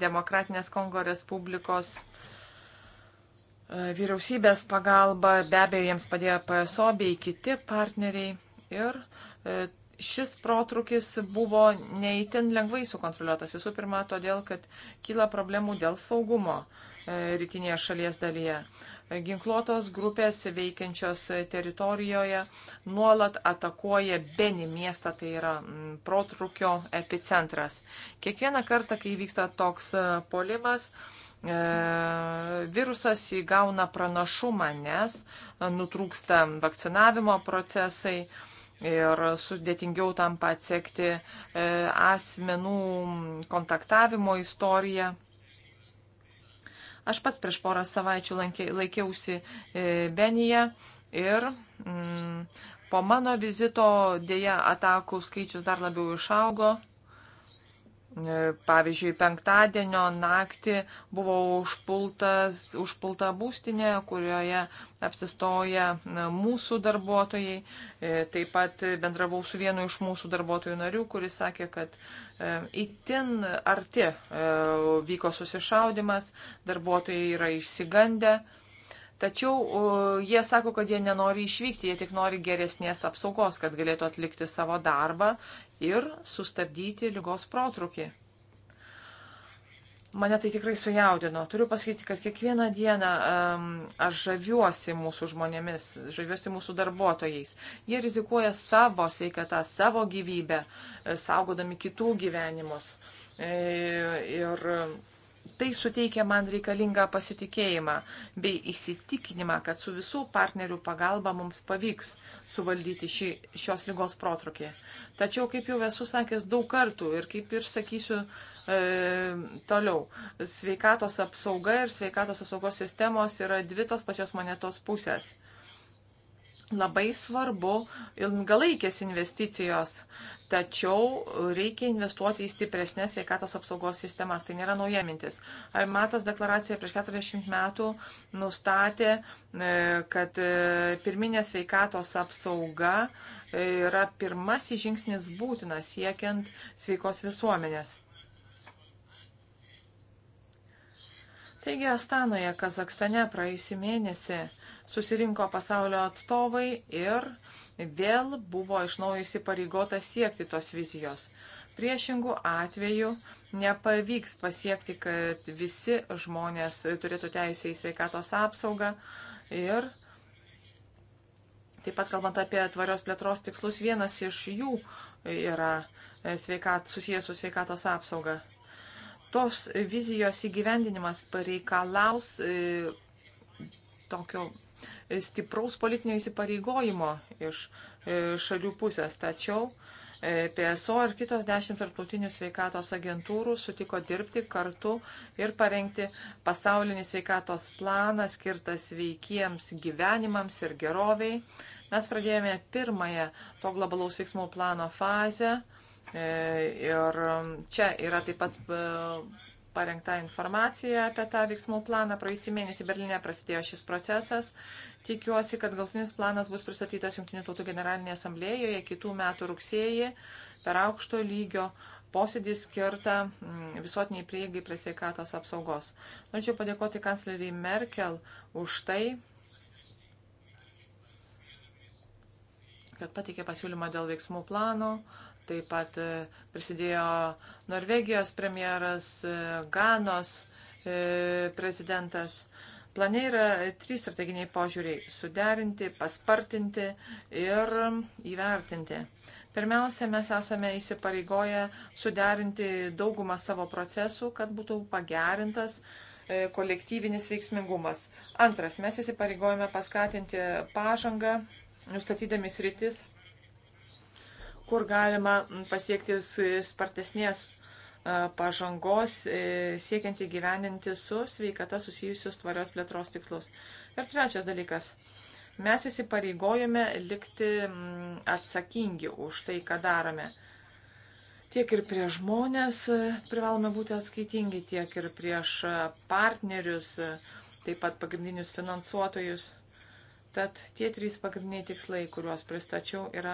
Demokratinės Kongo Respublikos vyriausybės pagalba, be abejo, jiems padėjo PSO bei kiti partneriai. Ir šis protrukis buvo neįtin lengvai sukontroliuotas. Visų pirma, todėl, kad kyla problemų dėl saugumo rytinėje šalies dalyje ginkluotos grupės veikiančios teritorijoje nuolat atakuoja Beni miestą, tai yra mm, protrukio epicentras. Kiekvieną kartą, kai vyksta toks e, polimas, e, virusas įgauna pranašumą, nes e, nutrūksta vakcinavimo procesai ir sudėtingiau tam patsekti asmenų kontaktavimo istoriją. Aš pats prieš porą savaičių lankė, laikiausi e, Benyje ir mm, po mano vizito dėja atakų skaičius dar labiau išaugo. E, pavyzdžiui, penktadienio naktį buvo užpultas, užpulta būstinė, kurioje apsistoja e, mūsų darbuotojai. E, taip pat bendravau su vienu iš mūsų darbuotojų narių, kuris sakė, kad itin arti vyko susišaudimas, darbuotojai yra išsigandę. Tačiau jie sako, kad jie nenori išvykti, jie tik nori geresnės apsaugos, kad galėtų atlikti savo darbą ir sustabdyti lygos protrukį. Mane tai tikrai sujaudino. Turiu pasakyti, kad kiekvieną dieną um, aš žaviuosi mūsų žmonėmis, žaviuosi mūsų darbuotojais. Jie rizikuoja savo sveikatą, savo gyvybę, e, saugodami kitų gyvenimus. E, ir, ir Tai suteikia man reikalingą pasitikėjimą bei įsitikinimą, kad su visų partnerių pagalba mums pavyks suvaldyti šį, šios lygos protrukį. Tačiau, kaip jau esu sakęs daug kartų ir kaip ir sakysiu e, toliau, sveikatos apsauga ir sveikatos apsaugos sistemos yra dvi tos pačios monetos pusės labai svarbu ilgalaikės investicijos, tačiau reikia investuoti į stipresnės sveikatos apsaugos sistemas. Tai nėra nauja mintis. Matos deklaracija prieš 40 metų nustatė, e, kad e, pirminė sveikatos apsauga e, yra pirmasis žingsnis būtinas siekiant sveikos visuomenės. Taigi Astanoje, Kazakstane praėjusį mėnesį susirinko pasaulio atstovai ir vėl buvo iš naujo įsipareigota siekti tos vizijos. Priešingų atvejų nepavyks pasiekti, kad visi žmonės turėtų teisę į sveikatos apsaugą ir taip pat kalbant apie tvarios plėtros tikslus, vienas iš jų yra sveikat, susijęs su sveikatos apsauga. Tos vizijos įgyvendinimas pareikalaus e, tokio stipraus politinio įsipareigojimo iš e, šalių pusės. Tačiau e, PSO ir kitos dešimt tarptautinių sveikatos agentūrų sutiko dirbti kartu ir parengti pasaulinį sveikatos planą skirtą sveikiems gyvenimams ir geroviai. Mes pradėjome pirmąją to globalaus veiksmų plano fazę e, ir čia yra taip pat parengta informacija apie tą veiksmų planą. Praėjusį mėnesį Berlinė prasidėjo šis procesas. Tikiuosi, kad galtinis planas bus pristatytas Junktinių tautų generalinėje asamblėjoje kitų metų rugsėjį per aukšto lygio posėdį skirtą mm, visuotiniai prieigai prie sveikatos apsaugos. Norėčiau padėkoti kancleriai Merkel už tai, kad pateikė pasiūlymą dėl veiksmų plano, taip pat e, prisidėjo Norvegijos premjeras, e, Ganos e, prezidentas. Plane yra trys strateginiai požiūriai - suderinti, paspartinti ir įvertinti. Pirmiausia, mes esame įsipareigoję suderinti daugumą savo procesų, kad būtų pagerintas kolektyvinis veiksmingumas. Antras, mes įsipareigojame paskatinti pažangą nustatydami sritis, kur galima pasiekti spartesnės pažangos, e, siekiant įgyveninti su sveikata susijusius tvarios plėtros tikslus. Ir trečias dalykas. Mes įsipareigojame likti atsakingi už tai, ką darome. Tiek ir prieš žmonės e, privalome būti atskaitingi, tiek ir prieš partnerius, e, taip pat pagrindinius finansuotojus. Tad tie trys pagrindiniai tikslai, kuriuos pristačiau, yra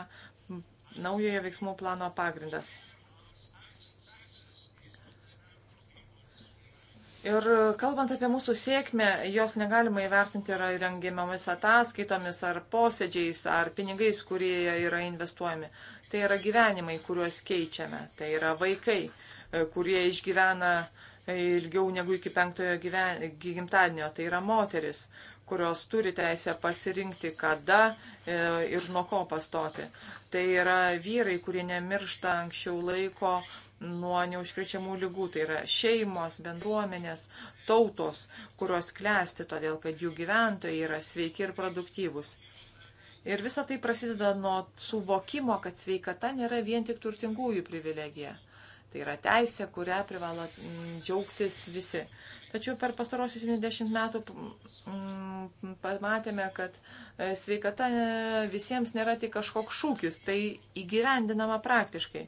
naujojo veiksmų plano pagrindas. Ir kalbant apie mūsų sėkmę, jos negalima įvertinti yra rengiamomis ataskaitomis ar posėdžiais ar pinigais, kurie yra investuojami. Tai yra gyvenimai, kuriuos keičiame. Tai yra vaikai, kurie išgyvena ilgiau negu iki penktojo gyven... gimtadienio. Tai yra moteris, kurios turi teisę pasirinkti, kada e, ir nuo ko pastoti. Tai yra vyrai, kurie nemiršta anksčiau laiko nuo neužkrečiamų lygų. Tai yra šeimos, bendruomenės, tautos, kurios klesti, todėl kad jų gyventojai yra sveiki ir produktyvūs. Ir visa tai prasideda nuo suvokimo, kad sveikata nėra vien tik turtingųjų privilegija. Tai yra teisė, kurią privalo mm, džiaugtis visi. Tačiau per pastarosius 70 metų mm, pamatėme, kad e, sveikata e, visiems nėra tik kažkoks šūkis, tai įgyvendinama praktiškai.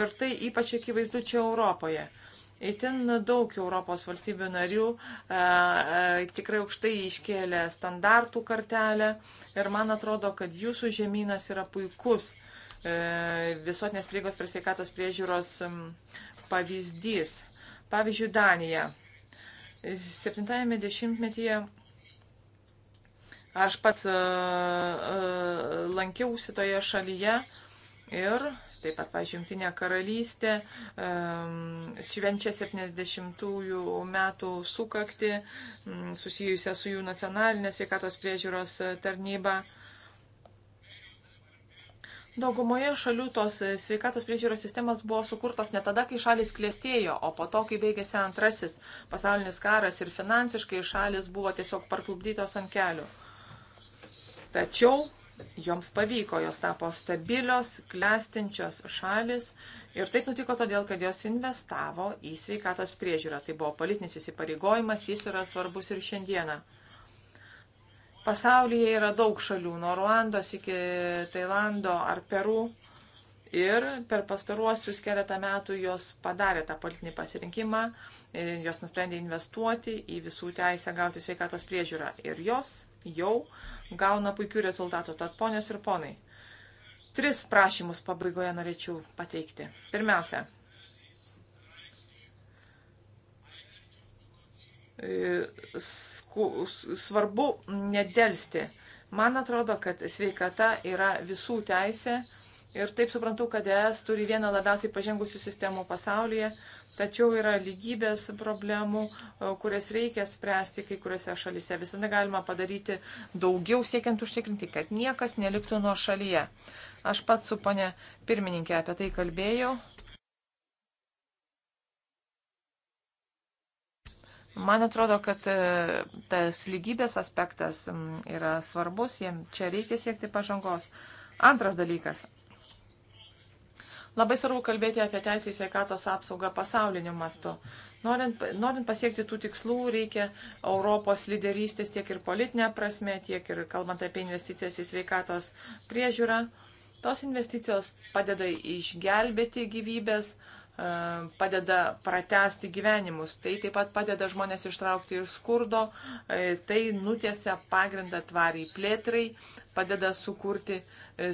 Ir tai ypač akivaizdu čia Europoje. Įtin daug Europos valstybių narių e, e, tikrai aukštai iškėlė standartų kartelę ir man atrodo, kad jūsų žemynas yra puikus e, E, visuotinės prieigos prie sveikatos priežiūros pavyzdys. Pavyzdžiui, Danija. 70-ame dešimtmetyje aš pats e, e, lankiausi toje šalyje ir taip pat, pavyzdžiui, Junktinė karalystė švenčia 70-ųjų metų sukakti susijusią su jų nacionalinė sveikatos priežiūros tarnyba. Daugumoje šalių tos e, sveikatos priežiūros sistemas buvo sukurtos ne tada, kai šalis klėstėjo, o po to, kai baigėsi antrasis pasaulinis karas ir finansiškai šalis buvo tiesiog parklubdytos ant kelių. Tačiau joms pavyko, jos tapo stabilios, klestinčios šalis ir taip nutiko todėl, kad jos investavo į sveikatos priežiūrą. Tai buvo politinis įsipareigojimas, jis yra svarbus ir šiandieną. Pasaulyje yra daug šalių, nuo Ruandos iki Tailando ar Peru. Ir per pastaruosius keletą metų jos padarė tą politinį pasirinkimą, e, jos nusprendė investuoti į visų teisę gauti sveikatos priežiūrą. Ir jos jau gauna puikių rezultatų. Tad ponios ir ponai, tris prašymus pabaigoje norėčiau pateikti. Pirmiausia, E, svarbu nedelsti. Man atrodo, kad sveikata yra visų teisė ir taip suprantu, kad ES turi vieną labiausiai pažengusių sistemų pasaulyje, tačiau yra lygybės problemų, e, kurias reikia spręsti kai kuriuose šalyse. Visada galima padaryti daugiau siekiant užtikrinti, kad niekas neliktų nuo šalyje. Aš pats su ponė pirmininkė apie tai kalbėjau Man atrodo, kad e, tas lygybės aspektas yra svarbus, jiem čia reikia siekti pažangos. Antras dalykas. Labai svarbu kalbėti apie teisę į sveikatos apsaugą pasauliniu mastu. Norint, norint pasiekti tų tikslų, reikia Europos lyderystės tiek ir politinė prasme, tiek ir kalbant apie investicijas į sveikatos priežiūrą. Tos investicijos padeda išgelbėti gyvybės, uh, E, padeda pratesti gyvenimus, tai taip pat padeda žmonės ištraukti ir skurdo, e, tai nutiesia pagrindą tvariai plėtrai, padeda sukurti e,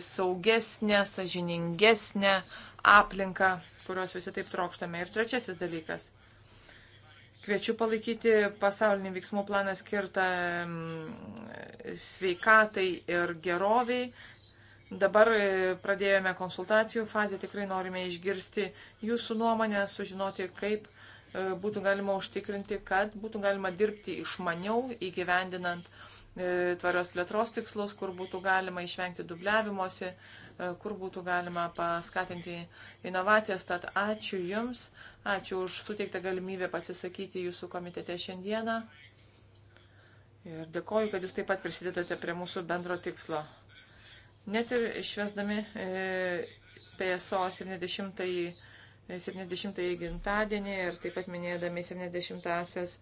saugesnę, sažiningesnę aplinką, kurios visi taip trokštame. Ir trečiasis dalykas. Kviečiu palaikyti pasaulinį veiksmų planą skirtą mm, sveikatai ir geroviai. Dabar e, pradėjome konsultacijų fazę, tikrai norime išgirsti jūsų nuomonę, sužinoti, kaip e, būtų galima užtikrinti, kad būtų galima dirbti išmaniau įgyvendinant e, tvarios plėtros tikslus, kur būtų galima išvengti dubliavimuose, kur būtų galima paskatinti inovacijas. Tad ačiū Jums, ačiū už suteiktą galimybę pasisakyti Jūsų komitete šiandieną ir dėkoju, kad Jūs taip pat prisidedate prie mūsų bendro tikslo. Net ir išvesdami PSO 70-ąjį 70 gimtadienį ir taip pat minėdami 70-asias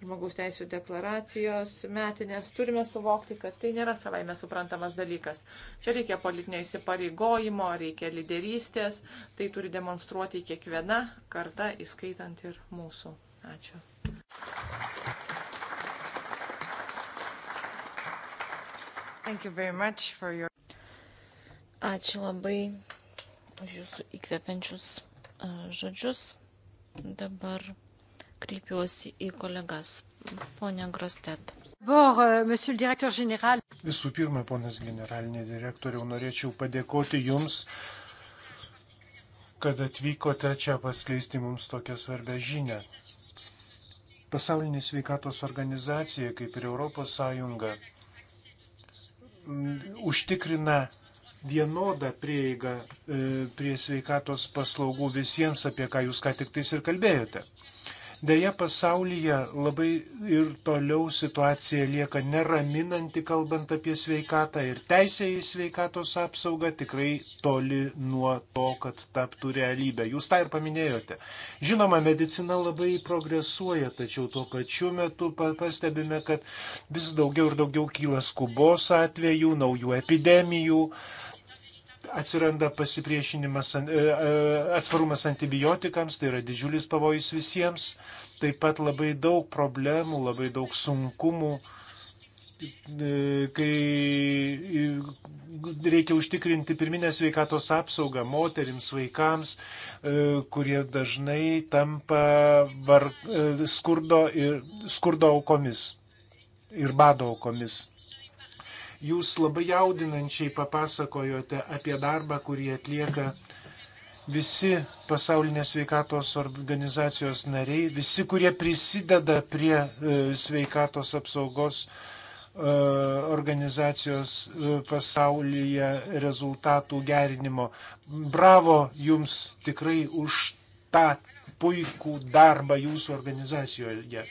žmogaus teisų deklaracijos metinės, turime suvokti, kad tai nėra savaime suprantamas dalykas. Čia reikia politinio įsipareigojimo, reikia lyderystės, tai turi demonstruoti kiekviena karta, įskaitant ir mūsų. Ačiū. Your... Ačiū labai už jūsų įkvepiančius e, žodžius. Dabar kreipiuosi į kolegas. Pone Grostet. Euh, Visų pirma, ponas generalinė direktoriau, norėčiau padėkoti Jums, kad atvykote čia paskleisti mums tokią svarbę žinę. Pasaulinė sveikatos organizacija, kaip ir Europos Sąjunga, užtikrina vienodą prieigą e, prie sveikatos paslaugų visiems, apie ką jūs ką tik tais ir kalbėjote. Deja, pasaulyje labai ir toliau situacija lieka neraminanti, kalbant apie sveikatą ir teisė į sveikatos apsaugą tikrai toli nuo to, kad taptų realybė. Jūs tą ir paminėjote. Žinoma, medicina labai progresuoja, tačiau tuo pačiu metu pastebime, kad vis daugiau ir daugiau kyla skubos atvejų, naujų epidemijų. Uh, atsiranda pasipriešinimas, e, e, atsparumas antibiotikams, tai yra didžiulis pavojus visiems, taip pat labai daug problemų, labai daug sunkumų, e, kai reikia užtikrinti pirminę sveikatos apsaugą moterims, vaikams, kurie dažnai tampa var, skurdo, ir, skurdo aukomis ir bado aukomis. Jūs labai jaudinančiai papasakojote apie darbą, kurį atlieka visi pasaulinės sveikatos organizacijos nariai, visi, kurie prisideda prie e, sveikatos apsaugos e, organizacijos e, pasaulyje rezultatų gerinimo. Bravo Jums tikrai už tą puikų darbą Jūsų organizacijoje.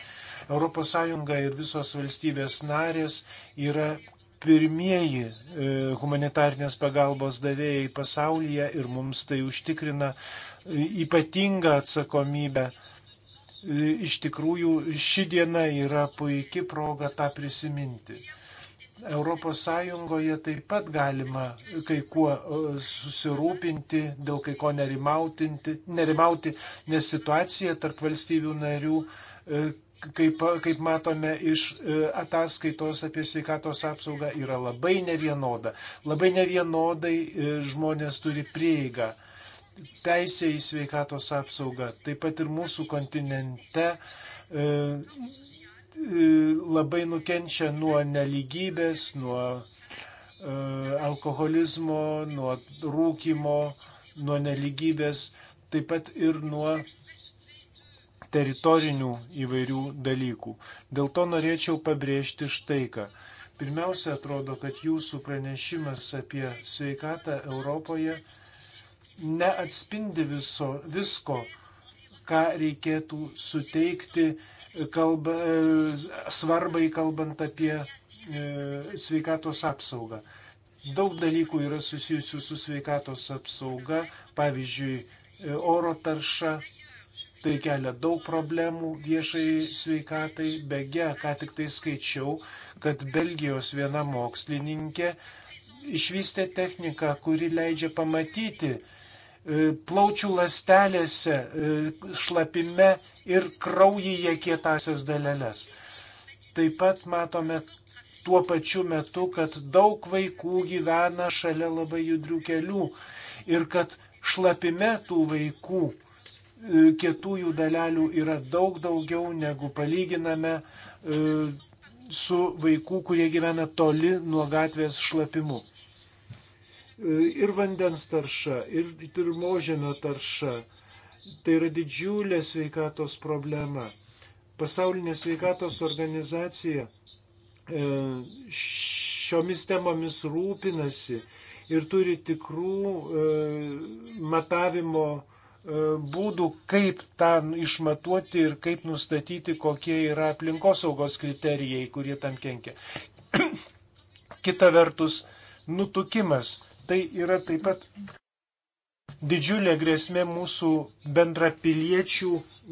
ES ir visos valstybės narės yra pirmieji e, humanitarnės pagalbos davėjai pasaulyje ir mums tai užtikrina e, ypatingą atsakomybę. E, iš tikrųjų, ši diena yra puikia proga tą prisiminti. Europos Sąjungoje taip pat galima kai kuo susirūpinti, dėl kai ko nerimauti, nes situacija tarp valstybių narių kaip, kaip matome iš e, ataskaitos apie sveikatos apsaugą, yra labai nevienoda. Labai nevienodai e, žmonės turi prieigą. Teisė į sveikatos apsaugą, taip pat ir mūsų kontinente e, labai nukenčia nuo neligybės, nuo alkoholizmo, nuo rūkimo, nuo neligybės, taip pat ir nuo teritorinių įvairių dalykų. Dėl to norėčiau pabrėžti štai ką. Pirmiausia, atrodo, kad jūsų pranešimas apie sveikatą Europoje neatspindi viso, visko, ką reikėtų suteikti kalba, e, svarbai kalbant apie e, sveikatos apsaugą. Daug dalykų yra susijusių su sveikatos apsauga, pavyzdžiui, e, oro tarša, Tai kelia daug problemų viešai sveikatai. Bege, ką tik tai skaičiau, kad Belgijos viena mokslininkė išvystė techniką, kuri leidžia pamatyti e, plaučių ląstelėse, e, šlapime ir kraujyje kietasias daleles. Taip pat matome tuo pačiu metu, kad daug vaikų gyvena šalia labai judrių kelių ir kad šlapime tų vaikų E, kietųjų dalelių yra daug daugiau negu palyginame e, su vaikų, kurie gyvena toli nuo gatvės šlapimu. E, ir vandens tarša, ir dirbožėmio tarša. Tai yra didžiulė sveikatos problema. Pasaulinė sveikatos organizacija šiomis temomis rūpinasi ir turi tikrų matavimo E, būdų, kaip tą išmatuoti ir kaip nustatyti, kokie yra aplinkosaugos kriterijai, kurie tam kenkia. Kita vertus, nutukimas tai yra taip pat didžiulė grėsmė mūsų bendrapiliečių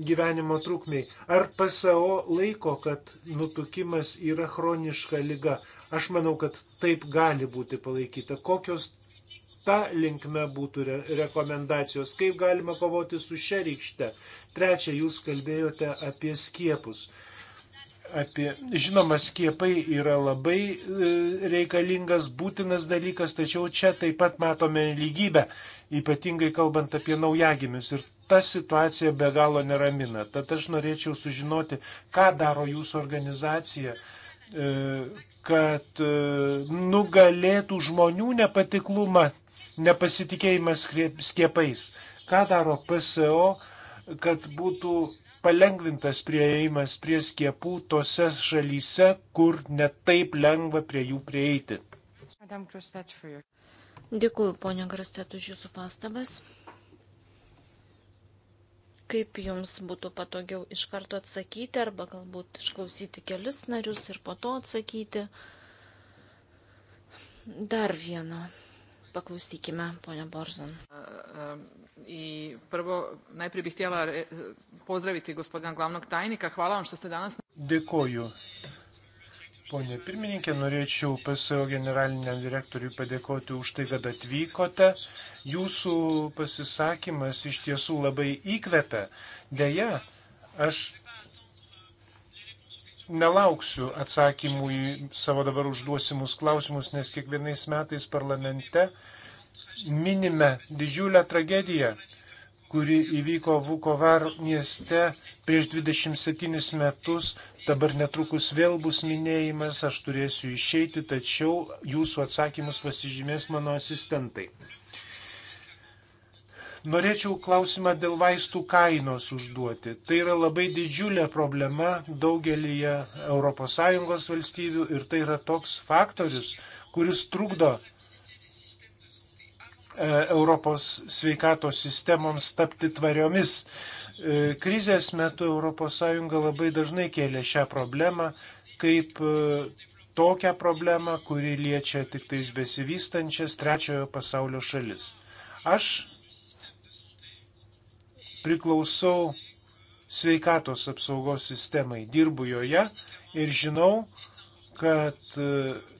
gyvenimo trukmiai. Ar PSO laiko, kad nutukimas yra chroniška lyga? Aš manau, kad taip gali būti palaikyta. Kokios ta linkme būtų re rekomendacijos, kaip galima kovoti su šia rykšte. Trečia, jūs kalbėjote apie skiepus. Apie, žinoma, skiepai yra labai e, reikalingas, būtinas dalykas, tačiau čia taip pat matome lygybę, ypatingai kalbant apie naujagimius. Ir ta situacija be galo neramina. Tad aš norėčiau sužinoti, ką daro jūsų organizacija, e, kad e, nugalėtų žmonių nepatiklumą nepasitikėjimas skiepais. Ką daro PSO, kad būtų palengvintas prieimas prie skiepų tose šalyse, kur netaip lengva prie jų prieiti? Dėkuoju, ponia Grastet, už jūsų pastabas. Kaip jums būtų patogiau iš karto atsakyti arba galbūt išklausyti kelis narius ir po to atsakyti? Dar vieno Paklausykime, ponia Borzan. I prvo, najprije bih htjela e, pozdraviti gospodina glavnog tajnika. Hvala vam što ste danas... Dėkoju. Pone pirmininkė, norėčiau PSO generaliniam direktoriui padėkoti už tai, kad atvykote. Jūsų pasisakymas iš tiesų labai įkvepia. Deja, aš nelauksiu atsakymų į savo dabar užduosimus klausimus, nes kiekvienais metais parlamente minime didžiulę tragediją, kuri įvyko Vukovar mieste prieš 27 metus. Dabar netrukus vėl bus minėjimas, aš turėsiu išeiti, tačiau jūsų atsakymus pasižymės mano asistentai. Norėčiau klausimą dėl vaistų kainos užduoti. Tai yra labai didžiulė problema daugelį ES valstybių ir tai yra toks faktorius, kuris trukdo e, Europos sveikatos sistemoms tapti tvariomis. E, krizės metu ES labai dažnai kėlė šią problemą kaip e, tokią problemą, kuri liečia tik tais besivystančias trečiojo pasaulio šalis. Aš priklausau sveikatos apsaugos sistemai, dirbu joje ir žinau, kad e,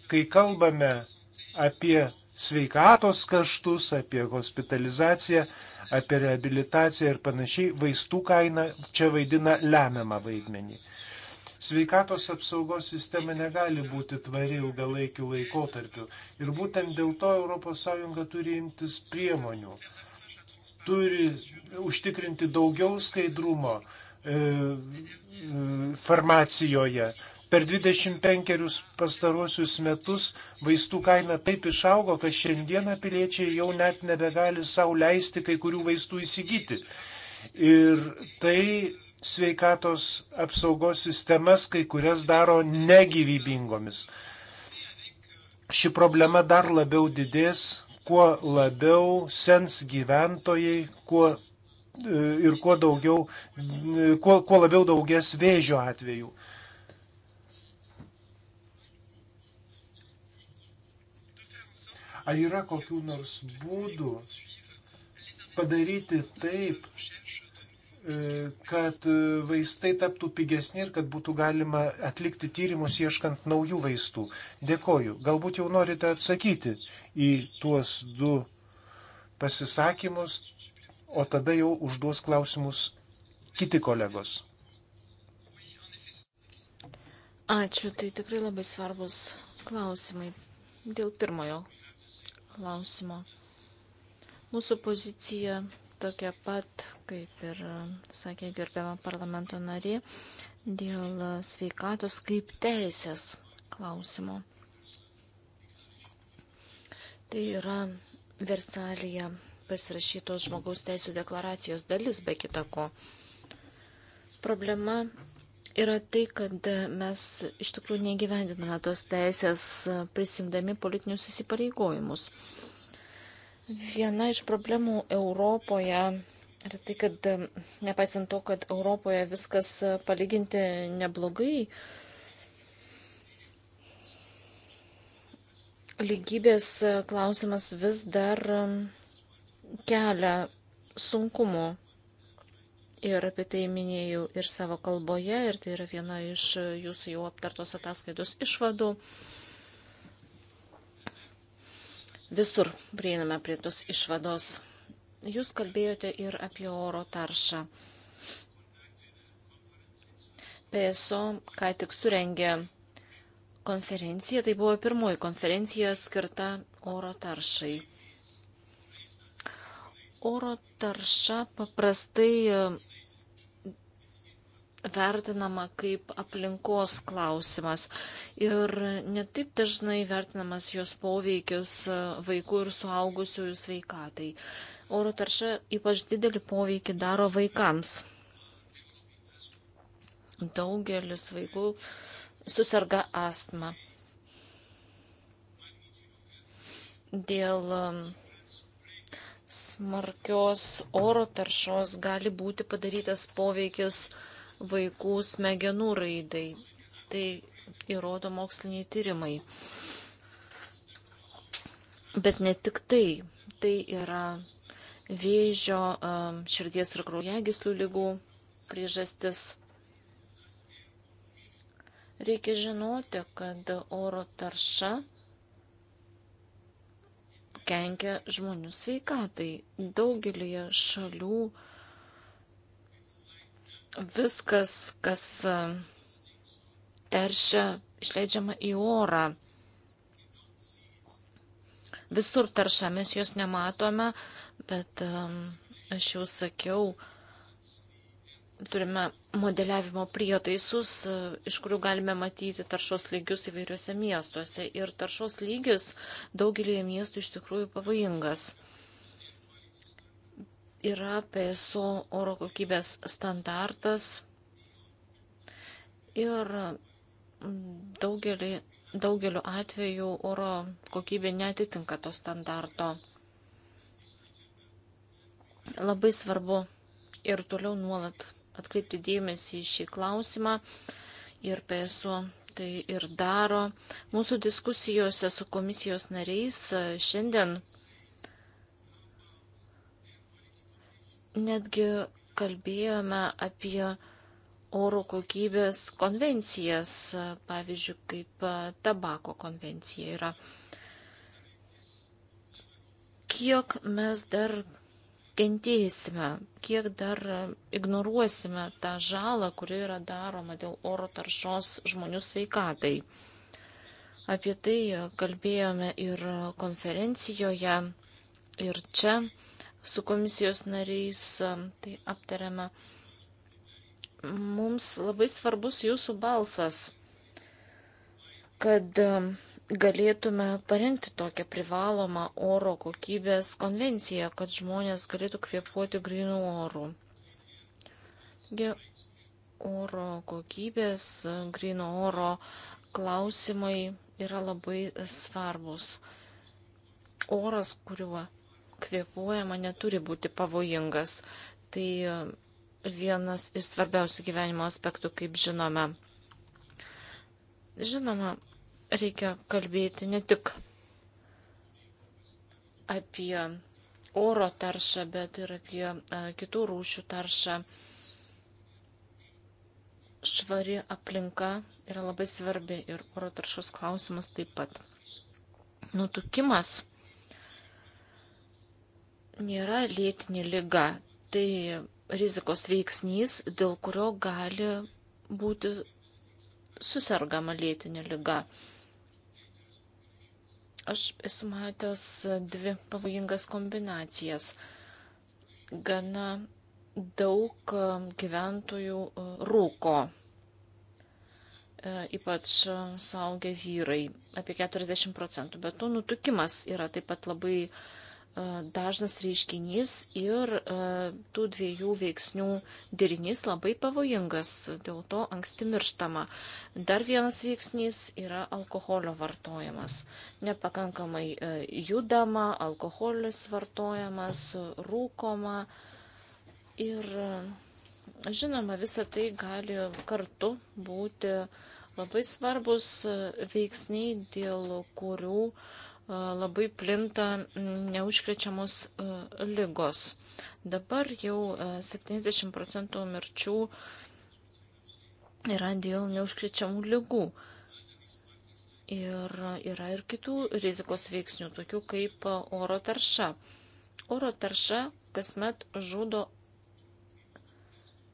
kai kalbame apie sveikatos kaštus, apie hospitalizaciją, apie rehabilitaciją ir panašiai, vaistų kaina čia vaidina lemiamą vaidmenį. Sveikatos apsaugos sistema negali būti tvari ilgalaikiu laikotarpiu ir būtent dėl to ES turi imtis priemonių turi užtikrinti daugiau skaidrumo e, e, farmacijoje. Per 25 pastarosius metus vaistų kaina taip išaugo, kad šiandieną piliečiai jau net nebegali savo leisti kai kurių vaistų įsigyti. Ir tai sveikatos apsaugos sistemas kai kurias daro negyvybingomis. Ši problema dar labiau didės kuo labiau sens gyventojai, kuo e, ir kuo, daugiau, e, kuo, kuo labiau daugės vėžio atvejų. Ar yra kokių nors būdų padaryti taip, E, kad e, vaistai taptų pigesni ir kad būtų galima atlikti tyrimus ieškant naujų vaistų. Dėkoju. Galbūt jau norite atsakyti į tuos du pasisakymus, o tada jau užduos klausimus kiti kolegos. Ačiū, tai tikrai labai svarbus klausimai. Dėl pirmojo klausimo. Mūsų pozicija tokia pat, kaip ir sakė gerbiama parlamento nari, dėl sveikatos kaip teisės klausimo. Tai yra Versalija pasirašytos žmogaus teisų deklaracijos dalis, be kita ko. Problema yra tai, kad mes iš tikrųjų negyvendiname tos teisės prisimdami politinius įsipareigojimus. Viena iš problemų Europoje yra tai, kad nepaisant to, kad Europoje viskas e, palyginti neblogai, lygybės e, klausimas vis dar kelia sunkumų. Ir apie tai minėjau ir savo kalboje, ir tai yra viena iš e, jūsų jau aptartos ataskaitos išvadų. Uh, Visur prieiname prie tos išvados. Jūs kalbėjote ir apie oro taršą. PSO ką tik surengė konferenciją, tai buvo pirmoji konferencija skirta oro taršai. Oro tarša paprastai vertinama kaip aplinkos klausimas ir netaip dažnai vertinamas jos poveikis vaikų ir suaugusiųjų sveikatai. Oro tarša ypač didelį poveikį daro vaikams. Daugelis vaikų susirga astma. Dėl um, smarkios oro taršos gali būti padarytas poveikis vaikų smegenų raidai. Tai įrodo moksliniai tyrimai. Bet ne tik tai. Tai yra vėžio, širdies ir kraujagyslių lygų priežastis. Reikia žinoti, kad oro tarša kenkia žmonių sveikatai. Daugelį šalių uh, viskas, kas e, teršia, išleidžiama į orą. Visur taršamis jos nematome, bet e, aš jau sakiau, turime modeliavimo prietaisus, e, iš kurių galime matyti taršos lygius įvairiuose miestuose. Ir taršos lygis daugelį miestų iš tikrųjų pavojingas yra PSO oro kokybės standartas ir daugelį, daugeliu atveju oro kokybė netitinka to standarto. Labai svarbu ir toliau nuolat atkreipti dėmesį į šį klausimą ir PSO tai ir daro. Mūsų diskusijose su komisijos nariais e, šiandien Netgi kalbėjome apie oro kokybės konvencijas, pavyzdžiui, kaip e, tabako konvencija yra. Kiek mes dar kentėsime, kiek dar ignoruosime tą žalą, kuri yra daroma dėl oro taršos žmonių sveikatai. Apie tai kalbėjome ir konferencijoje, ir čia su komisijos nariais tai aptariame. Mums labai svarbus jūsų balsas, kad galėtume parengti tokią privalomą oro kokybės konvenciją, kad žmonės galėtų kvėpuoti grinų orų. Taigi, oro kokybės, grino oro klausimai yra labai svarbus. Oras, kuriuo kvėpuojama neturi būti pavojingas. Tai vienas iš svarbiausių gyvenimo aspektų, kaip žinome. Žinoma, reikia kalbėti ne tik apie oro taršą, bet ir apie e, kitų rūšių taršą. Švari aplinka yra labai svarbi ir oro taršos klausimas taip pat. Nutukimas nėra lėtinė lyga, tai rizikos veiksnys, dėl kurio gali būti susirgama lėtinė lyga. Aš esu matęs dvi pavojingas kombinacijas. Gana daug e, gyventojų e, rūko, e, ypač saugia vyrai, apie 40 procentų, bet to nutukimas yra taip pat labai uh, dažnas reiškinys ir tų dviejų veiksnių derinys labai pavojingas, dėl to anksti mirštama. Dar vienas veiksnys yra alkoholio vartojimas. Nepakankamai judama, alkoholis vartojamas, rūkoma ir žinoma, visa tai gali kartu būti labai svarbus veiksniai, dėl kurių uh, labai plinta mm, neužkrečiamos lygos. Dabar jau 70 procentų mirčių yra dėl neužkrečiamų lygų. Ir yra ir kitų rizikos veiksnių, tokių kaip oro tarša. Oro tarša kasmet žudo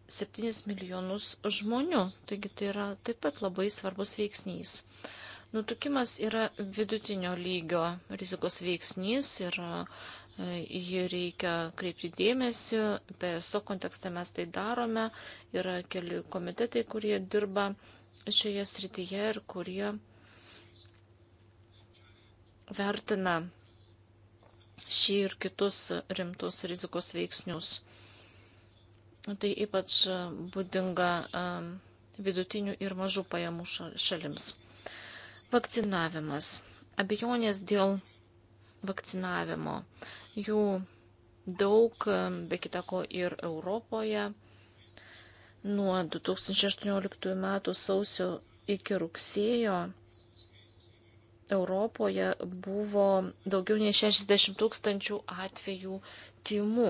7 milijonus žmonių, taigi tai yra taip pat labai svarbus veiksnys. Nutukimas yra vidutinio lygio rizikos veiksnys ir e, jį reikia kreipti dėmesį. PSO kontekste mes tai darome. Yra keli komitetai, kurie dirba šioje srityje ir kurie vertina šį ir kitus rimtus rizikos veiksnius. Tai ypač būdinga e, vidutinių ir mažų pajamų šalims. Vakcinavimas. Abejonės dėl vakcinavimo. Jų daug, be kitako ir Europoje. Nuo 2018 metų sausio iki rugsėjo Europoje buvo daugiau nei 60 tūkstančių atvejų tymų.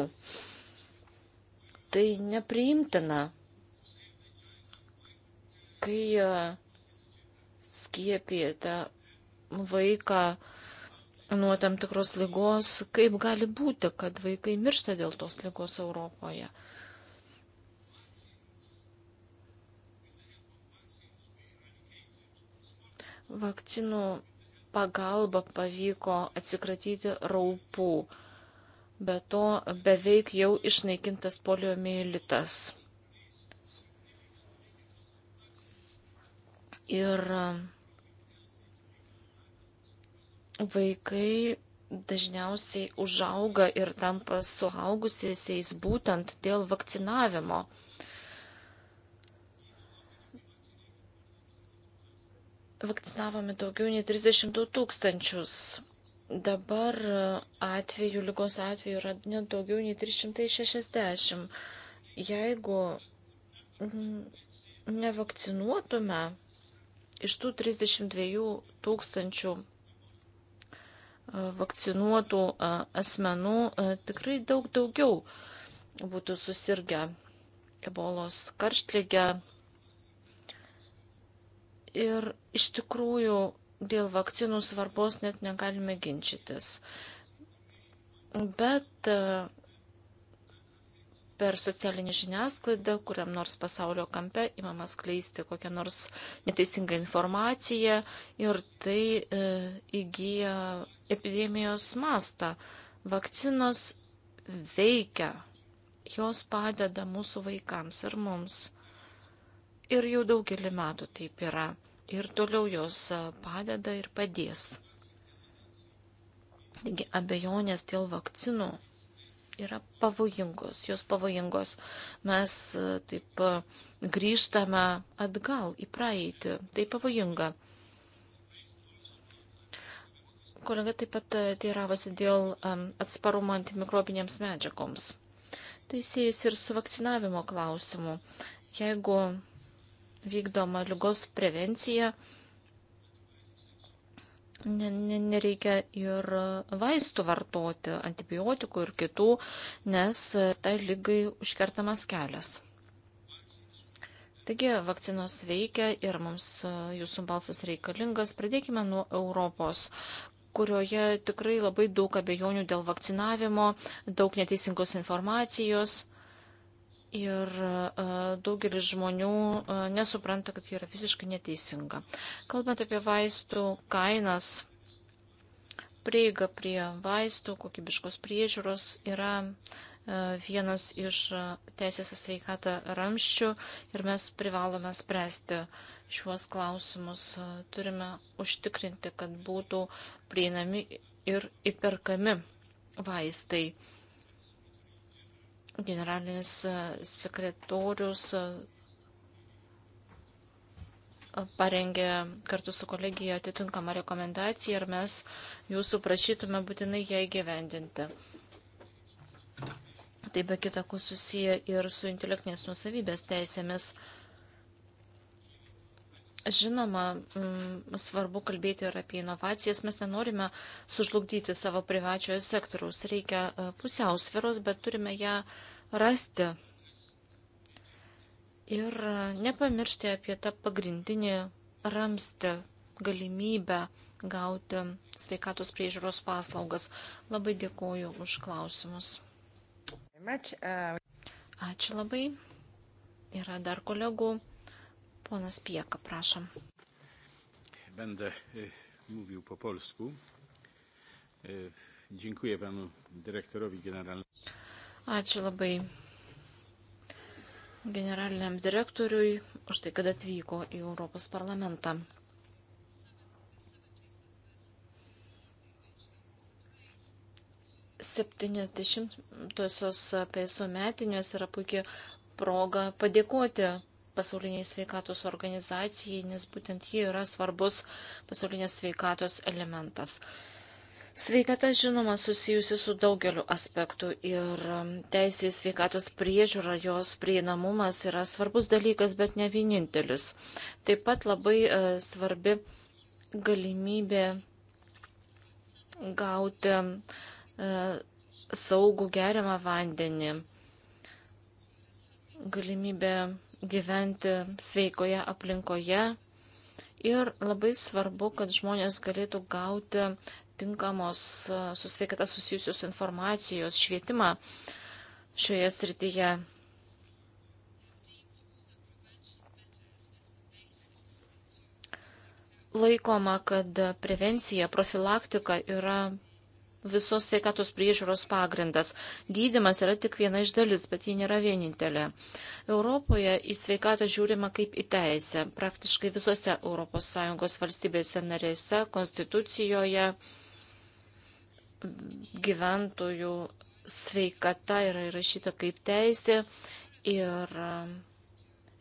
Tai nepriimtina, kai skiepijate vaiką nuo tam tikros lygos, kaip gali būti, kad vaikai miršta dėl tos lygos Europoje? Vakcinų pagalba pavyko atsikratyti raupų, be to beveik jau išnaikintas poliomielitas. Ir Vaikai dažniausiai užauga ir tampa suaugusiais būtent dėl vakcinavimo. Vakcinavome daugiau nei 32 tūkstančius. Dabar atvejų, lygos atvejų yra net daugiau nei 360. Jeigu mm, nevakcinuotume iš tų 32 tūkstančių vakcinuotų asmenų tikrai daug daugiau būtų susirgę ebolos karštlygę. Ir iš tikrųjų dėl vakcinų svarbos net negalime ginčytis. Bet per socialinį žiniasklaidą, kuriam nors pasaulio kampe imama skleisti kokią nors neteisingą informaciją ir tai e, įgyja epidemijos mastą. Vakcinos veikia, jos padeda mūsų vaikams ir mums. Ir jau daugelį metų taip yra. Ir toliau jos e, padeda ir padės. Taigi abejonės dėl vakcinų yra pavojingos, jos pavojingos. Mes e, taip e, grįžtame atgal į praeitį. Tai pavojinga. Kolega taip pat e, teiravosi dėl atsparumo antimikrobinėms medžiagoms. Tai siejas ir su vakcinavimo klausimu. Jeigu vykdoma lygos prevencija, Nereikia ir vaistų vartoti, antibiotikų ir kitų, nes tai lygai užkertamas kelias. Taigi, vakcinos veikia ir mums jūsų balsas reikalingas. Pradėkime nuo Europos kurioje tikrai labai daug abejonių dėl vakcinavimo, daug neteisingos informacijos. Ir e, daugelis žmonių e, nesupranta, kad tai yra visiškai neteisinga. Kalbant apie vaistų kainas, prieiga prie vaistų, kokybiškos priežiūros yra e, vienas iš teisės į sveikatą ramščių ir mes privalome spręsti šiuos klausimus. Turime užtikrinti, kad būtų prieinami ir įperkami vaistai. Generalinis e, sekretorius e, parengė kartu su kolegija atitinkamą rekomendaciją ir mes jūsų prašytume būtinai ją įgyvendinti. Tai be kitako susiję ir su intelektinės nusavybės teisėmis. Žinoma, mm, svarbu kalbėti ir apie inovacijas. Mes nenorime sužlugdyti savo privačiojo sektoriaus. Reikia e, pusiausviros, bet turime ją rasti. Ir e, nepamiršti apie tą pagrindinį ramstį, galimybę gauti sveikatos priežiūros paslaugas. Labai dėkuoju už klausimus. Uh, Ačiū labai. Yra dar kolegų Ponas Pieka, prašom. Będę e, mówił po polsku. E, dziękuję panu dyrektorowi generalnemu. Ačiū labai generaliniam direktoriui už tai, kad atvyko į Europos parlamentą. Septyniasdešimtosios peisų metinės yra puikia proga padėkoti pasauliniai sveikatos organizacijai, nes būtent ji yra svarbus pasaulinės sveikatos elementas. Sveikata, žinoma, susijusi su daugeliu aspektų ir um, teisė į sveikatos priežiūrą, jos prieinamumas yra svarbus dalykas, bet ne vienintelis. Taip pat labai e, svarbi galimybė gauti e, saugų geriamą vandenį, galimybė gyventi sveikoje aplinkoje. Ir labai svarbu, kad žmonės galėtų gauti tinkamos su sveikata susijusios informacijos švietimą šioje srityje. Laikoma, kad prevencija, profilaktika yra visos sveikatos priežiūros pagrindas. Gydimas yra tik viena iš dalis, bet ji nėra vienintelė. Europoje į sveikatą žiūrima kaip į teisę. Praktiškai visose ES valstybėse narėse, konstitucijoje gyventojų sveikata yra įrašyta kaip teisė ir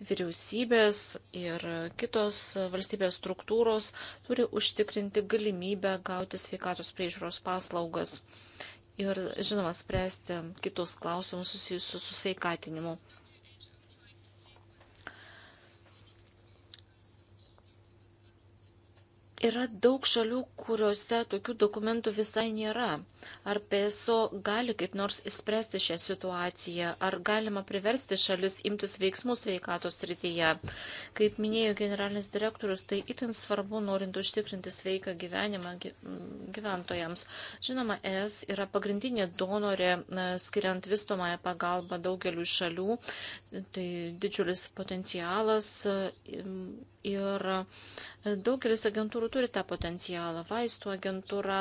vyriausybės ir kitos valstybės struktūros turi užtikrinti galimybę gauti sveikatos priežiūros paslaugas ir, žinoma, spręsti kitus klausimus susijusius su sveikatinimu. Yra daug šalių, kuriuose tokių dokumentų visai nėra. Ar PSO gali kaip nors įspręsti šią situaciją, ar galima priversti šalis imtis veiksmų sveikatos srityje. Kaip minėjo generalinis direktorius, tai itin svarbu, norint užtikrinti sveiką gyvenimą gyventojams. Žinoma, ES yra pagrindinė donorė, e, skiriant vystomąją pagalbą daugeliu šalių. Tai didžiulis potencialas e, ir e, daugelis agentūrų turi tą potencialą. Vaistų agentūra,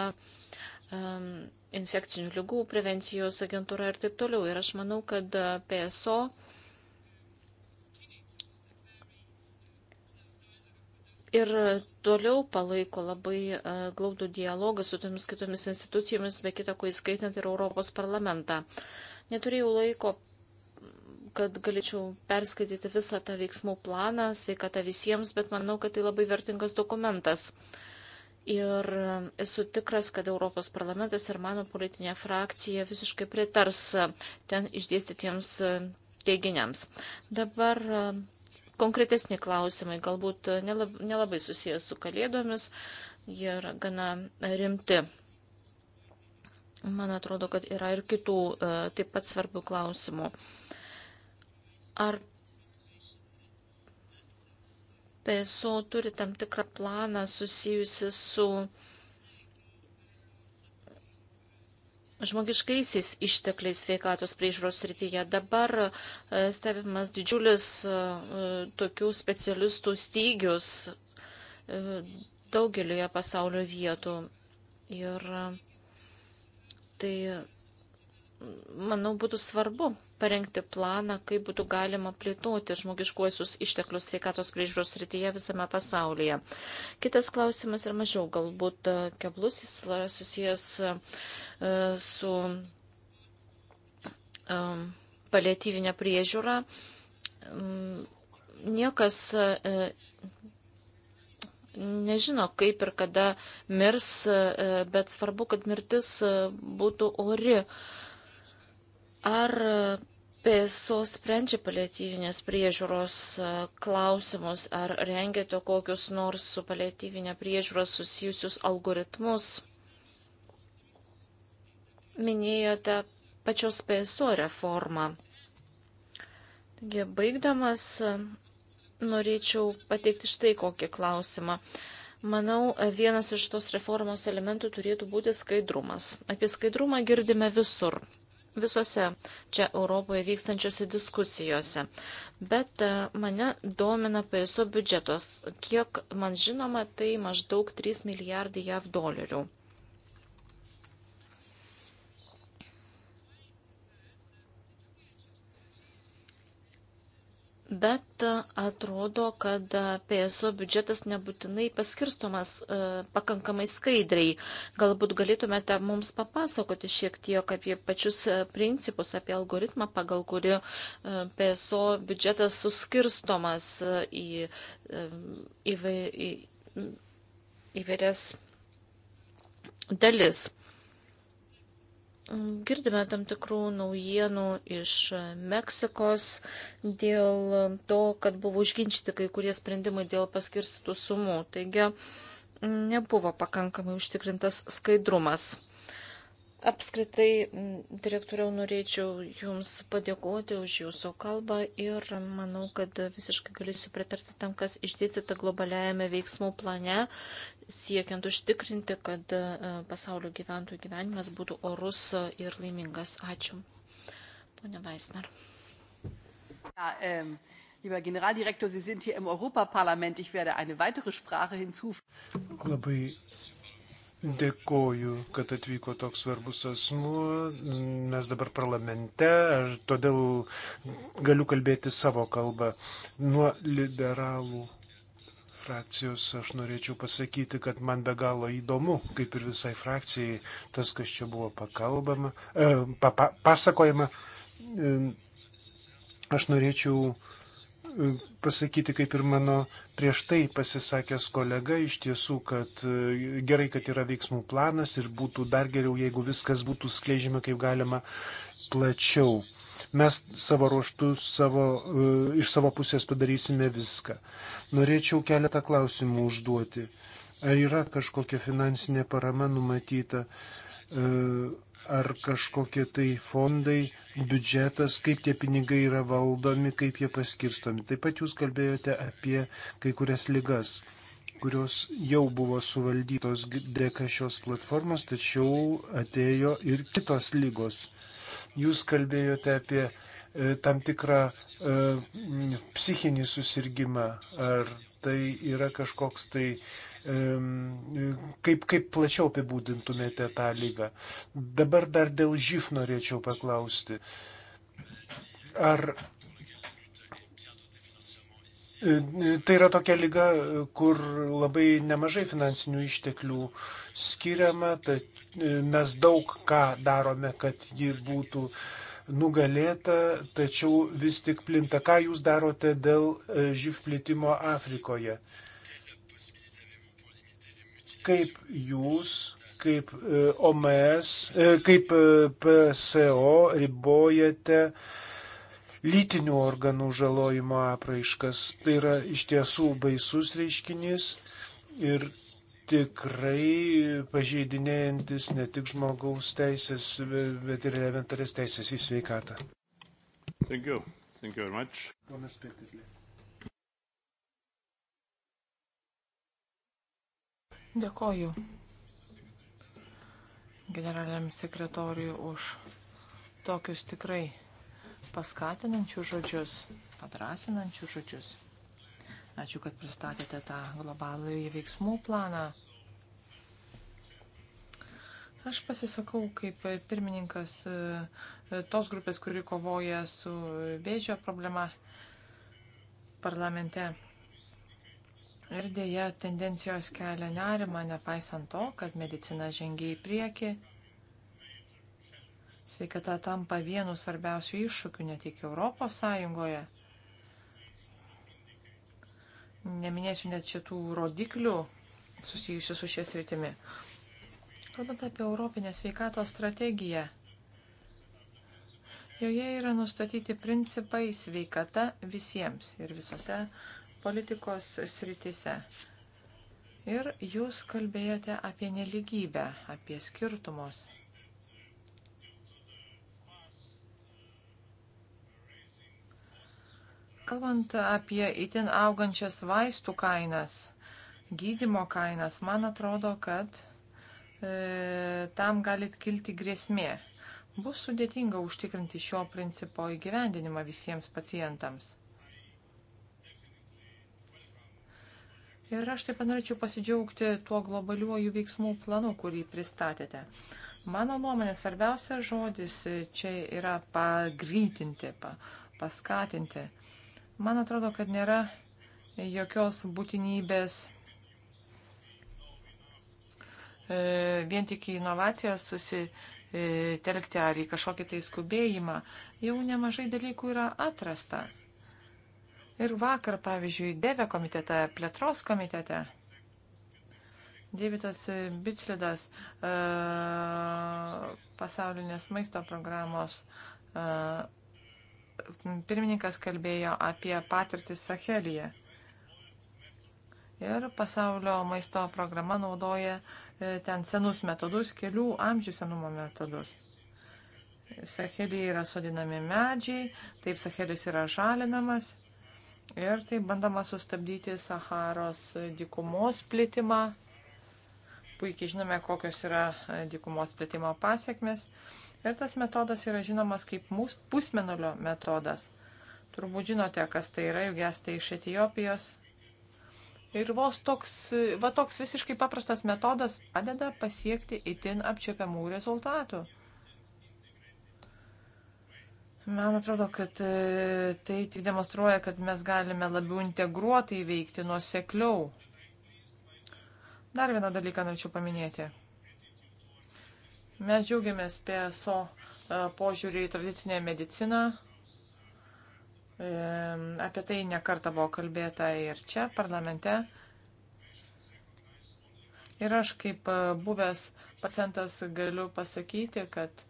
infekcinių lygų prevencijos agentūra ir taip toliau. Ir aš manau, kad e, PSO ir toliau palaiko labai e, glaudų dialogą su tomis kitomis institucijomis, be kita ko įskaitant ir Europos parlamentą. Neturėjau laiko kad galėčiau perskaityti visą tą veiksmų planą, sveikata visiems, bet manau, kad tai labai vertingas dokumentas. Ir esu tikras, kad Europos parlamentas ir mano politinė frakcija visiškai pritars ten išdėstytiems teiginiams. Dabar e, konkretesni klausimai, galbūt nelabai susijęs su kalėdomis, jie yra gana rimti. Man atrodo, kad yra ir kitų e, taip pat svarbių klausimų. Ar PSO turi tam tikrą planą susijusi su žmogiškaisiais ištekliais sveikatos priežiūros srityje. Dabar e, stebimas didžiulis e, e, tokių specialistų stygius daugelioje pasaulio vietų. Ir tai manau, būtų svarbu parengti planą, kaip būtų galima plėtoti žmogiškuosius išteklius sveikatos priežiūros srityje visame pasaulyje. Kitas klausimas ir mažiau galbūt e, keblus, jis yra susijęs e, su e, palėtyvinė priežiūra. Mm, niekas nežino, kaip ir kada mirs, bet svarbu, kad mirtis būtų ori. Uh, Ar PSO sprendžia palėtyvinės priežiūros e, klausimus, ar rengiate kokius nors su palėtyvinė priežiūra susijusius algoritmus? Minėjote pačios PSO reformą. Taigi, baigdamas, norėčiau pateikti štai kokį klausimą. Manau, vienas iš tos reformos elementų turėtų būti skaidrumas. Apie skaidrumą girdime visur visose čia Europoje vykstančiose diskusijose. Bet e, mane domina PSO biudžetos. Kiek man žinoma, tai maždaug 3 milijardai JAV dolerių. Bet e, atrodo, kad e, PSO biudžetas nebūtinai paskirstomas e, pakankamai skaidriai. Galbūt galėtumėte mums papasakoti šiek tiek apie pačius principus, apie algoritmą, pagal kurį PSO biudžetas suskirstomas į, į, į, į įvairias dalis. Girdime tam tikrų naujienų iš Meksikos dėl to, kad buvo užginčyti kai kurie sprendimai dėl paskirstytų sumų. Taigi mm, nebuvo pakankamai užtikrintas skaidrumas. Apskritai, mm, direktoriau, norėčiau Jums padėkoti už Jūsų kalbą ir manau, kad visiškai galėsiu pritarti tam, kas išdėstyta globaliajame veiksmų plane siekiant užtikrinti, kad e, pasaulio gyventojų gyvenimas būtų orus e, ir laimingas. Ačiū. Pone Weisner. Ja, ähm. Lieber Generaldirektor, Sie sind hier im Europaparlament. Ich werde eine weitere Sprache hinzufügen. Labai dėkoju, kad atvyko toks svarbus asmuo. Mes dabar parlamente, aš todėl galiu kalbėti savo kalbą. Nuo liberalų frakcijos aš norėčiau pasakyti, kad man be galo įdomu, kaip ir visai frakcijai, tas, kas čia buvo pakalbama, e, pa, pa, pasakojama. E, aš norėčiau e, pasakyti, kaip ir mano prieš tai pasisakęs kolega, iš tiesų, kad e, gerai, kad yra veiksmų planas ir būtų dar geriau, jeigu viskas būtų skleidžiama kaip galima plačiau. Mes savo ruoštų savo, e, iš savo pusės padarysime viską. Norėčiau keletą klausimų užduoti. Ar yra kažkokia finansinė parama numatyta? E, ar kažkokie tai fondai, biudžetas, kaip tie pinigai yra valdomi, kaip jie paskirstomi. Taip pat jūs kalbėjote apie kai kurias lygas, kurios jau buvo suvaldytos dėka šios platformos, tačiau atėjo ir kitos lygos. Jūs kalbėjote apie e, tam tikrą e, psichinį susirgymą. Ar tai yra kažkoks tai e, kaip, kaip plačiau apibūdintumėte tą lygą. Dabar dar dėl žyf norėčiau paklausti. Ar tai yra tokia lyga, kur labai nemažai finansinių išteklių uh, skiriama, tad e, mes daug ką darome, kad ji būtų nugalėta, tačiau vis tik plinta. Ką jūs darote dėl e, živ plitimo Afrikoje? Kaip jūs, kaip e, OMS, kaip PSO ribojate lytinių organų žalojimo apraiškas. Tai yra iš tiesų baisus reiškinys ir tikrai pažeidinėjantis ne tik žmogaus teisės, bet ir elementarės teisės į sveikatą. Thank you. Thank you very much. Ponas Peterlė. Dėkoju generaliniam sekretoriui už tokius tikrai paskatinančius žodžius, padrasinančius žodžius. Ačiū, kad pristatėte tą globalųjį veiksmų planą. Aš pasisakau kaip pirmininkas e, tos grupės, kuri kovoja su vėžio problema parlamente. Ir dėja, tendencijos kelia nerima, nepaisant to, kad medicina žengia į priekį. Sveikata tampa vienu svarbiausių iššūkių ne tik Europos Sąjungoje Neminėsiu net šitų rodiklių susijusių su šias rytimi. Kalbant apie Europinę sveikato strategiją, joje yra nustatyti principai sveikata visiems ir visose politikos sritise. Ir jūs kalbėjote apie neligybę, apie skirtumus. Kalbant apie itin augančias vaistų kainas, gydimo kainas, man atrodo, kad e, tam galit kilti grėsmė. Bus sudėtinga užtikrinti šio principo įgyvendinimą visiems pacientams. Ir aš taip norėčiau pasidžiaugti tuo globaliuoju veiksmų planu, kurį pristatėte. Mano nuomonė svarbiausia žodis čia yra pagreitinti, pa, paskatinti. Man atrodo, kad nėra jokios būtinybės e, vien tik į inovacijas susitelkti ar į kažkokį tai skubėjimą, jau nemažai dalykų yra atrasta. Ir vakar, pavyzdžiui, Deve komitete, plėtros komitete, Dievitas Bitslidas e, pasaulinės maisto programos e, pirmininkas kalbėjo apie patirtį Sahelyje. Ir pasaulio maisto programa naudoja e, ten senus metodus, kelių amžių senumo metodus. Sahelyje yra sodinami medžiai, taip Sahelis yra žalinamas ir taip bandoma sustabdyti Saharos dykumos plitimą. Puikiai žinome, kokios yra e, dykumos plitimo pasiekmes. Ir tas metodas yra žinomas kaip mūsų pusmenulio metodas. Turbūt žinote, kas tai yra, juk esate iš Etijopijos. Ir vos toks, va toks visiškai paprastas metodas padeda pasiekti itin apčiopiamų rezultatų. Man atrodo, kad e, tai tik demonstruoja, kad mes galime labiau integruotai veikti nuosekliau. Dar vieną dalyką norėčiau paminėti. Mes džiaugiamės PSO e, požiūrį į tradicinę mediciną. E, apie tai nekarta buvo kalbėta ir čia, parlamente. Ir aš kaip e, buvęs pacientas galiu pasakyti, kad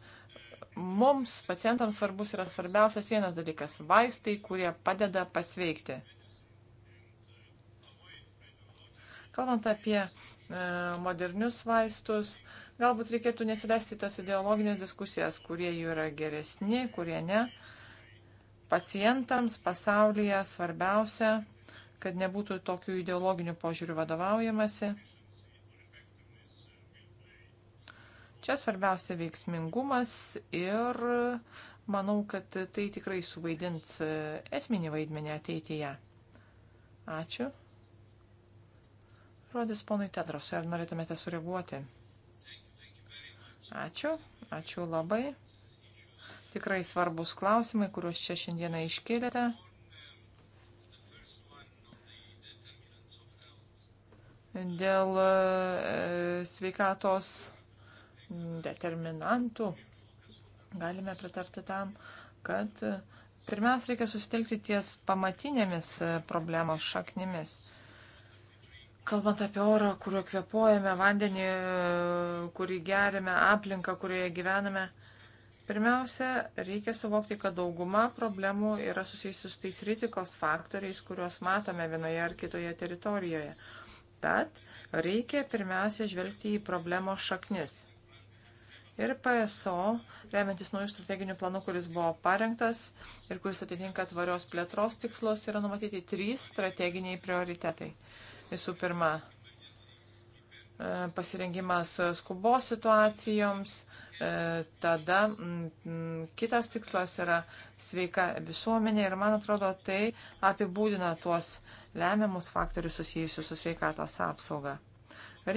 mums, pacientams svarbus yra svarbiausias vienas dalykas - vaistai, kurie padeda pasveikti. Kalbant apie modernius vaistus, Galbūt reikėtų nesileisti tas ideologinės diskusijas, kurie jų yra geresni, kurie ne. Pacientams pasaulyje svarbiausia, kad nebūtų tokių ideologinių požiūrių vadovaujamasi. Čia svarbiausia veiksmingumas ir manau, kad tai tikrai suvaidins esminį vaidmenį ateityje. Ačiū. Rodis ponui Tedros, ar norėtumėte sureaguoti? Ačiū, ačiū labai. Tikrai svarbus klausimai, kuriuos čia šiandieną iškėlėte. Dėl e, sveikatos determinantų galime pritarti tam, kad e, pirmiausia reikia susitelkti ties pamatinėmis e, problemos šaknimis. Kalbant apie orą, kuriuo kvepuojame, vandenį, kurį gerime, aplinką, kurioje gyvename, pirmiausia, reikia suvokti, kad dauguma problemų yra susijusius tais rizikos faktoriais, kuriuos matome vienoje ar kitoje teritorijoje. Tad reikia pirmiausia žvelgti į problemo šaknis. Ir PSO, remiantis naujų strateginių planų, kuris buvo parengtas ir kuris atitinka tvarios plėtros tikslus, yra numatyti trys strateginiai prioritetai. Visų pirma, e, pasirengimas skubos situacijoms, e, tada kitas tikslas yra sveika visuomenė ir man atrodo tai apibūdina tuos lemiamus faktorius susijusius su sveikatos apsauga.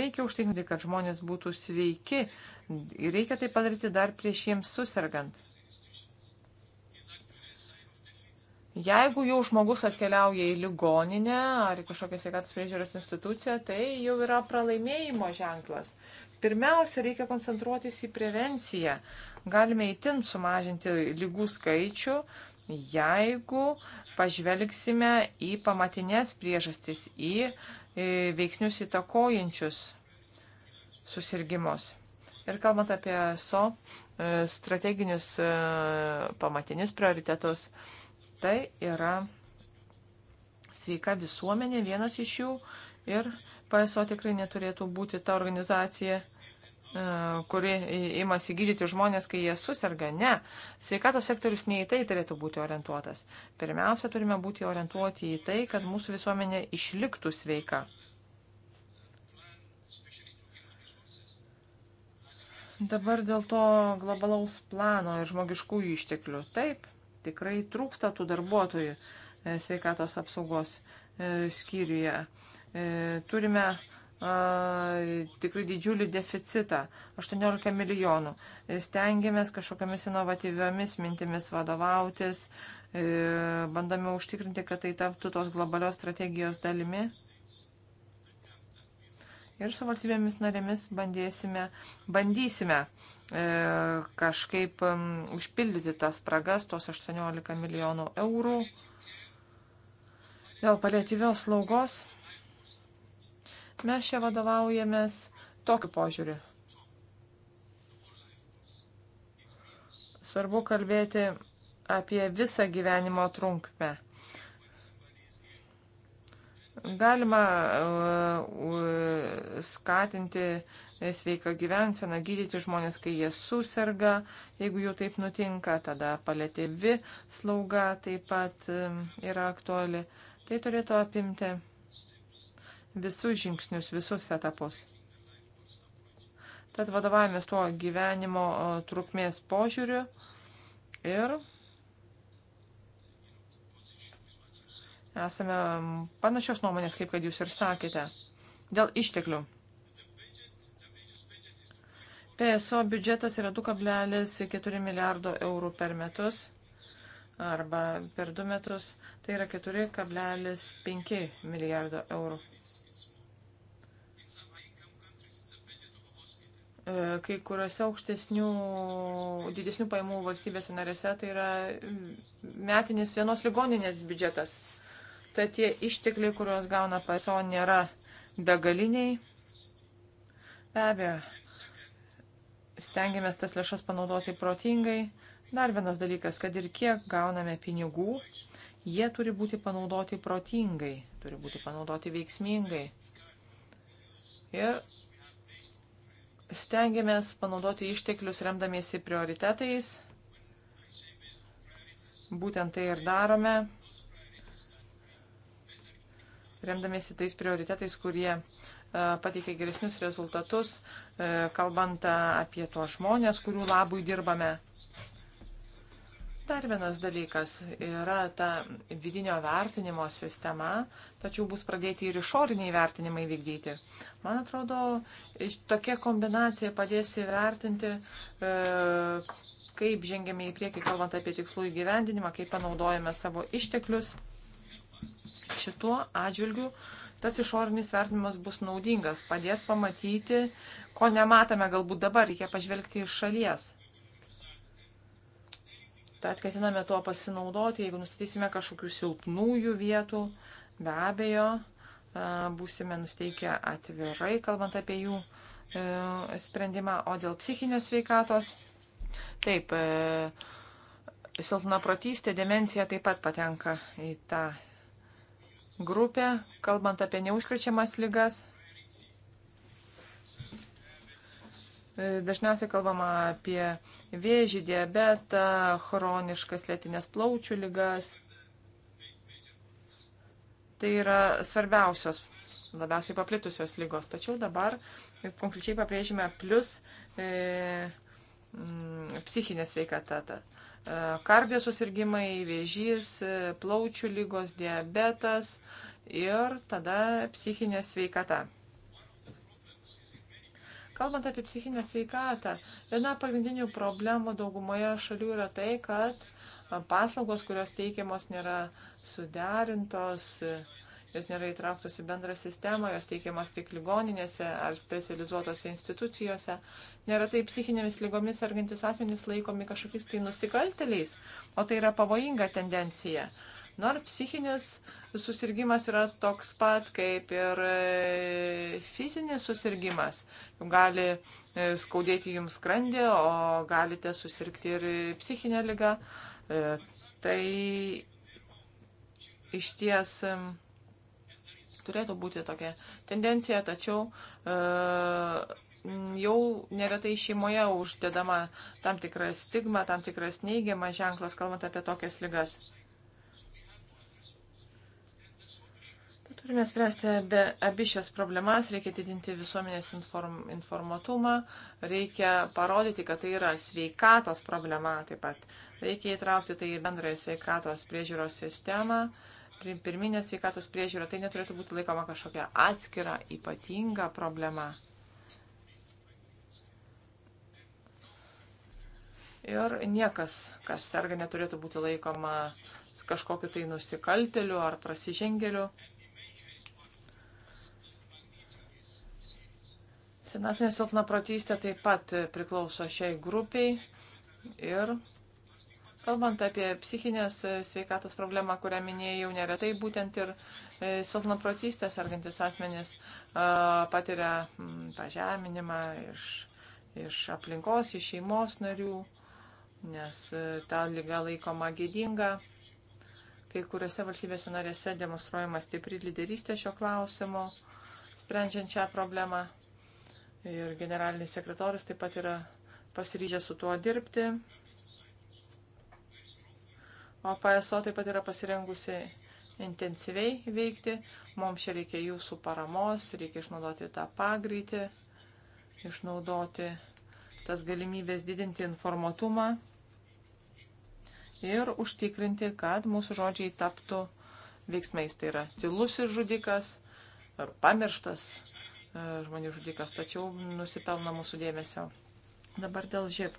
Reikia užtikrinti, kad žmonės būtų sveiki ir reikia tai padaryti dar prieš jiems susirgant. Jeigu jau žmogus atkeliauja į ligoninę ar į kažkokią sveikatos priežiūros instituciją, tai jau yra pralaimėjimo ženklas. Pirmiausia, reikia koncentruotis į prevenciją. Galime įtin sumažinti lygų skaičių, jeigu pažvelgsime į pamatinės priežastis, į e, veiksnius įtakojančius susirgymus. Ir kalbant apie SO e, strateginius e, pamatinius prioritetus, Tai yra sveika visuomenė, vienas iš jų. Ir PSO tikrai neturėtų būti ta organizacija, e, kuri imasi gydyti žmonės, kai jie susirga. Ne, sveikatos sektorius ne į tai turėtų būti orientuotas. Pirmiausia, turime būti orientuoti į tai, kad mūsų visuomenė išliktų sveika. Dabar dėl to globalaus plano ir žmogiškųjų išteklių. Taip, tikrai trūksta tų darbuotojų e, sveikatos apsaugos e, skyriuje. E, turime tikrai didžiulį deficitą - 18 milijonų. Stengiamės kažkokiamis inovatyviomis mintimis vadovautis, bandome užtikrinti, kad tai taptų tos globalios strategijos dalimi ir su valstybėmis narėmis bandėsime, bandysime E, kažkaip užpildyti tas spragas, tuos 18 milijonų eurų. Dėl palėtyvios slaugos mes čia vadovaujamės tokiu požiūriu. Svarbu kalbėti apie visą gyvenimo trunkmę. Galima uh, uh, skatinti uh, sveiką gyvenseną, gydyti žmonės, kai jie susirga, jeigu jau taip nutinka, tada palėtėvi slauga taip pat yra aktuali. Tai turėtų apimti visus žingsnius, visus etapus. Tad vadovavomės tuo gyvenimo trukmės požiūriu ir esame panašios nuomonės, kaip kad jūs ir sakėte, dėl išteklių. PSO biudžetas yra 2,4 milijardo eurų per metus arba per du metus, tai yra 4,5 milijardo eurų. E, kai kuriuose aukštesnių, didesnių paimų valstybėse narėse tai yra metinis vienos ligoninės biudžetas. Tad tie ištekliai, kuriuos gauna PSO, nėra begaliniai. Be abejo, stengiamės tas lėšas panaudoti protingai. Dar vienas dalykas, kad ir kiek gauname pinigų, jie turi būti panaudoti protingai, turi būti panaudoti veiksmingai. Ir stengiamės panaudoti išteklius remdamiesi prioritetais. Būtent tai ir darome remdamiesi tais prioritetais, kurie E, pateikė geresnius rezultatus, e, kalbant e, apie tuos žmonės, kurių labui dirbame. Dar vienas dalykas yra ta vidinio vertinimo sistema, tačiau bus pradėti ir išoriniai vertinimai vykdyti. Man atrodo, tokia kombinacija padės įvertinti, kaip žengėme į priekį, kalbant apie tikslų įgyvendinimą, kaip panaudojame savo išteklius. Šituo atžvilgiu uh, tas išorinis vertinimas bus naudingas, padės pamatyti, ko nematome galbūt dabar, reikia pažvelgti iš šalies. Tad ketiname tuo pasinaudoti, jeigu nustatysime kažkokių silpnųjų vietų, be abejo, būsime nusteikę atvirai, kalbant apie jų e, sprendimą, o dėl psichinės sveikatos. Taip, e, silpna protystė, demencija taip pat patenka į tą grupę, kalbant apie neužkrečiamas lygas. E, dažniausiai kalbama apie vėžį, diabetą, chroniškas lėtinės plaučių lygas. Tai yra svarbiausios, labiausiai paplitusios lygos. Tačiau dabar konkrečiai pabrėžime plus e, m, psichinė sveikata. Tad E, kardė susirgymai, vėžys, e, plaučių lygos, diabetas ir tada psichinė sveikata. Kalbant apie psichinę sveikatą, viena pagrindinių problemų daugumoje šalių yra tai, kad paslaugos, kurios teikiamos, nėra suderintos, jos nėra įtrauktos į bendrą sistemą, jos teikiamos tik ligoninėse ar specializuotose institucijose. Neretai psichinėmis lygomis sergantis asmenys laikomi kažkokiais tai nusikalteliais, o tai yra pavojinga tendencija. Nors psichinis susirgymas yra toks pat kaip ir e, fizinis susirgymas. Gali e, skaudėti jums skrandį, o galite susirgti ir psichinę ligą. E, tai iš ties um, turėtų būti tokia tendencija, tačiau e, jau neretai šeimoje uždedama tam tikra stigma, tam tikras neigiamas ženklas, kalbant apie tokias lygas. Tai turime spręsti be abi šias problemas, reikia didinti visuomenės inform, informatumą, reikia parodyti, kad tai yra sveikatos problema taip pat. Reikia įtraukti tai į bendrąją sveikatos priežiūros sistemą. Uh, pirminė sveikatos priežiūra, tai neturėtų būti laikoma kažkokia atskira, ypatinga problema. Ir niekas, kas serga, neturėtų būti laikoma kažkokiu tai nusikalteliu ar prasižengeliu. Senatinė silpna protystė taip pat priklauso šiai grupiai ir Kalbant apie psichinės e, sveikatos problemą, kurią minėjau, neretai būtent ir e, silpnaprotystės argantis asmenys patiria pažeminimą iš, iš aplinkos, iš šeimos narių, nes e, ta lyga laikoma gėdinga. Kai kuriuose valstybėse narėse demonstruojama stipri lyderystė šio klausimu, sprendžiant šią problemą. Ir generalinis sekretorius taip pat yra pasiryžęs su tuo dirbti o PSO taip pat yra pasirengusi intensyviai veikti. Mums čia reikia jūsų paramos, reikia išnaudoti tą pagreitį, išnaudoti tas galimybės didinti informatumą ir užtikrinti, kad mūsų žodžiai taptų veiksmais. Tai yra tylusis žudikas, pamirštas e, žmonių žudikas, tačiau nusipelna mūsų dėmesio. Dabar dėl živ.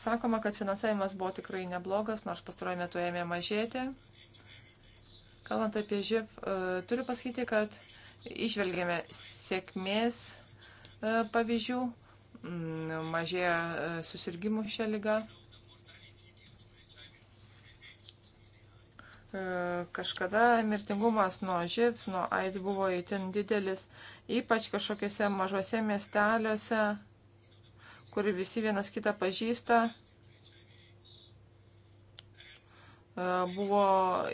Sakoma, kad finansavimas buvo tikrai neblogas, nors pastarojame metu ėmė mažėti. Kalbant apie živ, e, turiu pasakyti, kad išvelgėme sėkmės e, pavyzdžių, mm, mažėja e, susirgymų šią lygą. Kažkada mirtingumas nuo živ, nuo AIDS buvo įtin didelis, ypač kažkokiuose mažose miesteliuose kur visi vienas kitą pažįsta, e, buvo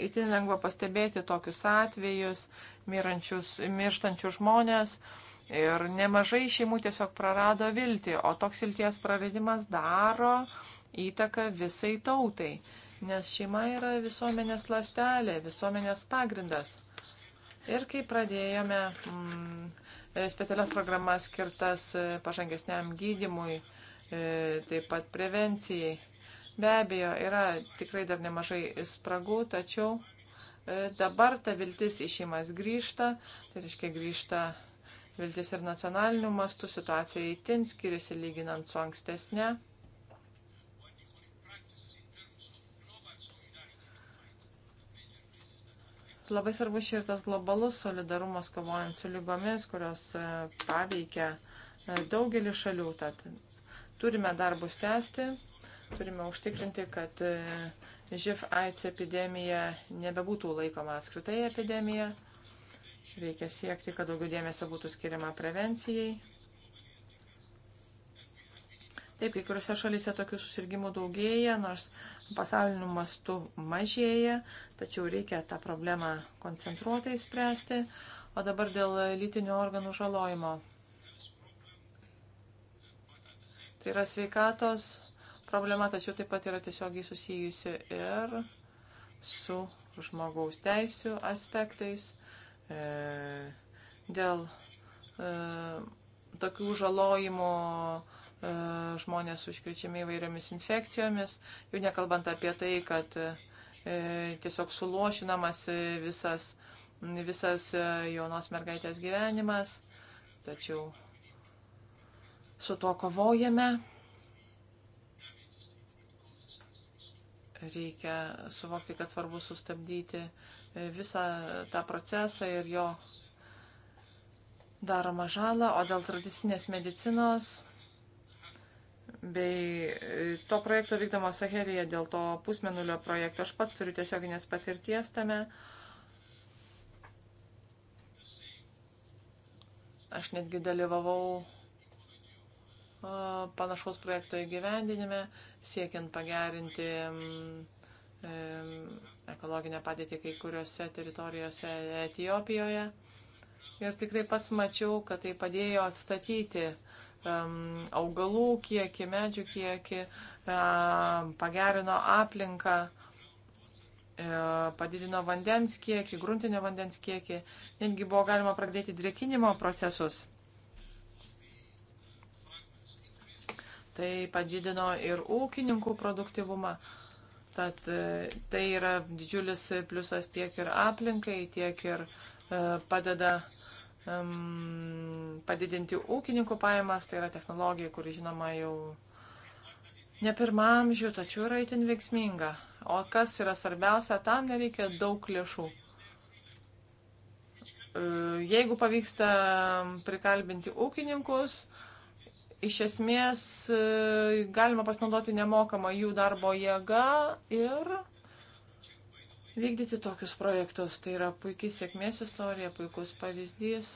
itin lengva pastebėti tokius atvejus, mirštančius žmonės. Ir nemažai šeimų tiesiog prarado viltį, o toks vilties praradimas daro įtaką visai tautai, nes šeima yra visuomenės lastelė, visuomenės pagrindas. Ir kai pradėjome mm, specialias programas skirtas pažangesniam gydimui, E, taip pat prevencijai. Be abejo, yra tikrai dar nemažai spragų, tačiau e, dabar ta viltis į šeimas grįžta, tai reiškia grįžta viltis ir nacionaliniu mastu, situacija įtin skiriasi lyginant su ankstesne. Labai svarbu čia ir tas globalus solidarumas kovojant su lygomis, kurios e, paveikia daugelį šalių. Tad Turime darbus tęsti, turime užtikrinti, kad e, živ AIDS epidemija nebebūtų laikoma apskritai epidemija. Reikia siekti, kad daugiau dėmesio būtų skiriama prevencijai. Taip, kai kuriuose šalyse tokių susirgymų daugėja, nors pasauliniu mastu mažėja, tačiau reikia tą problemą koncentruotai spręsti. O dabar dėl lytinių organų žalojimo. Tai yra sveikatos problema, tačiau taip pat yra tiesiogiai susijusi ir su žmogaus teisų aspektais. E, dėl e, tokių žalojimų e, žmonės užkričiami įvairiomis infekcijomis, jau nekalbant apie tai, kad e, tiesiog suluošinamas visas, visas e, jaunos mergaitės gyvenimas. Tačiau su tuo kovojame. Reikia suvokti, kad svarbu sustabdyti visą tą procesą ir jo daromą žalą, o dėl tradicinės medicinos bei to projekto vykdomo Sahelėje, dėl to pusmenulio projekto, aš pats turiu tiesioginės patirties tame. Aš netgi dalyvavau panašaus projekto įgyvendinime, siekiant pagerinti e, ekologinę padėtį kai kuriuose teritorijose Etijopijoje. Ir tikrai pats mačiau, kad tai padėjo atstatyti um, augalų kiekį, medžių kiekį, um, pagerino aplinką, um, padidino vandens kiekį, gruntinio vandens kiekį. Netgi buvo galima pradėti drėkinimo procesus. Tai padidino ir ūkininkų produktivumą. Tad e, tai yra didžiulis pliusas tiek ir aplinkai, tiek ir e, padeda um, padidinti ūkininkų pajamas. Tai yra technologija, kuri žinoma jau ne pirmą amžių, tačiau yra itin veiksminga. O kas yra svarbiausia, tam nereikia daug lėšų. E, jeigu pavyksta prikalbinti ūkininkus, iš esmės e, galima pasinaudoti nemokamą jų darbo jėgą ir vykdyti tokius projektus. Tai yra puikiai sėkmės istorija, puikus pavyzdys.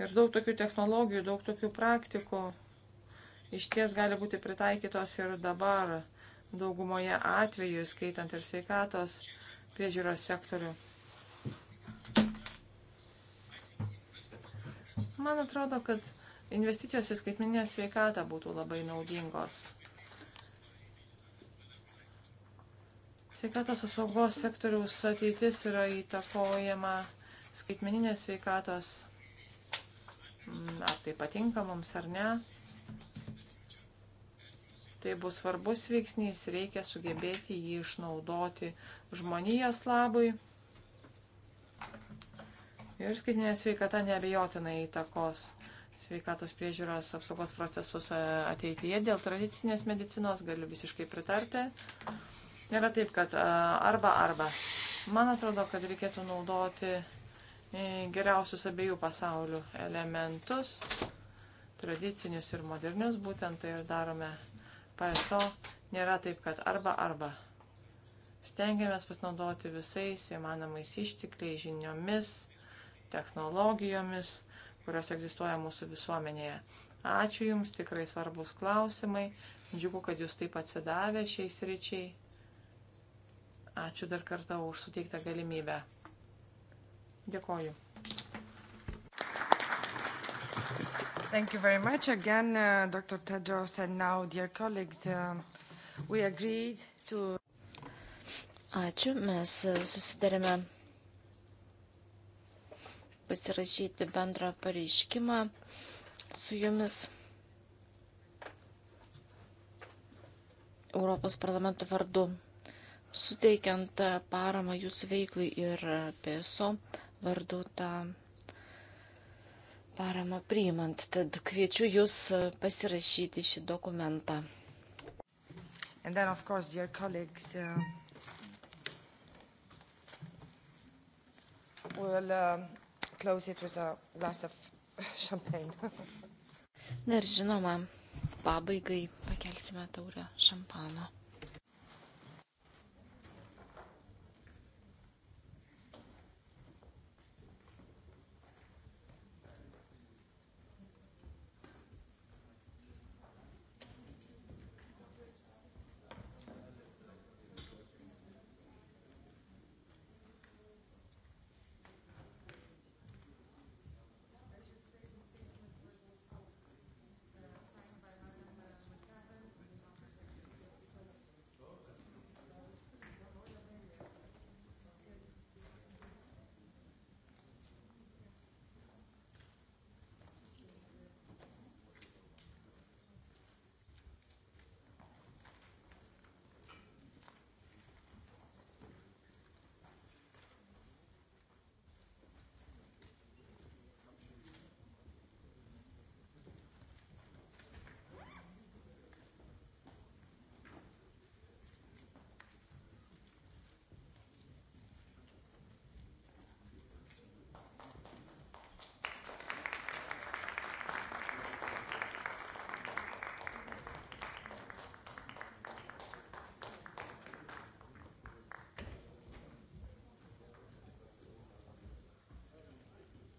Ir daug tokių technologijų, daug tokių praktikų iš ties gali būti pritaikytos ir dabar daugumoje atvejų, skaitant ir sveikatos priežiūros sektorių. Man atrodo, kad investicijos į skaitminę sveikatą būtų labai naudingos. Sveikatos apsaugos sektoriaus ateitis yra įtakojama skaitmeninės sveikatos, mm, ar tai patinka mums ar ne. Tai bus svarbus veiksnys, reikia sugebėti jį išnaudoti žmonijos labui. Ir skaitinė sveikata neabejotinai įtakos sveikatos priežiūros apsaugos procesus e, ateityje. Dėl tradicinės medicinos galiu visiškai pritarti. Nėra taip, kad e, arba arba. Man atrodo, kad reikėtų naudoti e, geriausius abiejų pasaulių elementus, tradicinius ir modernius, būtent tai ir darome PSO. Nėra taip, kad arba arba. Stengiamės pasinaudoti visais įmanomais ištikliais, žiniomis, technologijomis, kurios egzistuoja mūsų visuomenėje. Ačiū Jums, tikrai svarbus klausimai. Džiugu, kad Jūs taip atsidavę šiais ryčiai. Ačiū dar kartą už suteiktą galimybę. Dėkoju. Thank you very much again, uh, Dr. Tedros, and now, dear colleagues, uh, we agreed to. Ačiū, mes uh, susitarėme pasirašyti bendrą pareiškimą su jumis. Europos parlamento vardu, suteikiant paramą jūsų veiklai ir PSO vardu tą paramą priimant. Tad kviečiu jūs pasirašyti šį dokumentą. And then, of course, dear colleagues, uh, will uh, close it with a glass of champagne. Na ir žinoma, pabaigai pakelsime taurę šampano.